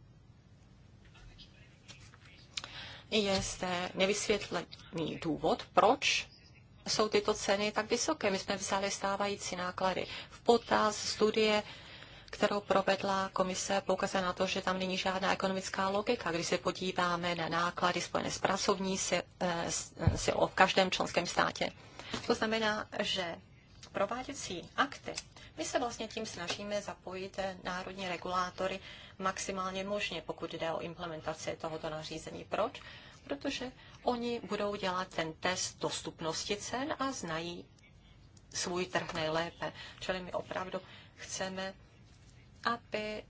je zde nevysvětlený důvod, proč jsou tyto ceny tak vysoké. My jsme vzali stávající náklady v potaz, studie, kterou provedla komise, poukazuje na to, že tam není žádná ekonomická logika. Když se podíváme na náklady spojené s pracovní eh, eh, silou v každém členském státě. To znamená, že prováděcí akty, my se vlastně tím snažíme zapojit národní regulátory maximálně možně, pokud jde o implementaci tohoto nařízení. Proč? Protože Oni budou dělat ten test dostupnosti cen a znají svůj trh nejlépe. Čili my opravdu chceme, aby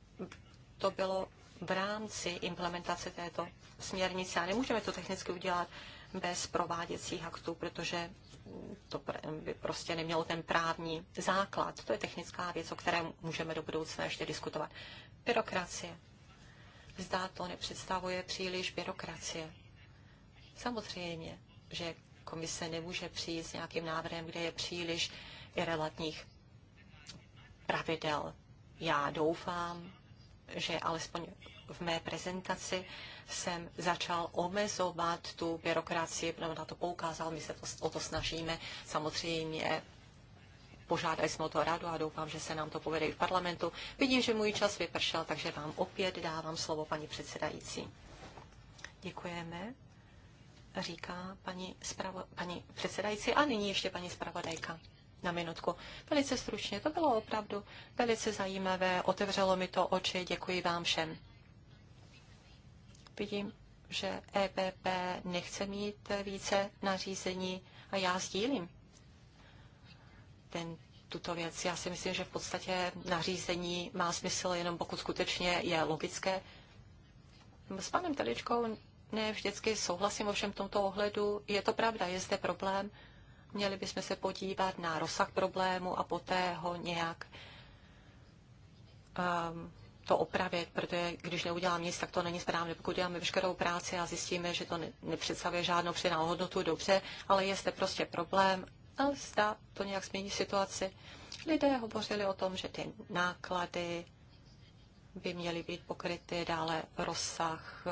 to bylo v rámci implementace této směrnice. A nemůžeme to technicky udělat bez prováděcích aktů, protože to by prostě nemělo ten právní základ. To je technická věc, o které můžeme do budoucna ještě diskutovat. Byrokracie. Zdá to nepředstavuje příliš byrokracie. Samozřejmě, že komise nemůže přijít s nějakým návrhem, kde je příliš irrelevantních pravidel. Já doufám, že alespoň v mé prezentaci jsem začal omezovat tu byrokracii, protože na to poukázal, my se to, o to snažíme. Samozřejmě požádali jsme o to radu a doufám, že se nám to povede i v parlamentu. Vidím, že můj čas vypršel, takže vám opět dávám slovo, paní předsedající. Děkujeme říká paní, spravo, paní předsedající a nyní ještě paní zpravodajka na minutku. Velice stručně, to bylo opravdu velice zajímavé, otevřelo mi to oči, děkuji vám všem. Vidím, že EPP nechce mít více nařízení a já sdílím ten, tuto věc. Já si myslím, že v podstatě nařízení má smysl jenom pokud skutečně je logické. S panem Teličkou ne vždycky souhlasím ovšem v tomto ohledu. Je to pravda, je zde problém. Měli bychom se podívat na rozsah problému a poté ho nějak um, to opravit, protože když neudělám nic, tak to není správné. Pokud děláme veškerou práci a zjistíme, že to nepředstavuje žádnou přidanou hodnotu, dobře, ale je zde prostě problém a zda to nějak změní situaci. Lidé hovořili o tom, že ty náklady by měly být pokryty, dále rozsah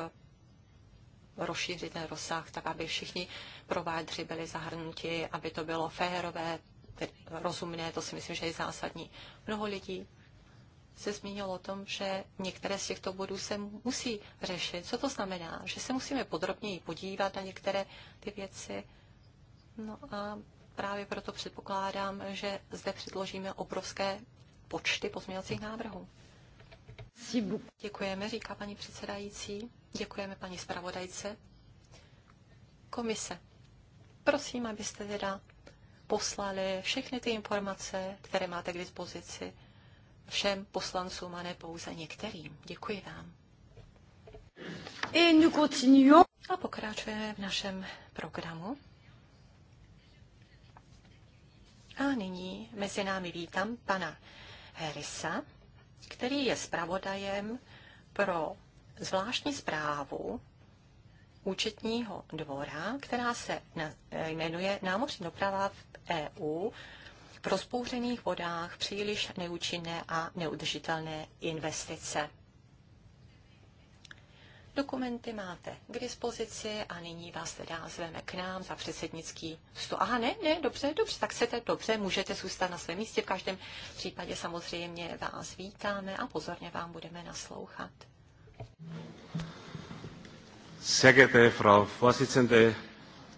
rozšířit ten rozsah, tak aby všichni provádři byli zahrnuti, aby to bylo férové, rozumné, to si myslím, že je zásadní. Mnoho lidí se zmínilo o tom, že některé z těchto bodů se musí řešit. Co to znamená? Že se musíme podrobněji podívat na některé ty věci. No a právě proto předpokládám, že zde předložíme obrovské počty pozměňovacích návrhů. Děkujeme, říká paní předsedající. Děkujeme paní zpravodajce. Komise, prosím, abyste teda poslali všechny ty informace, které máte k dispozici všem poslancům a ne pouze některým. Děkuji vám. A pokračujeme v našem programu. A nyní mezi námi vítám pana Herisa, který je zpravodajem pro zvláštní zprávu účetního dvora, která se eh, jmenuje Námořní doprava v EU v rozbouřených vodách příliš neúčinné a neudržitelné investice. Dokumenty máte k dispozici a nyní vás teda zveme k nám za předsednický stůl. Aha, ne, ne, dobře, dobře, tak chcete, dobře, můžete zůstat na svém místě. V každém případě samozřejmě vás vítáme a pozorně vám budeme naslouchat. Sehr geehrte Frau Vorsitzende,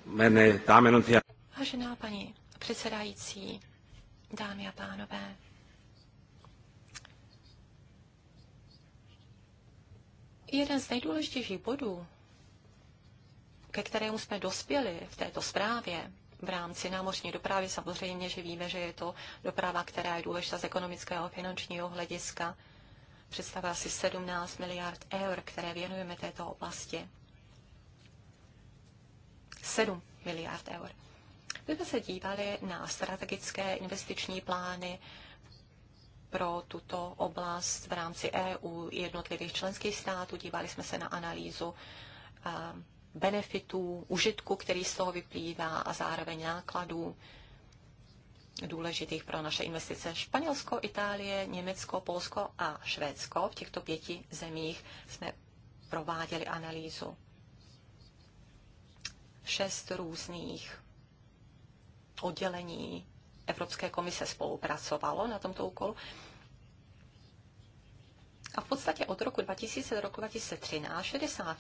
meine Damen und Herren. Vážená paní předsedající, dámy a pánové, jeden z nejdůležitějších bodů, ke kterému jsme dospěli v této zprávě, v rámci námořní dopravy samozřejmě, že víme, že je to doprava, která je důležitá z ekonomického a finančního hlediska, představuje asi 17 miliard eur, které věnujeme této oblasti. 7 miliard eur. Kdybychom se dívali na strategické investiční plány pro tuto oblast v rámci EU jednotlivých členských států, dívali jsme se na analýzu eh, benefitů, užitku, který z toho vyplývá a zároveň nákladů, důležitých pro naše investice. Španělsko, Itálie, Německo, Polsko a Švédsko. V těchto pěti zemích jsme prováděli analýzu. Šest různých oddělení Evropské komise spolupracovalo na tomto úkolu. A v podstatě od roku 2000 do roku 2013 60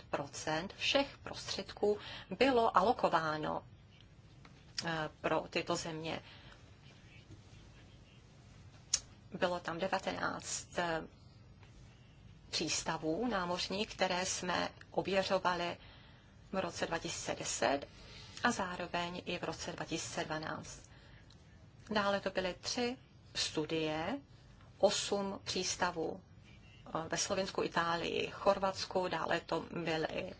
všech prostředků bylo alokováno eh, pro tyto země. Bylo tam 19 eh, přístavů námořních, které jsme ověřovali v roce 2010 a zároveň i v roce 2012. Dále to byly tři studie, osm přístavů ve Slovensku, Itálii, Chorvatsku, dále to byly eh,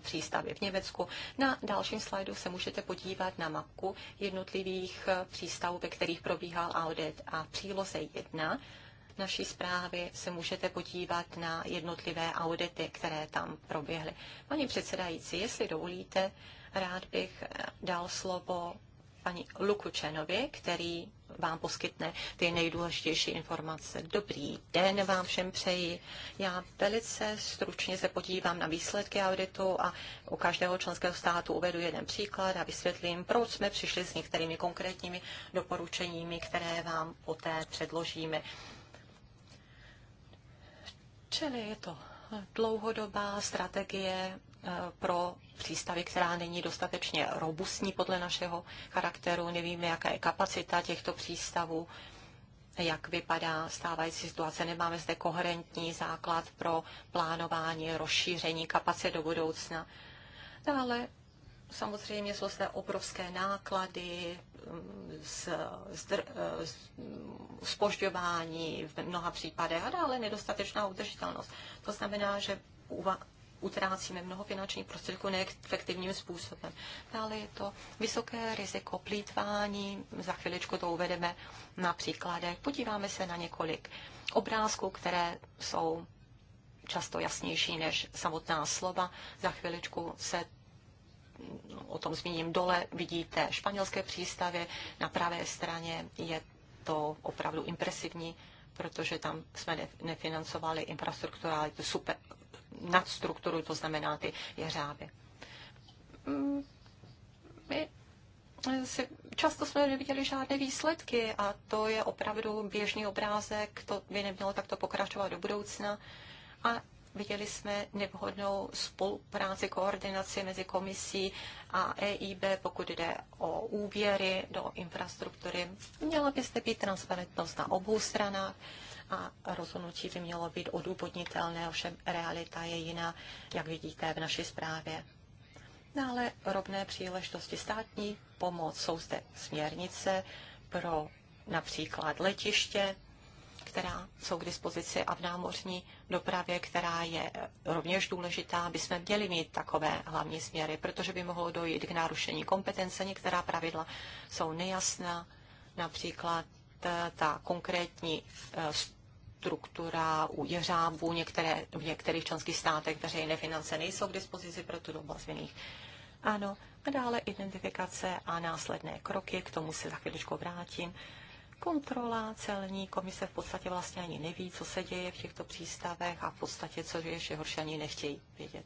přístavy v Německu. Na dalším slajdu se můžete podívat na mapku jednotlivých eh, přístavů, ve kterých probíhal audit a příloze 1 naší zprávy se můžete podívat na jednotlivé audity, které tam proběhly. Paní předsedající, jestli dovolíte, rád bych eh, dal slovo paní Lukučenovi, který vám poskytne ty nejdůležitější informace. Dobrý den vám všem přeji. Já velice stručně se podívám na výsledky auditu a u každého členského státu uvedu jeden příklad a vysvětlím, proč jsme přišli s některými konkrétními doporučeními, které vám poté předložíme. Čili je to dlouhodobá strategie Eh, pro přístavy, která není dostatečně robustní podle našeho charakteru. Nevíme, jaká je kapacita těchto přístavů, jak vypadá stávající situace. Nemáme zde koherentní základ pro plánování, rozšíření kapacit do budoucna. Dále samozřejmě jsou zde obrovské náklady, z, mm, z, eh, spožďování mm, v mnoha případech a dále nedostatečná udržitelnost. To znamená, že utrácíme mnoho finančních prostředků neefektivním způsobem. Dále je to vysoké riziko plítvání, za chviličku to uvedeme na příkladech. Podíváme se na několik obrázků, které jsou často jasnější než samotná slova. Za chviličku se no, o tom zmíním dole, vidíte španělské přístavy, na pravé straně je to opravdu impresivní, protože tam jsme nefinancovali infrastrukturu, ale je to super, nadstrukturu, to znamená ty jeřáby. Mm, my si často jsme neviděli žádné výsledky a to je opravdu běžný obrázek, to by nemělo takto pokračovat do budoucna. A viděli jsme nevhodnou spolupráci, koordinaci mezi komisí a EIB, pokud jde o úvěry do infrastruktury. Měla byste být transparentnost na obou stranách a rozhodnutí by mělo být odůvodnitelné, ovšem realita je jiná, jak vidíte v naší zprávě. Dále no rovné příležitosti státní pomoc jsou zde směrnice pro například letiště, která jsou k dispozici a v námořní dopravě, která je rovněž důležitá, aby jsme měli mít takové hlavní směry, protože by mohlo dojít k narušení kompetence. Některá pravidla jsou nejasná, například eh, ta konkrétní eh, struktura u jeřábů, některé, v některých členských státech veřejné finance nejsou k dispozici pro tu dobu v Ano, a dále identifikace a následné kroky, k tomu se za chvíličku vrátím. Kontrola celní komise v podstatě vlastně ani neví, co se děje v těchto přístavech a v podstatě, co je ještě horší, ani nechtějí vědět.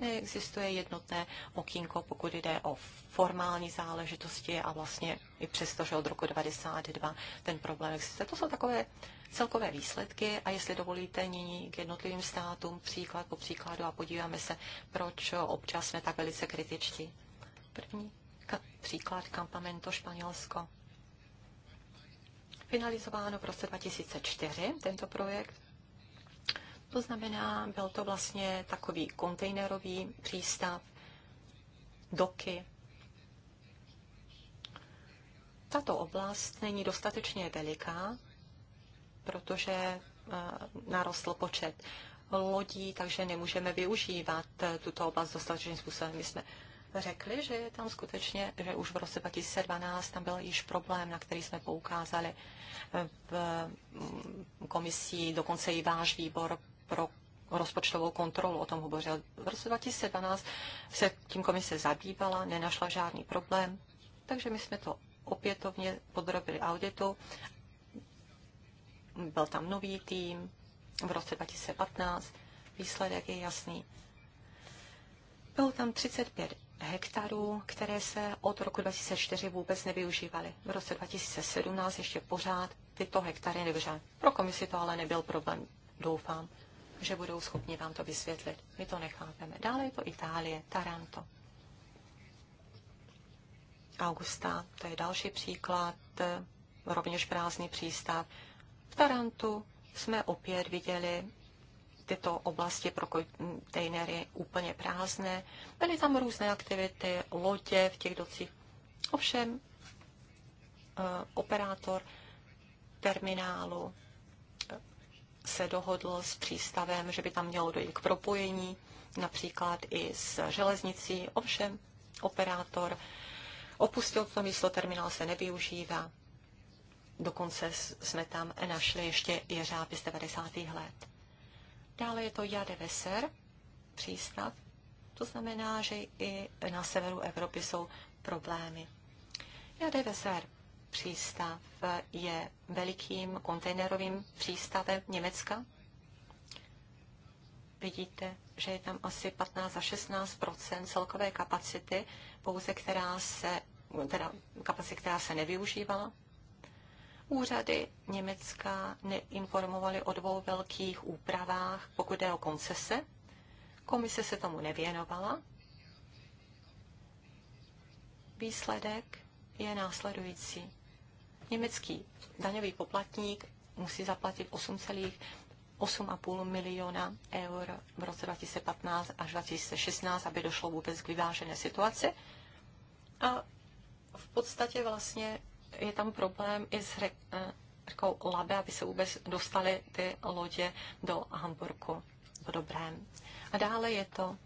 Neexistuje jednotné okýnko, pokud jde o formální záležitosti a vlastně i přesto, že od roku 92 ten problém existuje. To jsou takové celkové výsledky a jestli dovolíte nyní k jednotlivým státům příklad po příkladu a podíváme se, proč občas jsme tak velice kritičtí. První ka- příklad Campamento Španělsko. Finalizováno v roce 2004 tento projekt. To znamená, byl to vlastně takový kontejnerový přístav, doky. Tato oblast není dostatečně veliká protože eh, narostl počet lodí, takže nemůžeme využívat eh, tuto oblast dostatečným způsobem. My jsme řekli, že je tam skutečně, že už v roce 2012 tam byl již problém, na který jsme poukázali eh, v mm, komisí, dokonce i váš výbor pro rozpočtovou kontrolu o tom hovořil. V roce 2012 se tím komise zabývala, nenašla žádný problém, takže my jsme to opětovně podrobili auditu byl tam nový tým v roce 2015, výsledek je jasný. Bylo tam 35 hektarů, které se od roku 2004 vůbec nevyužívaly. V roce 2017 ještě pořád tyto hektary nevyužívaly. Pro komisi to ale nebyl problém. Doufám, že budou schopni vám to vysvětlit. My to nechápeme. Dále je to Itálie, Taranto. Augusta, to je další příklad, rovněž prázdný přístav. V Tarantu jsme opět viděli tyto oblasti pro kontejnery úplně prázdné. Byly tam různé aktivity, lodě v těch docích. Ovšem, eh, operátor terminálu eh, se dohodl s přístavem, že by tam mělo dojít k propojení, například i s železnicí. Ovšem, operátor opustil to místo, terminál se nevyužívá. Dokonce jsme tam našli ještě jeřáby z 90. let. Dále je to Jade Veser, přístav. To znamená, že i na severu Evropy jsou problémy. Jade Veser, přístav, je velikým kontejnerovým přístavem Německa. Vidíte, že je tam asi 15 a 16 celkové kapacity, pouze která se, teda kapacity, která se nevyužívala. Úřady Německa neinformovaly o dvou velkých úpravách, pokud jde o koncese. Komise se tomu nevěnovala. Výsledek je následující. Německý daňový poplatník musí zaplatit 8,5 miliona eur v roce 2015 až 2016, aby došlo vůbec k vyvážené situaci. A v podstatě vlastně je tam problém i s eh, řekou Labe, aby se vůbec dostaly ty lodě do Hamburgu, do Dobrém. A dále je to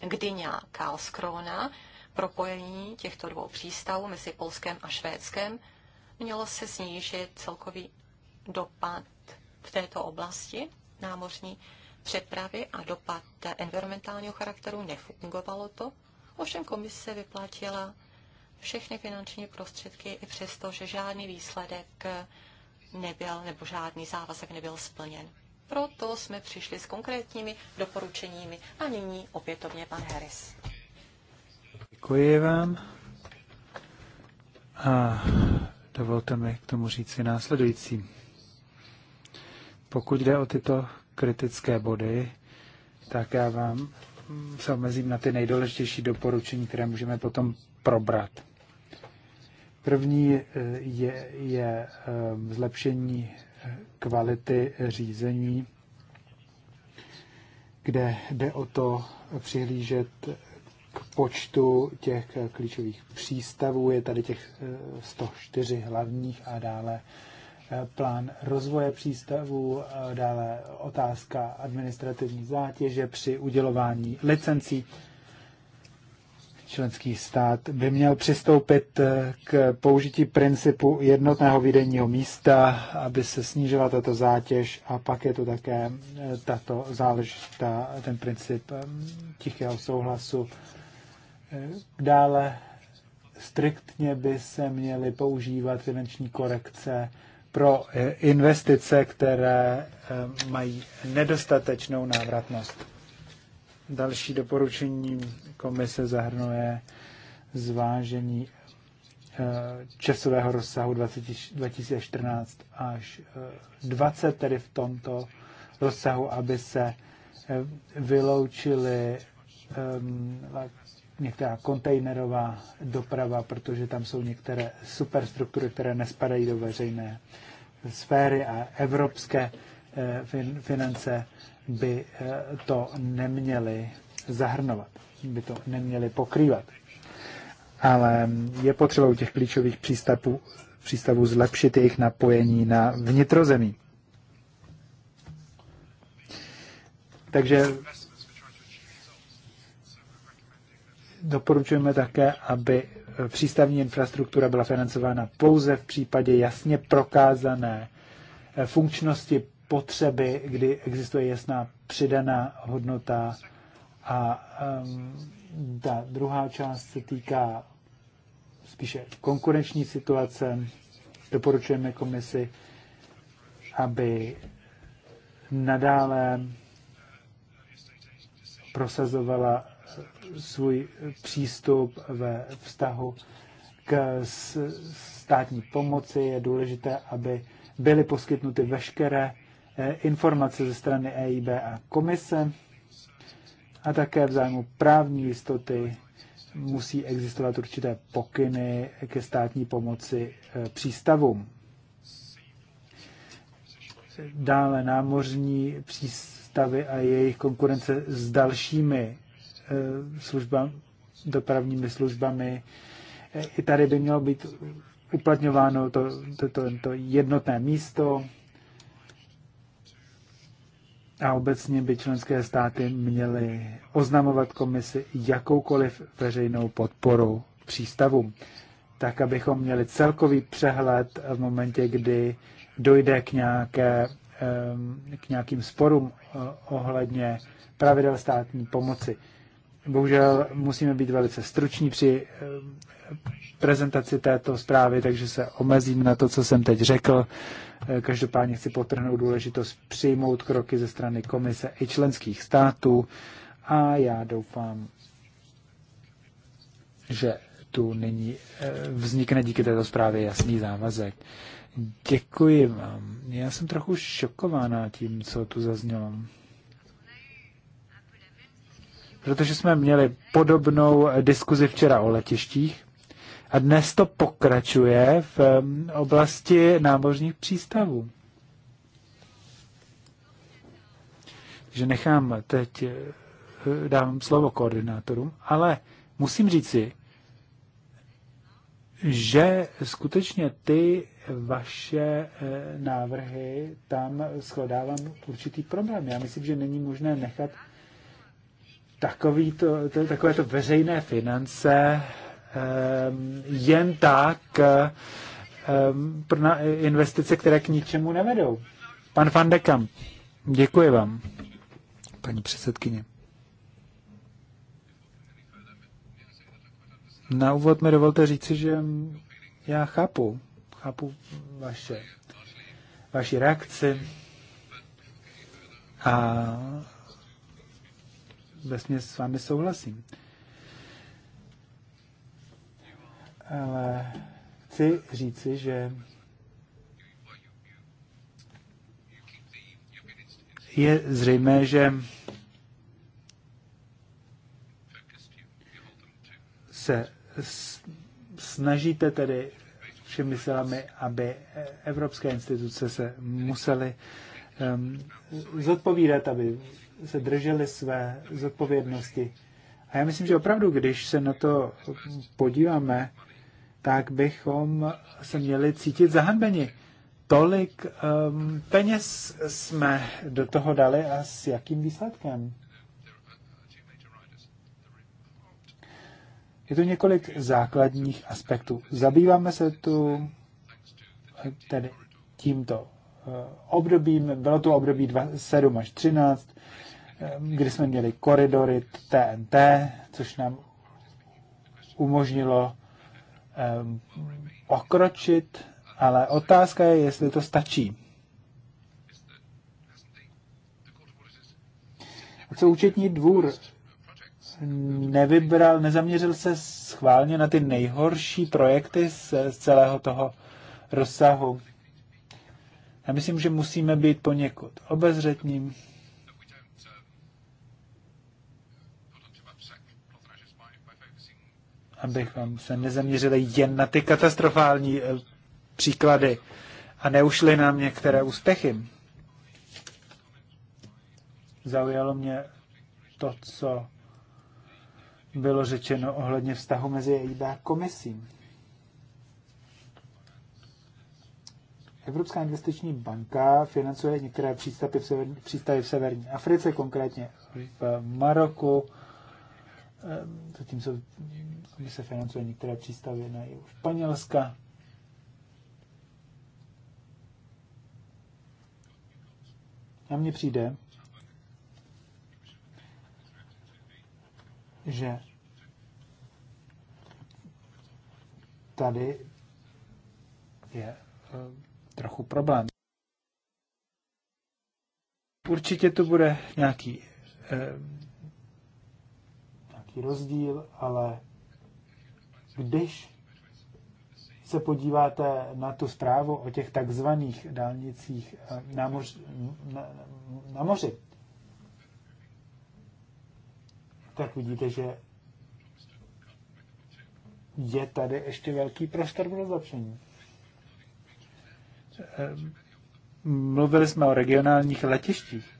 Gdyňa Karlskrona, propojení těchto dvou přístavů mezi Polskem a Švédskem, mělo se snížit celkový dopad v této oblasti námořní přepravy a dopad environmentálního charakteru. Nefungovalo to. Ovšem komise vyplatila všechny finanční prostředky, i přesto, že žádný výsledek nebyl nebo žádný závazek nebyl splněn. Proto jsme přišli s konkrétními doporučeními a nyní opětovně pan Harris. Děkuji vám. A dovolte mi k tomu říci následující. Pokud jde o tyto kritické body, tak já vám se omezím na ty nejdůležitější doporučení, které můžeme potom probrat. První eh, je, je eh, zlepšení eh, kvality řízení, kde jde o to přihlížet k počtu těch klíčových přístavů. Je tady těch 104 hlavních a dále plán rozvoje přístavů, dále otázka administrativní zátěže při udělování licencí členský stát by měl přistoupit eh, k použití principu jednotného výdenního místa, aby se snížila tato zátěž a pak je to také eh, tato záležitá, ten princip eh, tichého souhlasu. Dále striktně by se měly používat finanční korekce pro investice, které mají nedostatečnou návratnost. Další doporučení komise zahrnuje zvážení eh, časového rozsahu 2014 až 20, eh, tedy v tomto rozsahu, aby se eh, vyloučily ehm, některá kontejnerová doprava, protože tam jsou některé superstruktury, které nespadají do veřejné sféry a evropské finance by eh, to neměly zahrnovat, by to neměly pokrývat. Ale je potřeba u těch klíčových přístavů, přístavů zlepšit jejich napojení na vnitrozemí. Takže doporučujeme také, aby eh, přístavní infrastruktura byla financována pouze v případě jasně prokázané eh, funkčnosti potřeby, kdy existuje jasná přidaná hodnota. A um, ta druhá část se týká spíše konkurenční situace. Doporučujeme komisi, aby nadále prosazovala svůj přístup ve vztahu k státní pomoci. Je důležité, aby byly poskytnuty veškeré Eh, informace ze strany EIB a komise a také v zájmu právní jistoty musí existovat určité pokyny ke státní pomoci eh, přístavům. Dále námořní přístavy a jejich konkurence s dalšími eh, službami, dopravními službami. I tady by mělo být uplatňováno to, to, to, to jednotné místo, a obecně by členské státy měly oznamovat komisi jakoukoliv veřejnou podporu přístavům, tak abychom měli celkový přehled v momentě, kdy dojde k, nějaké, k nějakým sporům eh, ohledně pravidel státní pomoci. Bohužel musíme být velice struční při eh, prezentaci této zprávy, takže se omezím na to, co jsem teď řekl. Eh, každopádně chci potrhnout důležitost přijmout kroky ze strany komise i členských států a já doufám, že tu nyní eh, vznikne díky této zprávě jasný závazek. Děkuji vám. Já jsem trochu šokována tím, co tu zaznělo protože jsme měli podobnou diskuzi včera o letištích a dnes to pokračuje v oblasti námořních přístavů. Takže nechám teď, eh, dám slovo koordinátorům, ale musím říci, že skutečně ty vaše eh, návrhy tam shledávám určitý problém. Já myslím, že není možné nechat takový to, to, to veřejné finance um, jen tak um, pro na investice, které k ničemu nevedou. Pan Van de Kamp, děkuji vám, paní předsedkyně. Na úvod mi dovolte říci, že já chápu, chápu vaše, vaši reakci a vesměs s vámi souhlasím. Ale chci říci, že je zřejmé, že se snažíte tedy všemi silami, aby evropské instituce se musely um, zodpovídat, aby se drželi své zodpovědnosti. A já myslím, že opravdu, když se na to podíváme, tak bychom se měli cítit zahanbeni. Tolik um, peněz jsme do toho dali a s jakým výsledkem? Je tu několik základních aspektů. Zabýváme se tu tedy tímto obdobím, bylo to období 7 až 13, kdy jsme měli koridory TNT, což nám umožnilo pokročit, ale otázka je, jestli to stačí. A co účetní dvůr nevybral, nezaměřil se schválně na ty nejhorší projekty z, z celého toho rozsahu. Já myslím, že musíme být poněkud obezřetním. Abychom se nezaměřili jen na ty katastrofální eh, příklady a neušli nám některé úspěchy. Zaujalo mě to, co bylo řečeno ohledně vztahu mezi EIB a komisím. Evropská investiční banka financuje některé přístavy v severní, přístavy v severní Africe, konkrétně v Maroku. Ehm, zatím jsou, se financuje některé přístavy na jihu Španělska. A mně přijde, že tady je ehm, trochu problém. Určitě to bude nějaký, eh, nějaký rozdíl, ale když se podíváte na tu zprávu o těch takzvaných dálnicích eh, na, moř, na, na moři, tak vidíte, že je tady ještě velký prostor pro zlepšení. Eh, mluvili jsme o regionálních letištích,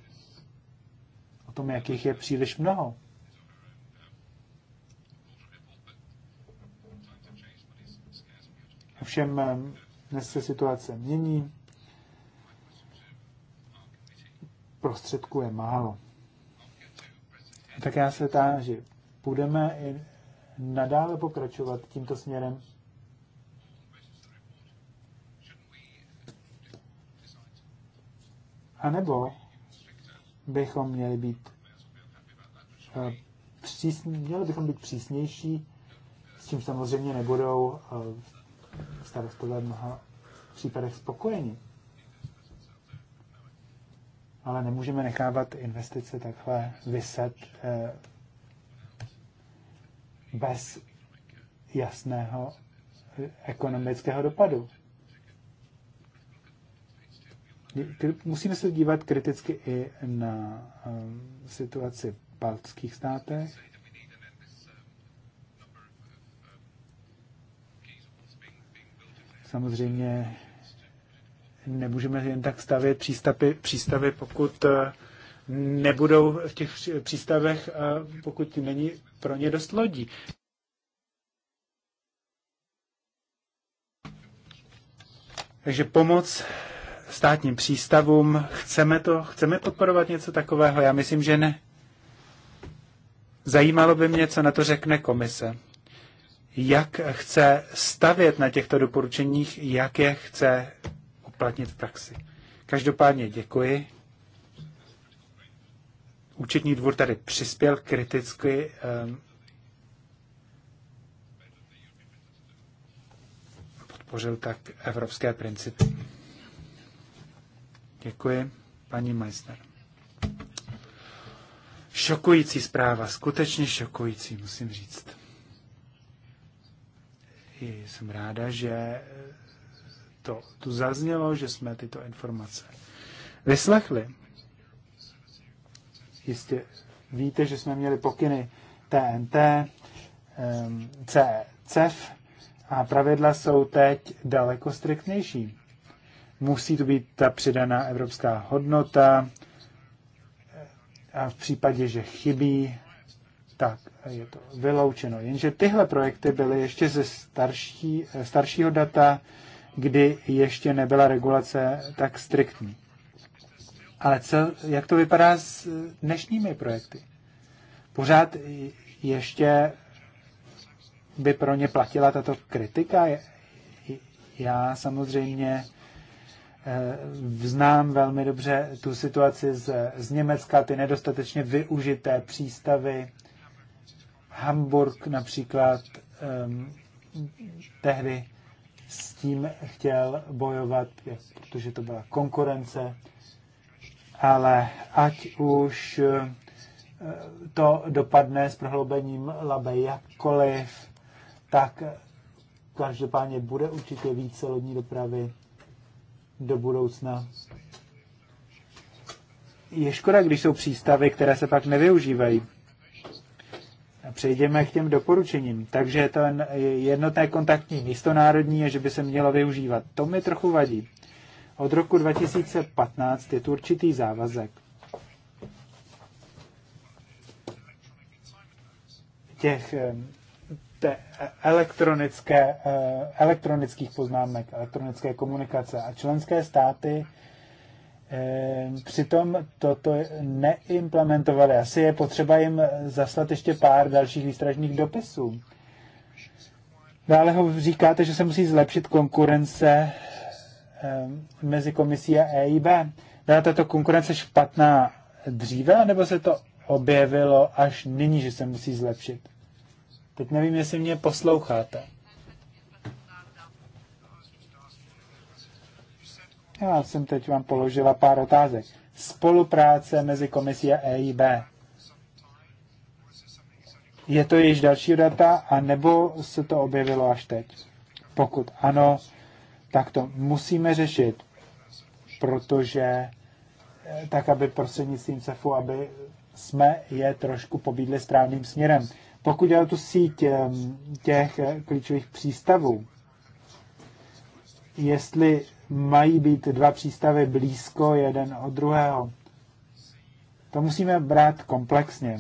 o tom, jakých je příliš mnoho. Ovšem eh, dnes se situace mění, prostředků je málo. Tak já se táži, budeme i nadále pokračovat tímto směrem A nebo bychom měli být eh, přísně, měli bychom být přísnější, s čím samozřejmě nebudou starostové eh, v mnoha případech spokojeni. Ale nemůžeme nechávat investice takhle vyset eh, bez jasného ekonomického dopadu musíme se dívat kriticky i na um, situaci v baltských státech. Samozřejmě nemůžeme jen tak stavět přístavy, přístavy pokud uh, nebudou v těch přístavech, uh, pokud není pro ně dost lodí. Takže pomoc státním přístavům. Chceme to? Chceme podporovat něco takového? Já myslím, že ne. Zajímalo by mě, co na to řekne komise. Jak chce stavět na těchto doporučeních, jak je chce uplatnit v praxi. Každopádně děkuji. Účetní dvůr tady přispěl kriticky ehm, podpořil tak evropské principy. Děkuji, paní Meister. Šokující zpráva, skutečně šokující, musím říct. Jsem ráda, že to tu zaznělo, že jsme tyto informace vyslechli. Jistě víte, že jsme měli pokyny TNT, ehm, CEF e a pravidla jsou teď daleko striktnější. Musí to být ta přidaná evropská hodnota a v případě, že chybí, tak je to vyloučeno. Jenže tyhle projekty byly ještě ze starší, staršího data, kdy ještě nebyla regulace tak striktní. Ale co, jak to vypadá s dnešními projekty? Pořád ještě by pro ně platila tato kritika? Já samozřejmě Eh, znám velmi dobře tu situaci z, z Německa, ty nedostatečně využité přístavy. Hamburg například um, tehdy s tím chtěl bojovat, protože to byla konkurence, ale ať už eh, to dopadne s prohloubením labe jakkoliv, tak každopádně bude určitě více lodní dopravy do budoucna. Je škoda, když jsou přístavy, které se pak nevyužívají. Přejdeme k těm doporučením. Takže to jednotné kontaktní místo národní je, že by se mělo využívat. To mi trochu vadí. Od roku 2015 je tu určitý závazek. těch eh, te elektronické, eh, elektronických poznámek, elektronické komunikace a členské státy eh, přitom toto neimplementovali. Asi je potřeba jim zaslat ještě pár dalších výstražných dopisů. Dále ho říkáte, že se musí zlepšit konkurence eh, mezi komisí a EIB. Byla tato konkurence špatná dříve, nebo se to objevilo až nyní, že se musí zlepšit? Teď nevím, jestli mě posloucháte. Já jsem teď vám položila pár otázek. Spolupráce mezi komisí a EIB. Je to již další data, anebo se to objevilo až teď? Pokud ano, tak to musíme řešit, protože eh, tak, aby prostřednictvím CEFu, aby jsme je trošku pobídli správným směrem. Pokud jde o tu síť eh, těch eh, klíčových přístavů, jestli mají být dva přístavy blízko jeden od druhého, to musíme brát komplexně.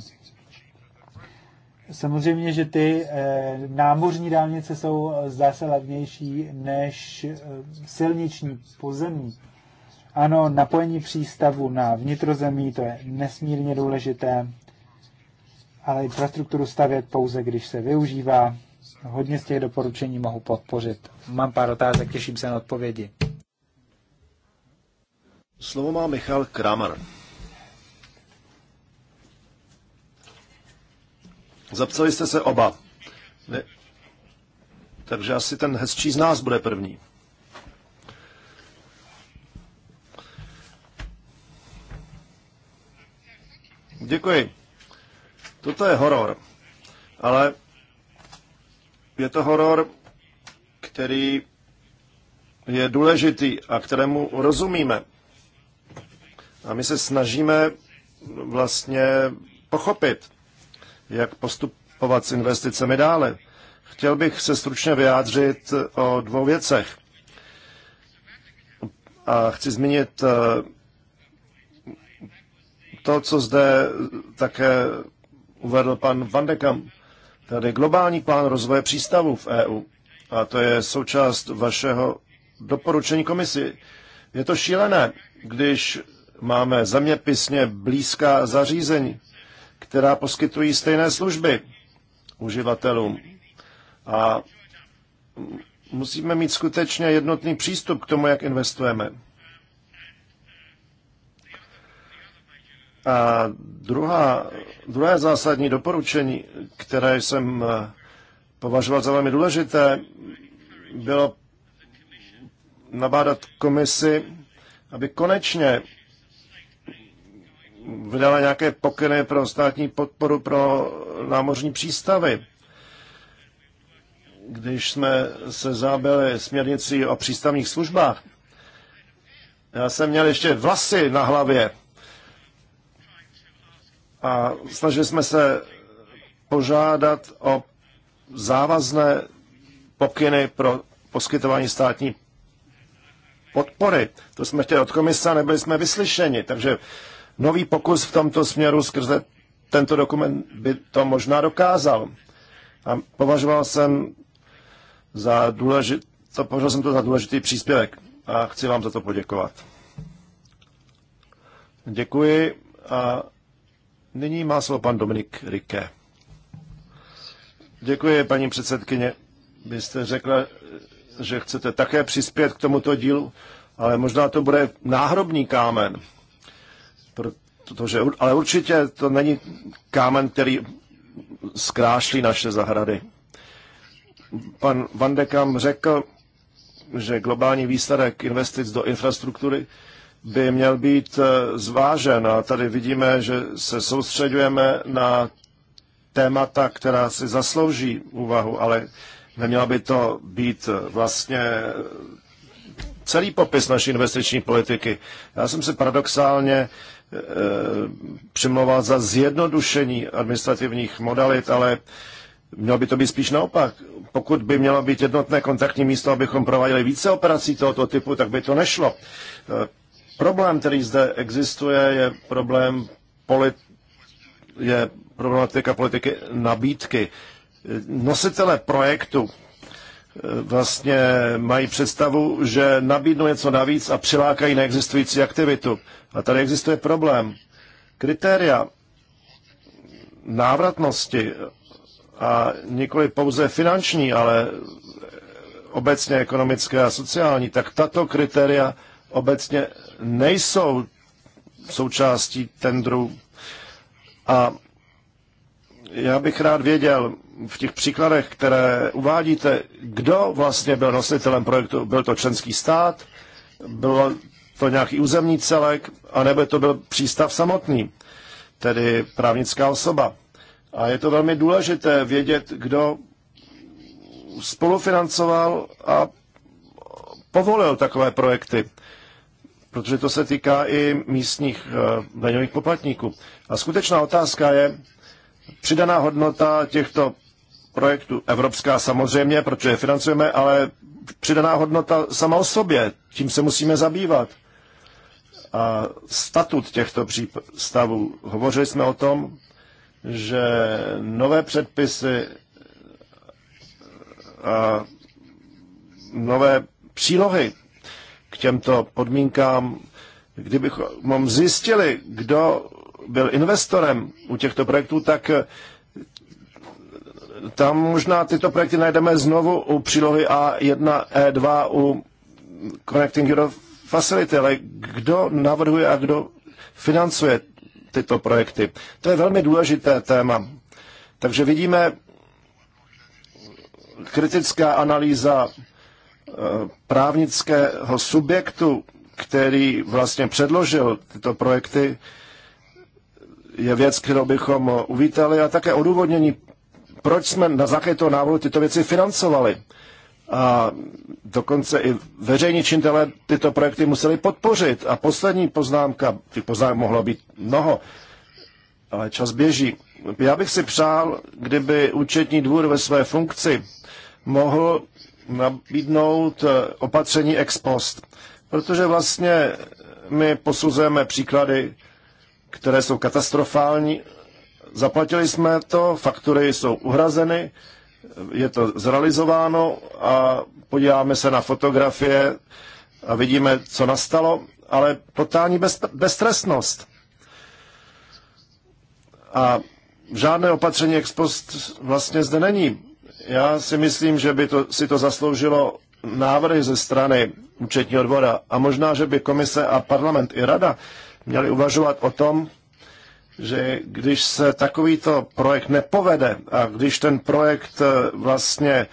Samozřejmě, že ty eh, námořní dálnice jsou zdá se levnější než silniční pozemní. Ano, napojení přístavu na vnitrozemí, to je nesmírně důležité ale infrastrukturu stavět pouze, když se využívá. Hodně z těch doporučení mohu podpořit. Mám pár otázek, těším se na odpovědi. Slovo má Michal Kramer. Zapsali jste se oba. Ne. Takže asi ten hezčí z nás bude první. Děkuji. Toto je horor, ale je to horor, který je důležitý a kterému rozumíme. A my se snažíme vlastně pochopit, jak postupovat s investicemi dále. Chtěl bych se stručně vyjádřit o dvou věcech. A chci zmínit eh, to, co zde také uvedl pan Van de Kamp. Tady globální plán rozvoje přístavů v EU. A to je součást vašeho doporučení komisi. Je to šílené, když máme zeměpisně blízká zařízení, která poskytují stejné služby uživatelům. A musíme mít skutečně jednotný přístup k tomu, jak investujeme. A druhá, druhé zásadní doporučení, které jsem eh, považoval za velmi důležité, bylo nabádat komisi, aby konečně vydala nějaké pokyny pro státní podporu pro námořní přístavy. Když jsme se zábili směrnicí o přístavních službách, já jsem měl ještě vlasy na hlavě, a snažili jsme se požádat o závazné pokyny pro poskytování státní podpory. To jsme chtěli od komisa, nebyli jsme vyslyšeni, takže nový pokus v tomto směru skrze tento dokument by to možná dokázal. A považoval jsem za důležit, to, považoval jsem to za důležitý příspěvek a chci vám za to poděkovat. Děkuji a Nyní má slovo pan Dominik Rike. Děkuji, paní předsedkyně. Vy jste řekla, že chcete také přispět k tomuto dílu, ale možná to bude náhrobní kámen. Protože, ale určitě to není kámen, který zkrášlí naše zahrady. Pan Vandekam řekl, že globální výsledek investic do infrastruktury by měl být eh, zvážen. A tady vidíme, že se soustředujeme na témata, která si zaslouží úvahu, ale neměla by to být eh, vlastně eh, celý popis naší investiční politiky. Já jsem se paradoxálně e, přimlouval za zjednodušení administrativních modalit, ale mělo by to být spíš naopak. Pokud by mělo být jednotné kontaktní místo, abychom prováděli více operací tohoto typu, tak by to nešlo. E, Problém, který zde existuje, je problém polit, je problematika politiky nabídky. Nositele projektu eh, vlastně mají představu, že nabídnou něco navíc a přilákají neexistující aktivitu. A tady existuje problém. Kritéria návratnosti a nikoli pouze finanční, ale obecně ekonomické a sociální, tak tato kritéria obecně nejsou součástí tendru. A já bych rád věděl v těch příkladech, které uvádíte, kdo vlastně byl nositelem projektu. Byl to členský stát, byl to nějaký územní celek, anebo to byl přístav samotný, tedy právnická osoba. A je to velmi důležité vědět, kdo spolufinancoval a povolil takové projekty protože to se týká i místních eh, daňových poplatníků. A skutečná otázka je přidaná hodnota těchto projektů. Evropská samozřejmě, protože je financujeme, ale přidaná hodnota sama o sobě, tím se musíme zabývat. A statut těchto stavů. Hovořili jsme o tom, že nové předpisy eh, a nové přílohy těmto podmínkám, kdybychom zjistili, kdo byl investorem u těchto projektů, tak eh, tam možná tyto projekty najdeme znovu u přílohy A1, E2, u Connecting Europe Facility, ale kdo navrhuje a kdo financuje tyto projekty. To je velmi důležité téma. Takže vidíme kritická analýza Eh, právnického subjektu, který vlastně předložil tyto projekty, je věc, kterou bychom uvítali a také odůvodnění, proč jsme na základě toho návodu tyto věci financovali. A dokonce i veřejní činitelé tyto projekty museli podpořit. A poslední poznámka, těch poznámek mohlo být mnoho, ale čas běží. Já bych si přál, kdyby účetní dvůr ve své funkci mohl nabídnout eh, opatření ex post, protože vlastně my posuzujeme příklady, které jsou katastrofální. Zaplatili jsme to, faktury jsou uhrazeny, je to zrealizováno a podíváme se na fotografie a vidíme, co nastalo, ale totální bez, beztrestnost. A žádné opatření ex post vlastně zde není. Já si myslím, že by to, si to zasloužilo návrhy ze strany účetního dvora a možná, že by komise a parlament i rada měli uvažovat o tom, že když se takovýto projekt nepovede a když ten projekt eh, vlastně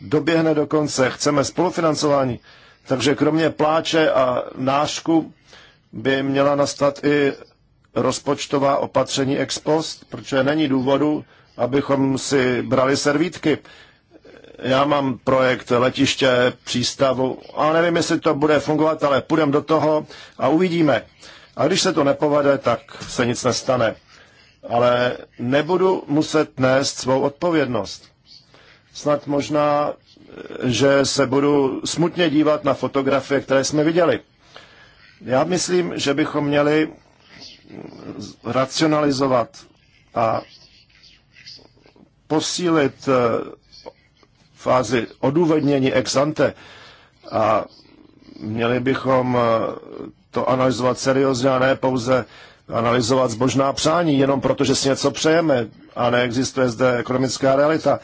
doběhne do konce, chceme spolufinancování, takže kromě pláče a nášku by měla nastat i rozpočtová opatření ex post, protože není důvodu abychom si brali servítky. Já mám projekt letiště, přístavu, a nevím, jestli to bude fungovat, ale půjdeme do toho a uvidíme. A když se to nepovede, tak se nic nestane. Ale nebudu muset nést svou odpovědnost. Snad možná, že se budu smutně dívat na fotografie, které jsme viděli. Já myslím, že bychom měli racionalizovat a posílit eh, fázi odůvodnění ex ante a měli bychom eh, to analyzovat seriózně a ne pouze analyzovat zbožná přání, jenom protože si něco přejeme a neexistuje zde ekonomická realita.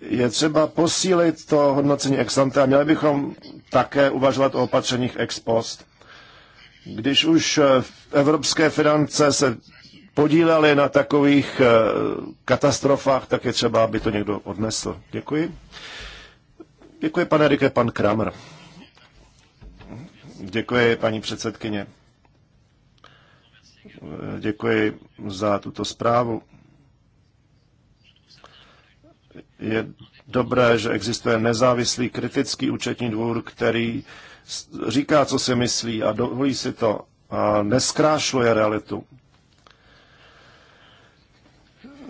Je třeba posílit to hodnocení ex ante a měli bychom také uvažovat o opatřeních ex post. Když už eh, evropské finance se podíleli na takových eh, katastrofách, tak je třeba, aby to někdo odnesl. Děkuji. Děkuji, pane Rike, pan Kramer. Děkuji, paní předsedkyně. Děkuji za tuto zprávu. Je dobré, že existuje nezávislý kritický účetní dvůr, který říká, co si myslí a dovolí si to a neskrášluje realitu.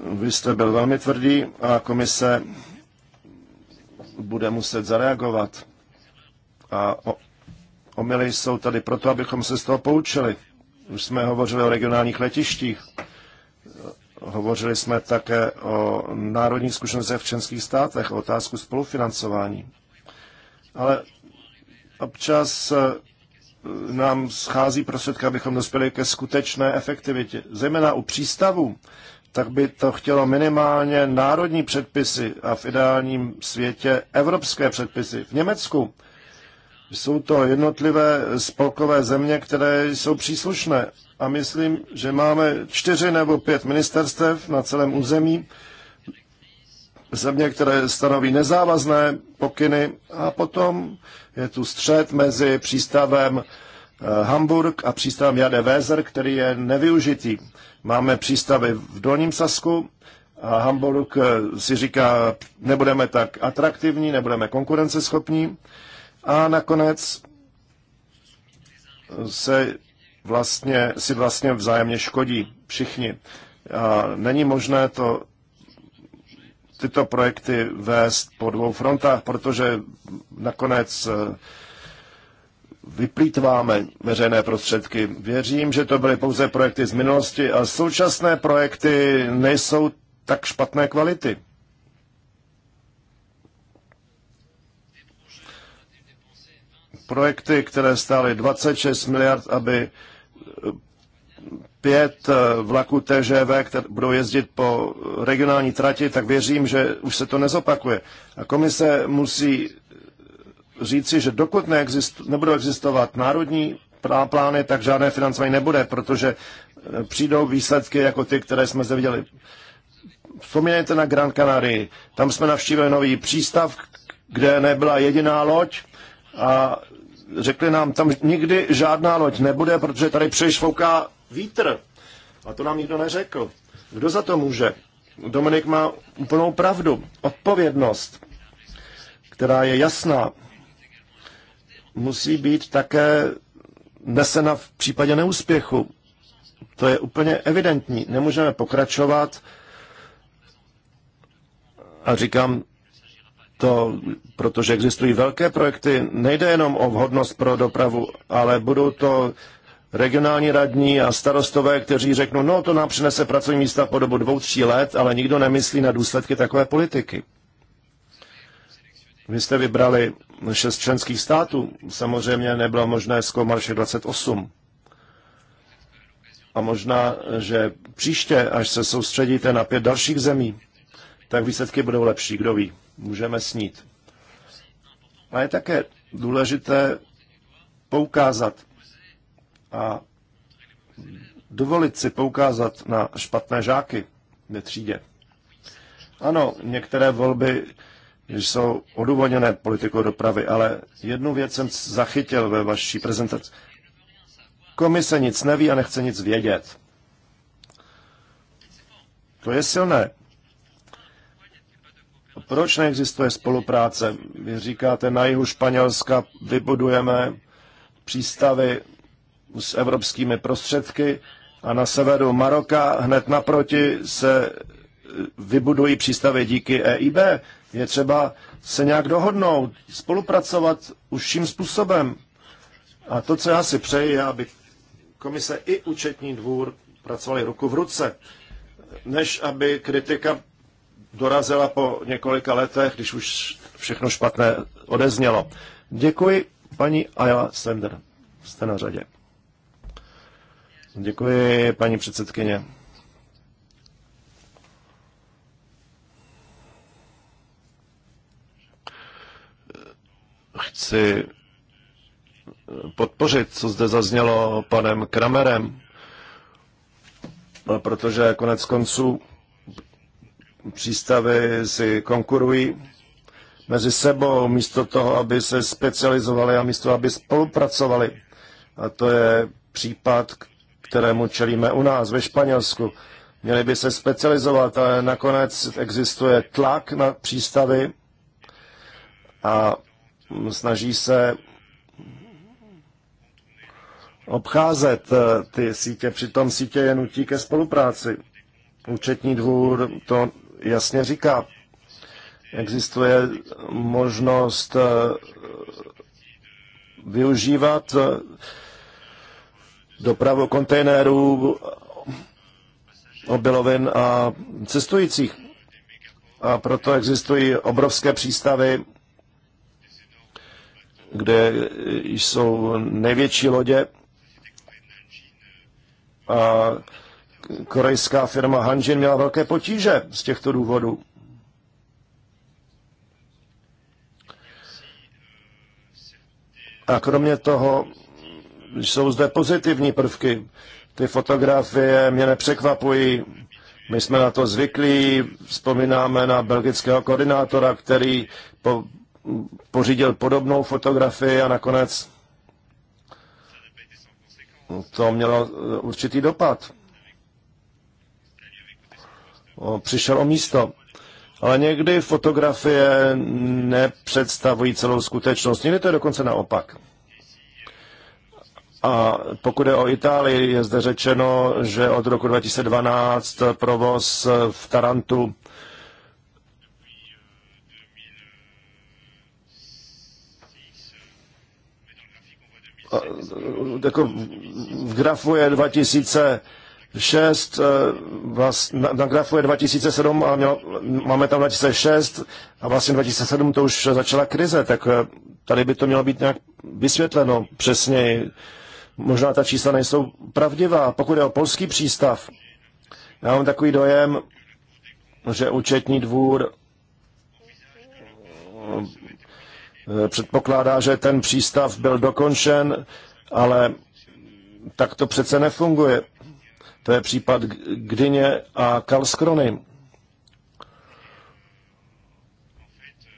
Vy jste byl velmi tvrdý a komise bude muset zareagovat. A omily jsou tady proto, abychom se z toho poučili. Už jsme hovořili o regionálních letištích. Hovořili jsme také o národních zkušenostech v členských státech, o otázku spolufinancování. Ale občas eh, nám schází prostředky, abychom dospěli ke skutečné efektivitě. Zejména u přístavů tak by to chtělo minimálně národní předpisy a v ideálním světě evropské předpisy. V Německu jsou to jednotlivé spolkové země, které jsou příslušné. A myslím, že máme čtyři nebo pět ministerstev na celém území, země, které stanoví nezávazné pokyny a potom je tu střed mezi přístavem Eh, Hamburg a přístav Jade Weser, který je nevyužitý. Máme přístavy v Dolním Sasku a Hamburg eh, si říká, nebudeme tak atraktivní, nebudeme konkurenceschopní. A nakonec eh, se vlastně, si vlastně vzájemně škodí všichni. A není možné to, tyto projekty vést po dvou frontách, protože nakonec vyplýtváme veřejné prostředky. Věřím, že to byly pouze projekty z minulosti a současné projekty nejsou tak špatné kvality. Projekty, které stály 26 miliard, aby pět vlaků TŽV, které budou jezdit po regionální trati, tak věřím, že už se to nezopakuje. A komise musí říci, že dokud nebudou existovat národní plány, tak žádné financování nebude, protože e, přijdou výsledky jako ty, které jsme zde viděli. Vzpomínejte na Gran Canary. Tam jsme navštívili nový přístav, kde nebyla jediná loď a řekli nám, tam nikdy žádná loď nebude, protože tady příliš fouká vítr. A to nám nikdo neřekl. Kdo za to může? Dominik má úplnou pravdu. Odpovědnost, která je jasná musí být také nesena v případě neúspěchu. To je úplně evidentní. Nemůžeme pokračovat a říkám to, protože existují velké projekty, nejde jenom o vhodnost pro dopravu, ale budou to regionální radní a starostové, kteří řeknou, no to nám přinese pracovní místa po dobu dvou, tří let, ale nikdo nemyslí na důsledky takové politiky. Vy jste vybrali šest členských států. Samozřejmě nebylo možné zkoumat všech 28. A možná, že příště, až se soustředíte na pět dalších zemí, tak výsledky budou lepší, kdo ví. Můžeme snít. A je také důležité poukázat a dovolit si poukázat na špatné žáky ve třídě. Ano, některé volby jsou odůvodněné politikou dopravy, ale jednu věc jsem zachytil ve vaší prezentaci. Komise nic neví a nechce nic vědět. To je silné. Proč neexistuje spolupráce? Vy říkáte, na jihu Španělska vybudujeme přístavy s evropskými prostředky a na severu Maroka hned naproti se vybudují přístavy díky EIB. Je třeba se nějak dohodnout, spolupracovat užším způsobem. A to, co já si přeji, je, aby komise i účetní dvůr pracovali ruku v ruce, než aby kritika dorazila po několika letech, když už všechno špatné odeznělo. Děkuji, paní Ayla Sender. Jste na řadě. Děkuji, paní předsedkyně. chci podpořit, co zde zaznělo panem Kramerem, protože konec konců přístavy si konkurují mezi sebou, místo toho, aby se specializovali a místo, aby spolupracovali. A to je případ, kterému čelíme u nás ve Španělsku. Měli by se specializovat, ale nakonec existuje tlak na přístavy a snaží se obcházet eh, ty sítě, přitom sítě je nutí ke spolupráci. Účetní dvůr to jasně říká. Existuje možnost eh, využívat eh, dopravu kontejnerů, obilovin a cestujících. A proto existují obrovské přístavy kde jsou největší lodě a korejská firma Hanjin měla velké potíže z těchto důvodů. A kromě toho jsou zde pozitivní prvky. Ty fotografie mě nepřekvapují. My jsme na to zvyklí, vzpomínáme na belgického koordinátora, který po pořídil podobnou fotografii a nakonec to mělo eh, určitý dopad. Přišel o místo. Ale někdy fotografie nepředstavují celou skutečnost. Někdy to je dokonce naopak. A pokud je o Itálii, je zde řečeno, že od roku 2012 provoz v Tarantu jako v grafu je 2006, eh, vlastně, na, na grafu je 2007 a měl, máme tam 2006 a vlastně 2007 to už začala krize, tak eh, tady by to mělo být nějak vysvětleno přesněji. Možná ta čísla nejsou pravdivá. Pokud je o polský přístav, já mám takový dojem, že účetní dvůr Eh, předpokládá, že ten přístav byl dokončen, ale tak to přece nefunguje. To je případ Gdyně a Kalskrony.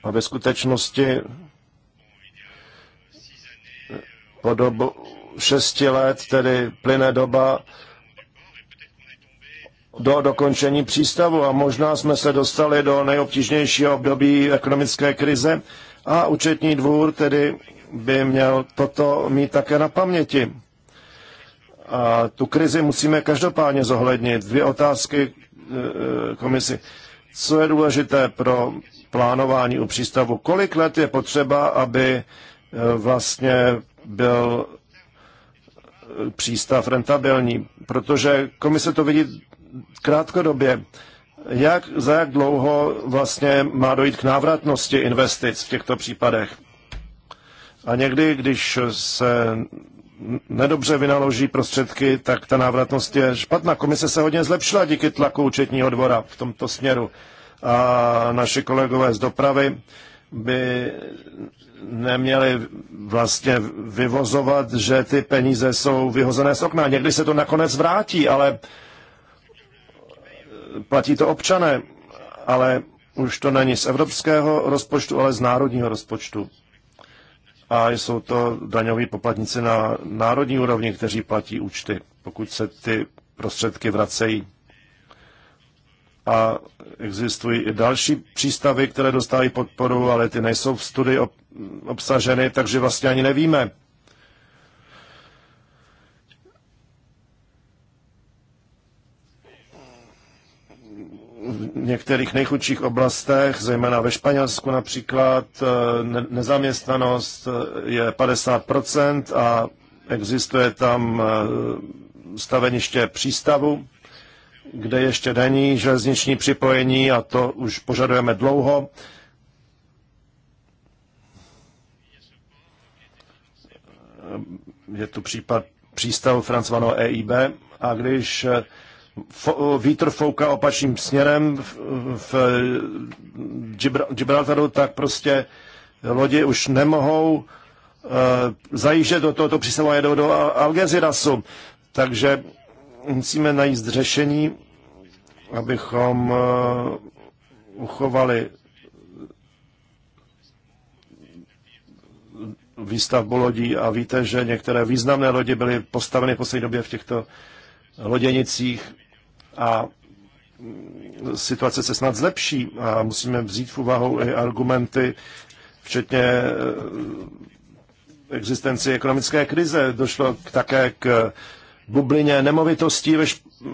A ve skutečnosti eh, po dobu šesti let tedy plyne doba do dokončení přístavu a možná jsme se dostali do nejobtížnějšího období ekonomické krize a účetní dvůr tedy by měl toto mít také na paměti. A tu krizi musíme každopádně zohlednit. Dvě otázky e, e, komisi. Co je důležité pro plánování u přístavu? Kolik let je potřeba, aby e, vlastně byl přístav rentabilní? Protože komise to vidí krátkodobě jak, za jak dlouho vlastně má dojít k návratnosti investic v těchto případech. A někdy, když se nedobře vynaloží prostředky, tak ta návratnost je špatná. Komise se hodně zlepšila díky tlaku účetního dvora v tomto směru. A naši kolegové z dopravy by neměli vlastně vyvozovat, že ty peníze jsou vyhozené z okna. Někdy se to nakonec vrátí, ale uh, platí to občané, ale už to není z evropského rozpočtu, ale z národního rozpočtu. A jsou to daňoví poplatníci na národní úrovni, kteří platí účty, pokud se ty prostředky vracejí. A existují i další přístavy, které dostávají podporu, ale ty nejsou v studii obsaženy, takže vlastně ani nevíme, některých nejchudších oblastech, zejména ve Španělsku například, eh, nezaměstnanost eh, je 50% a existuje tam eh, staveniště přístavu, kde ještě není železniční připojení a to už požadujeme dlouho. Je tu případ přístavu Francvano EIB a když vítr fouká opačným směrem v, v Gibraltaru, tak prostě lodi už nemohou uh, zajíždět do tohoto přístavu a jedou do Algezirasu. Takže musíme najít řešení, abychom uh, uchovali výstavbu lodí a víte, že některé významné lodě byly postaveny v poslední době v těchto loděnicích a situace se snad zlepší a musíme vzít v úvahu i argumenty, včetně eh, existenci ekonomické krize. Došlo k, také k bublině nemovitostí ve,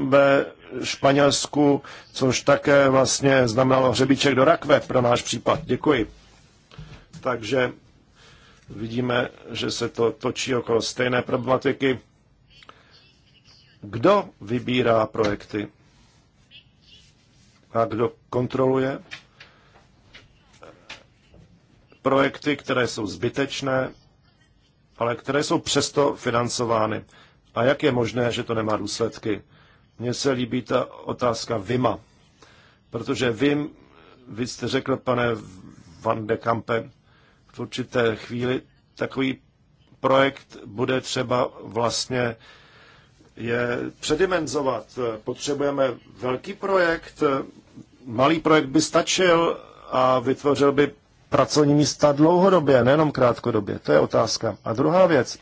ve Španělsku, což také vlastně znamenalo hřebíček do rakve pro náš případ. Děkuji. Takže vidíme, že se to točí okolo stejné problematiky. Kdo vybírá projekty? A kdo kontroluje projekty, které jsou zbytečné, ale které jsou přesto financovány? A jak je možné, že to nemá důsledky? Mně se líbí ta otázka VIMA, protože VIM, vy jste řekl, pane Van de Kampe, v určité chvíli takový projekt bude třeba vlastně je předimenzovat. Potřebujeme velký projekt, malý projekt by stačil a vytvořil by pracovní místa dlouhodobě, nejenom krátkodobě. To je otázka. A druhá věc,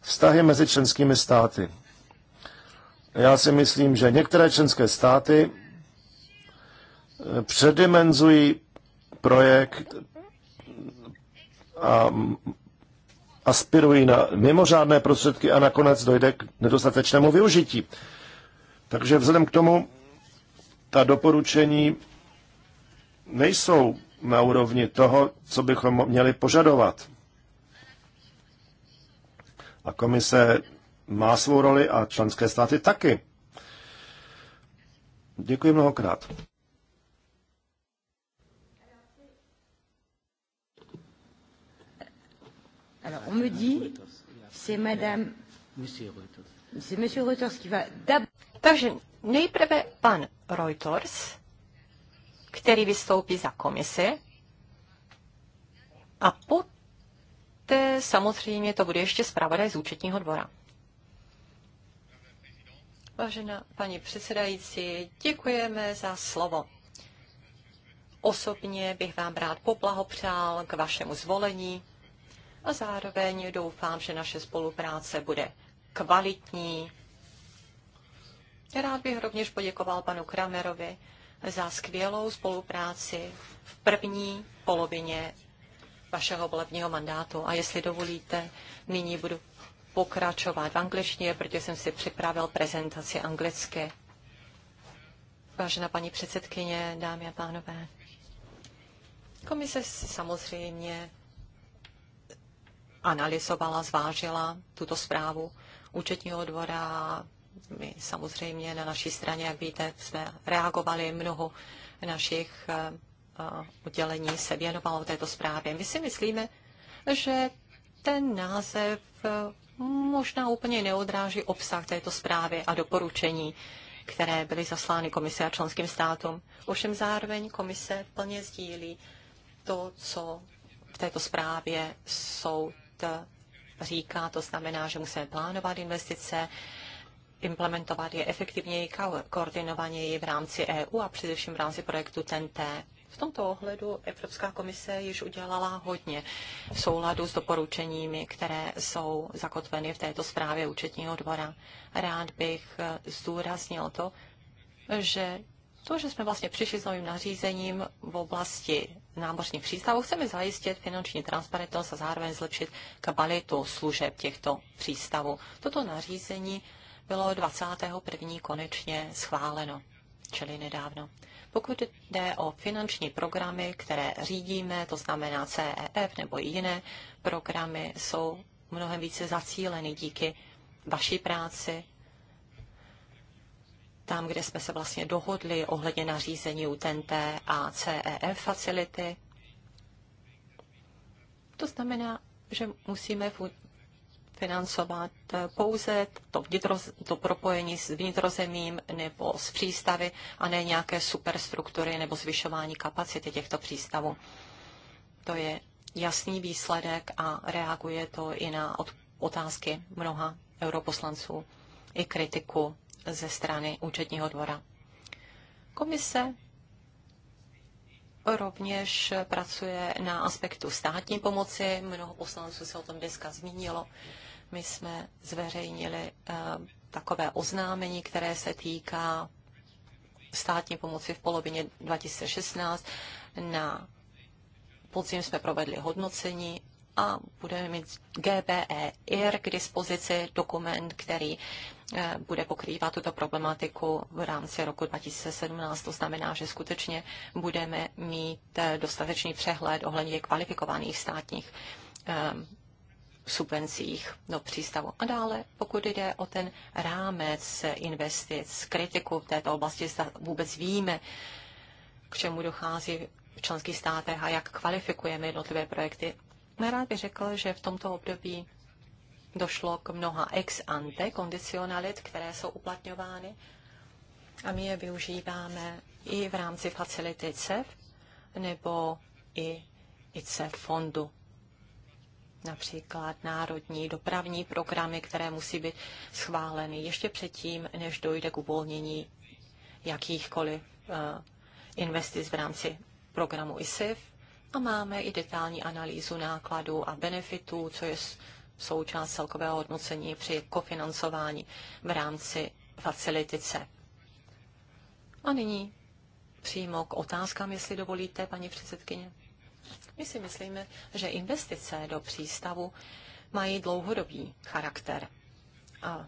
vztahy mezi členskými státy. Já si myslím, že některé členské státy eh, předimenzují projekt a aspirují na mimořádné prostředky a nakonec dojde k nedostatečnému využití. Takže vzhledem k tomu, ta doporučení nejsou na úrovni toho, co bychom měli požadovat. A komise má svou roli a členské státy taky. Děkuji mnohokrát. Alors, on me dit, c'est madame... C'est monsieur Reuters qui va d'abord... Takže nejprve pan Reuters, který vystoupí za komise, a poté samozřejmě to bude ještě zpravodaj z účetního dvora. Vážená paní předsedající, děkujeme za slovo. Osobně bych vám rád poblahopřál k vašemu zvolení a zároveň doufám, že naše spolupráce bude kvalitní. Rád bych rovněž poděkoval panu Kramerovi za skvělou spolupráci v první polovině vašeho volebního mandátu. A jestli dovolíte, nyní budu pokračovat v angličtině, protože jsem si připravil prezentaci anglicky. Vážená paní předsedkyně, dámy a pánové, komise si samozřejmě analyzovala, zvážila tuto zprávu účetního dvora. My samozřejmě na naší straně, jak víte, jsme reagovali mnoho našich eh, eh, oddělení se věnovalo této zprávě. My si myslíme, že ten název eh, možná úplně neodráží obsah této zprávy a doporučení, které byly zaslány komise a členským státům. Ovšem zároveň komise plně sdílí to, co v této zprávě jsou říká, to znamená, že musíme plánovat investice, implementovat je efektivněji, koordinovaněji v rámci EU a především v rámci projektu TNT. V tomto ohledu Evropská komise již udělala hodně v souladu s doporučeními, které jsou zakotveny v této zprávě účetního dvora. Rád bych eh, zdůraznil to, že to, že jsme vlastně přišli s novým nařízením v oblasti námořních přístavů, chceme zajistit finanční transparentnost a zároveň zlepšit kvalitu služeb těchto přístavů. Toto nařízení bylo 21. konečně schváleno, čili nedávno. Pokud jde o finanční programy, které řídíme, to znamená CEF nebo jiné programy, jsou mnohem více zacíleny díky vaší práci, tam, kde jsme se vlastně dohodli ohledně nařízení TNT a CEF e facility. To znamená, že musíme financovat pouze to, vnitro, to propojení s vnitrozemím nebo s přístavy a ne nějaké superstruktury nebo zvyšování kapacity těchto přístavů. To je jasný výsledek a reaguje to i na otázky mnoha europoslanců i kritiku ze strany účetního dvora. Komise rovněž pracuje na aspektu státní pomoci. Mnoho poslanců se o tom dneska zmínilo. My jsme zveřejnili eh, takové oznámení, které se týká státní pomoci v polovině 2016. Na podzim jsme provedli hodnocení a budeme mít e IR k dispozici dokument, který Eh, bude pokrývat tuto problematiku v rámci roku 2017. To znamená, že skutečně budeme mít eh, dostatečný přehled ohledně kvalifikovaných státních eh, subvencích do přístavu. A dále, pokud jde o ten rámec investic, kritiku v této oblasti, vůbec víme, k čemu dochází v členských státech a jak kvalifikujeme jednotlivé projekty. Rád bych řekl, že v tomto období Došlo k mnoha ex ante kondicionalit, které jsou uplatňovány a my je využíváme i v rámci facility CEF nebo i ICEF fondu. Například národní dopravní programy, které musí být schváleny ještě předtím, než dojde k uvolnění jakýchkoliv eh, investic v rámci programu ISIF e a máme i detailní analýzu nákladů a benefitů, co je součást celkového hodnocení při kofinancování v rámci facilitice. A nyní přímo k otázkám, jestli dovolíte, paní předsedkyně. My si myslíme, že investice do přístavu mají dlouhodobý charakter. A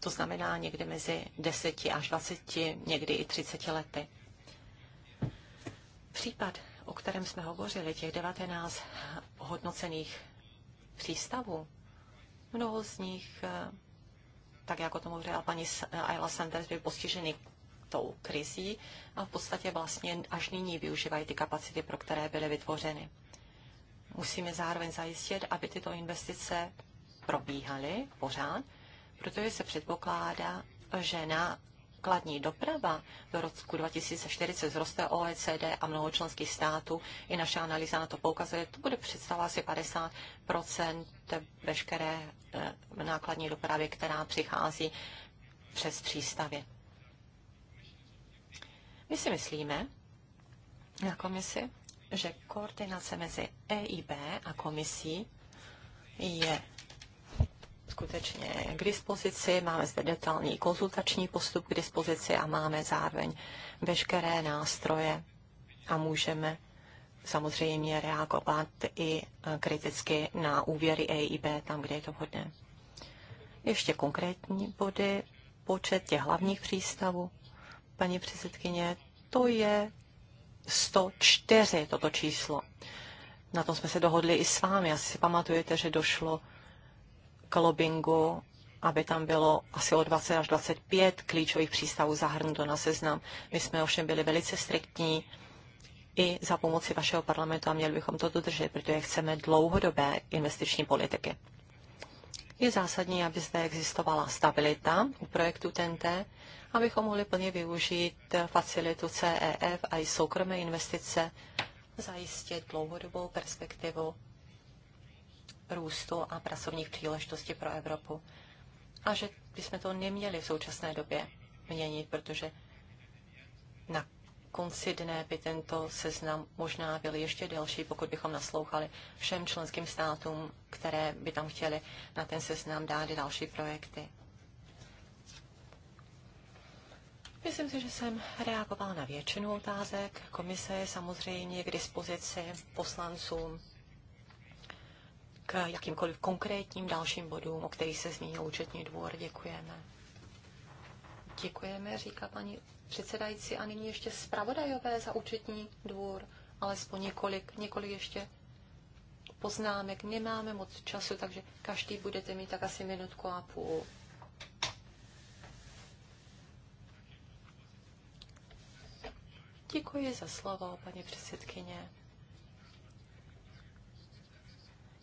to znamená někde mezi 10 až 20, někdy i 30 lety. Případ, o kterém jsme hovořili, těch 19 hodnocených přístavů, Mnoho z nich, eh, tak jako tomu říkala paní eh, Ayla Sanders, byly postiženy tou krizí a v podstatě vlastně až nyní využívají ty kapacity, pro které byly vytvořeny. Musíme zároveň zajistit, aby tyto investice probíhaly pořád, protože se předpokládá, že na nákladní doprava do roku 2040 zroste OECD a mnoho členských států, i naše analýza na to poukazuje, to bude představovat asi 50 veškeré eh, nákladní dopravy, která přichází přes přístavy. My si myslíme na komisi, že koordinace mezi EIB a komisí je skutečně k dispozici, máme zde detailní konzultační postup k dispozici a máme zároveň veškeré nástroje a můžeme samozřejmě reagovat i kriticky na úvěry EIB tam, kde je to vhodné. Ještě konkrétní body, počet těch hlavních přístavů. Paní předsedkyně, to je 104, toto číslo. Na tom jsme se dohodli i s vámi. Asi si pamatujete, že došlo k lobbingu, aby tam bylo asi o 20 až 25 klíčových přístavů zahrnuto na seznam. My jsme ovšem byli velice striktní i za pomoci vašeho parlamentu a měli bychom to dodržet, protože chceme dlouhodobé investiční politiky. Je zásadní, aby zde existovala stabilita u projektu TNT, abychom mohli plně využít facilitu CEF a i soukromé investice, zajistit dlouhodobou perspektivu růstu a pracovních příležitostí pro Evropu. A že bychom to neměli v současné době měnit, protože na konci dne by tento seznam možná byl ještě delší, pokud bychom naslouchali všem členským státům, které by tam chtěli na ten seznam dát další projekty. Myslím si, že jsem reagoval na většinu otázek. Komise je samozřejmě k dispozici poslancům k jakýmkoliv konkrétním dalším bodům, o kterých se zmínil účetní dvůr. Děkujeme. Děkujeme, říká paní předsedající. A nyní ještě zpravodajové za účetní dvůr, alespoň několik, několik ještě poznámek. Nemáme moc času, takže každý budete mít tak asi minutku a půl. Děkuji za slovo, paní předsedkyně.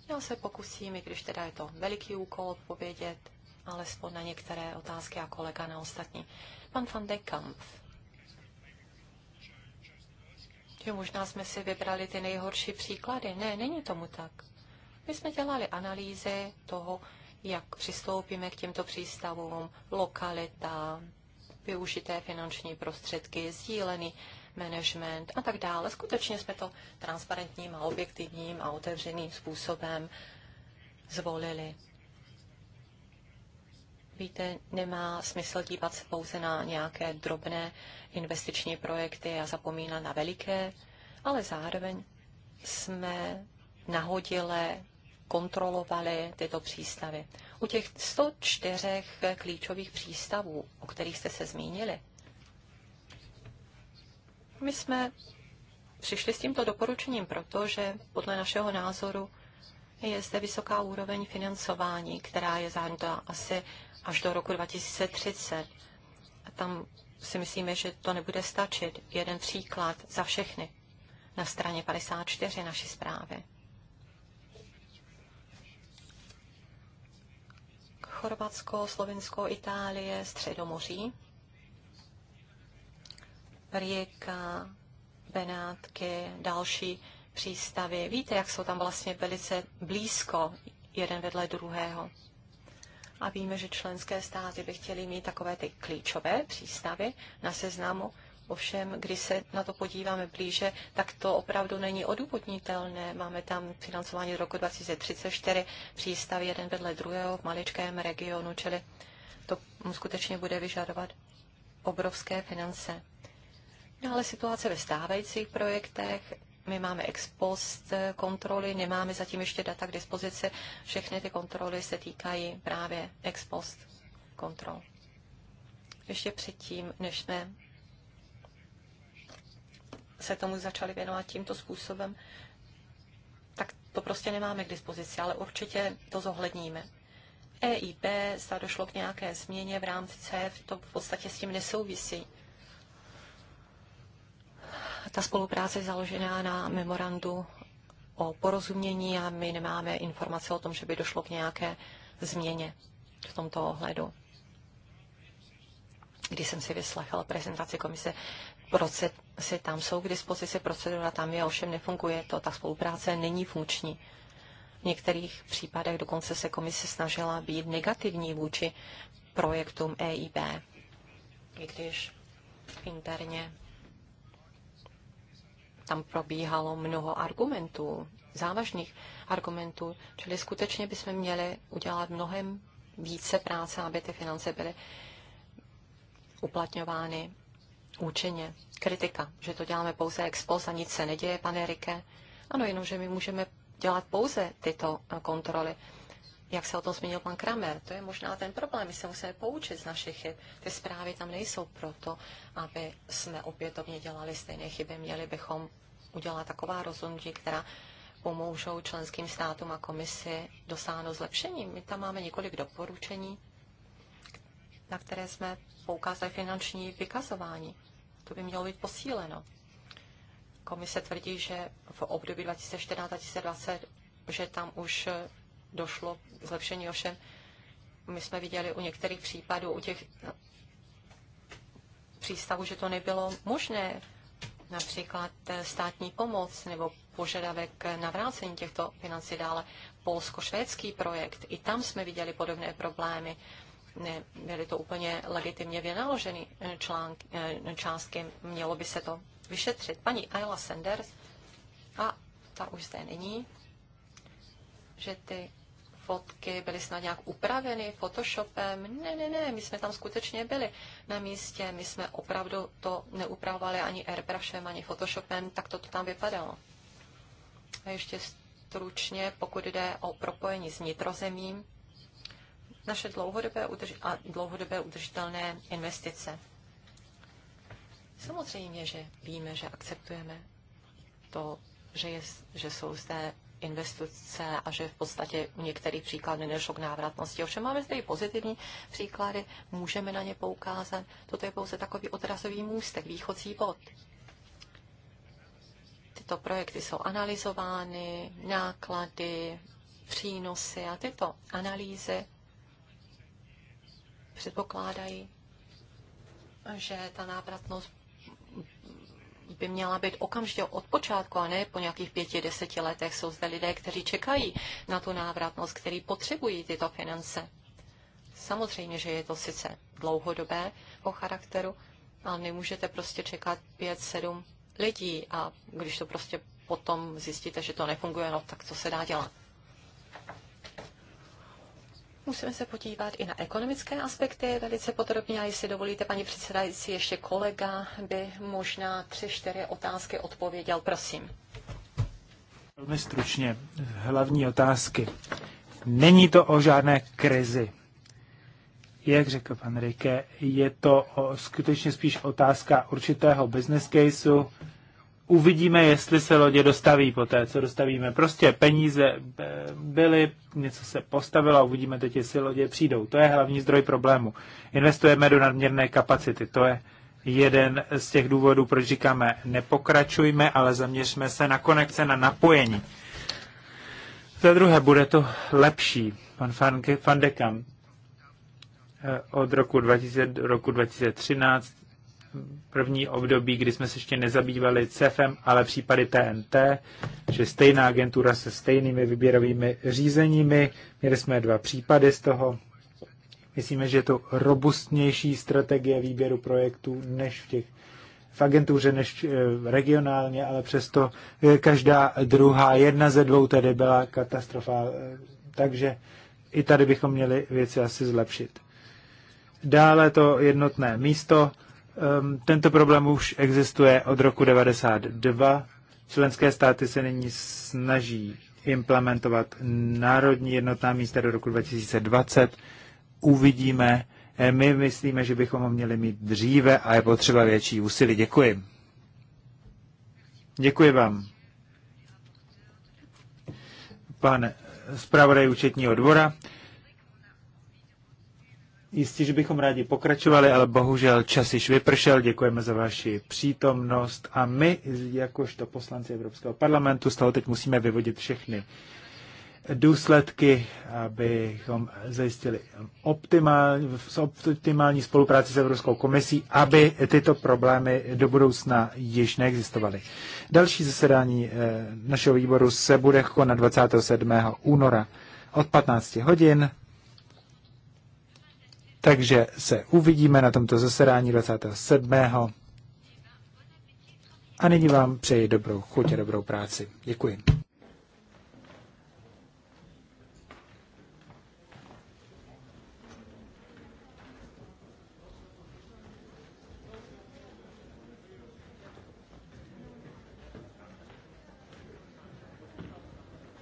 Já se pokusím, i když teda je to veliký úkol, odpovědět alespoň na některé otázky a kolega na ostatní. Pan van de Kamp. Jo, možná jsme si vybrali ty nejhorší příklady. Ne, není tomu tak. My jsme dělali analýzy toho, jak přistoupíme k těmto přístavům, lokalita, využité finanční prostředky, sdílený management a tak dále. Skutečně jsme to transparentním a objektivním a otevřeným způsobem zvolili. Víte, nemá smysl dívat se pouze na nějaké drobné investiční projekty a zapomínat na veliké, ale zároveň jsme nahodile kontrolovali tyto přístavy. U těch 104 klíčových přístavů, o kterých jste se zmínili, my jsme přišli s tímto doporučením proto, že podle našeho názoru je zde vysoká úroveň financování, která je zahrnuta asi až do roku 2030. A tam si myslíme, že to nebude stačit. Jeden příklad za všechny na straně 54 naší zprávy. Chorvatsko, Slovinsko, Itálie, Středomoří. Rijeka, Benátky, další přístavy. Víte, jak jsou tam vlastně velice blízko jeden vedle druhého. A víme, že členské státy by chtěly mít takové ty klíčové přístavy na seznamu. Ovšem, když se na to podíváme blíže, tak to opravdu není odůvodnitelné. Máme tam financování z roku 2034, přístav jeden vedle druhého v maličkém regionu, čili to skutečně bude vyžadovat obrovské finance. Dále no, situace ve stávajících projektech. My máme ex post kontroly, nemáme zatím ještě data k dispozici. Všechny ty kontroly se týkají právě ex post kontrol. Ještě předtím, než jsme se tomu začali věnovat tímto způsobem, tak to prostě nemáme k dispozici, ale určitě to zohledníme. EIB, zda došlo k nějaké změně v rámci CF, to v podstatě s tím nesouvisí ta spolupráce je založená na memorandu o porozumění a my nemáme informace o tom, že by došlo k nějaké změně v tomto ohledu. Když jsem si vyslechala prezentaci komise, procesy tam jsou k dispozici, procedura tam je, ovšem nefunguje to, ta spolupráce není funkční. V některých případech dokonce se komise snažila být negativní vůči projektům EIB, i když interně tam probíhalo mnoho argumentů, závažných argumentů, čili skutečně bychom měli udělat mnohem více práce, aby ty finance byly uplatňovány účinně. Kritika, že to děláme pouze ex post a nic se neděje, pane Rike. Ano, jenomže my můžeme dělat pouze tyto kontroly jak se o tom zmínil pan Kramer, to je možná ten problém. My se musíme poučit z našich chyb. Ty zprávy tam nejsou proto, aby jsme opětovně dělali stejné chyby. Měli bychom udělat taková rozhodnutí, která pomůžou členským státům a komisi dosáhnout zlepšení. My tam máme několik doporučení, na které jsme poukázali finanční vykazování. To by mělo být posíleno. Komise tvrdí, že v období 2014-2020, že tam už došlo k zlepšení, ovšem my jsme viděli u některých případů, u těch přístavů, že to nebylo možné, například eh, státní pomoc nebo požadavek na vrácení těchto financí dále. Polsko-švédský projekt, i tam jsme viděli podobné problémy. Ne, byly to úplně legitimně vynaloženy eh, článk, eh, částky, mělo by se to vyšetřit. Paní Ayla Sanders, a ta už zde není, že ty fotky byly snad nějak upraveny Photoshopem. Ne, ne, ne, my jsme tam skutečně byli na místě, my jsme opravdu to neupravovali ani airbrushem, ani Photoshopem, tak to, to tam vypadalo. A ještě stručně, pokud jde o propojení s nitrozemím, naše dlouhodobé a dlouhodobé udržitelné investice. Samozřejmě, že víme, že akceptujeme to, že, je, že jsou zde investice a že v podstatě u některých příkladů nedošlo k návratnosti. Ovšem máme zde i pozitivní příklady, můžeme na ně poukázat. Toto je pouze takový odrazový můstek, východcí bod. Tyto projekty jsou analyzovány, náklady, přínosy a tyto analýzy předpokládají, že ta návratnost by měla být okamžitě od počátku a ne po nějakých pěti, deseti letech. Jsou zde lidé, kteří čekají na tu návratnost, kteří potřebují tyto finance. Samozřejmě, že je to sice dlouhodobé po charakteru, ale nemůžete prostě čekat pět, sedm lidí a když to prostě potom zjistíte, že to nefunguje, no tak co se dá dělat. Musíme se podívat i na ekonomické aspekty velice podrobně a jestli dovolíte, paní předsedající, ještě kolega by možná tři, čtyři otázky odpověděl. Prosím. Velmi stručně. Hlavní otázky. Není to o žádné krizi. Jak řekl pan Rike, je to o, skutečně spíš otázka určitého business caseu, uvidíme, jestli se lodě dostaví po té, co dostavíme. Prostě peníze eh, byly, něco se postavilo a uvidíme teď, jestli lodě přijdou. To je hlavní zdroj problému. Investujeme do nadměrné kapacity. To je jeden z těch důvodů, proč říkáme, nepokračujme, ale zaměřme se na konekce, na napojení. Za druhé, bude to lepší. Pan Fandekam, eh, od roku, 2000, roku 2013 první období, kdy jsme se ještě nezabývali CEFem, ale případy TNT, že stejná agentura se stejnými vyběrovými řízeními. Měli jsme dva případy z toho. Myslíme, že je to robustnější strategie výběru projektů než v těch v agentuře než eh, regionálně, ale přesto eh, každá druhá, jedna ze dvou tedy byla katastrofa. Eh, takže i tady bychom měli věci asi zlepšit. Dále to jednotné místo. Ehm, tento problém už existuje od roku 92. Členské státy se nyní snaží implementovat národní jednotná místa do roku 2020. Uvidíme. Eh, my myslíme, že bychom ho měli mít dříve a je potřeba větší úsilí. Děkuji. Děkuji vám. Pan zpravodaj účetního dvora. Jistě, že bychom rádi pokračovali, ale bohužel čas již vypršel. Děkujeme za vaši přítomnost a my, jakožto poslanci Evropského parlamentu, z toho teď musíme vyvodit všechny důsledky, abychom zajistili optimální, optimální spolupráci s Evropskou komisí, aby tyto problémy do budoucna již neexistovaly. Další zasedání eh, našeho výboru se bude konat 27. února od 15 hodin. Takže se uvidíme na tomto zasedání 27. A nyní vám přeji dobrou chuť a dobrou práci. Děkuji.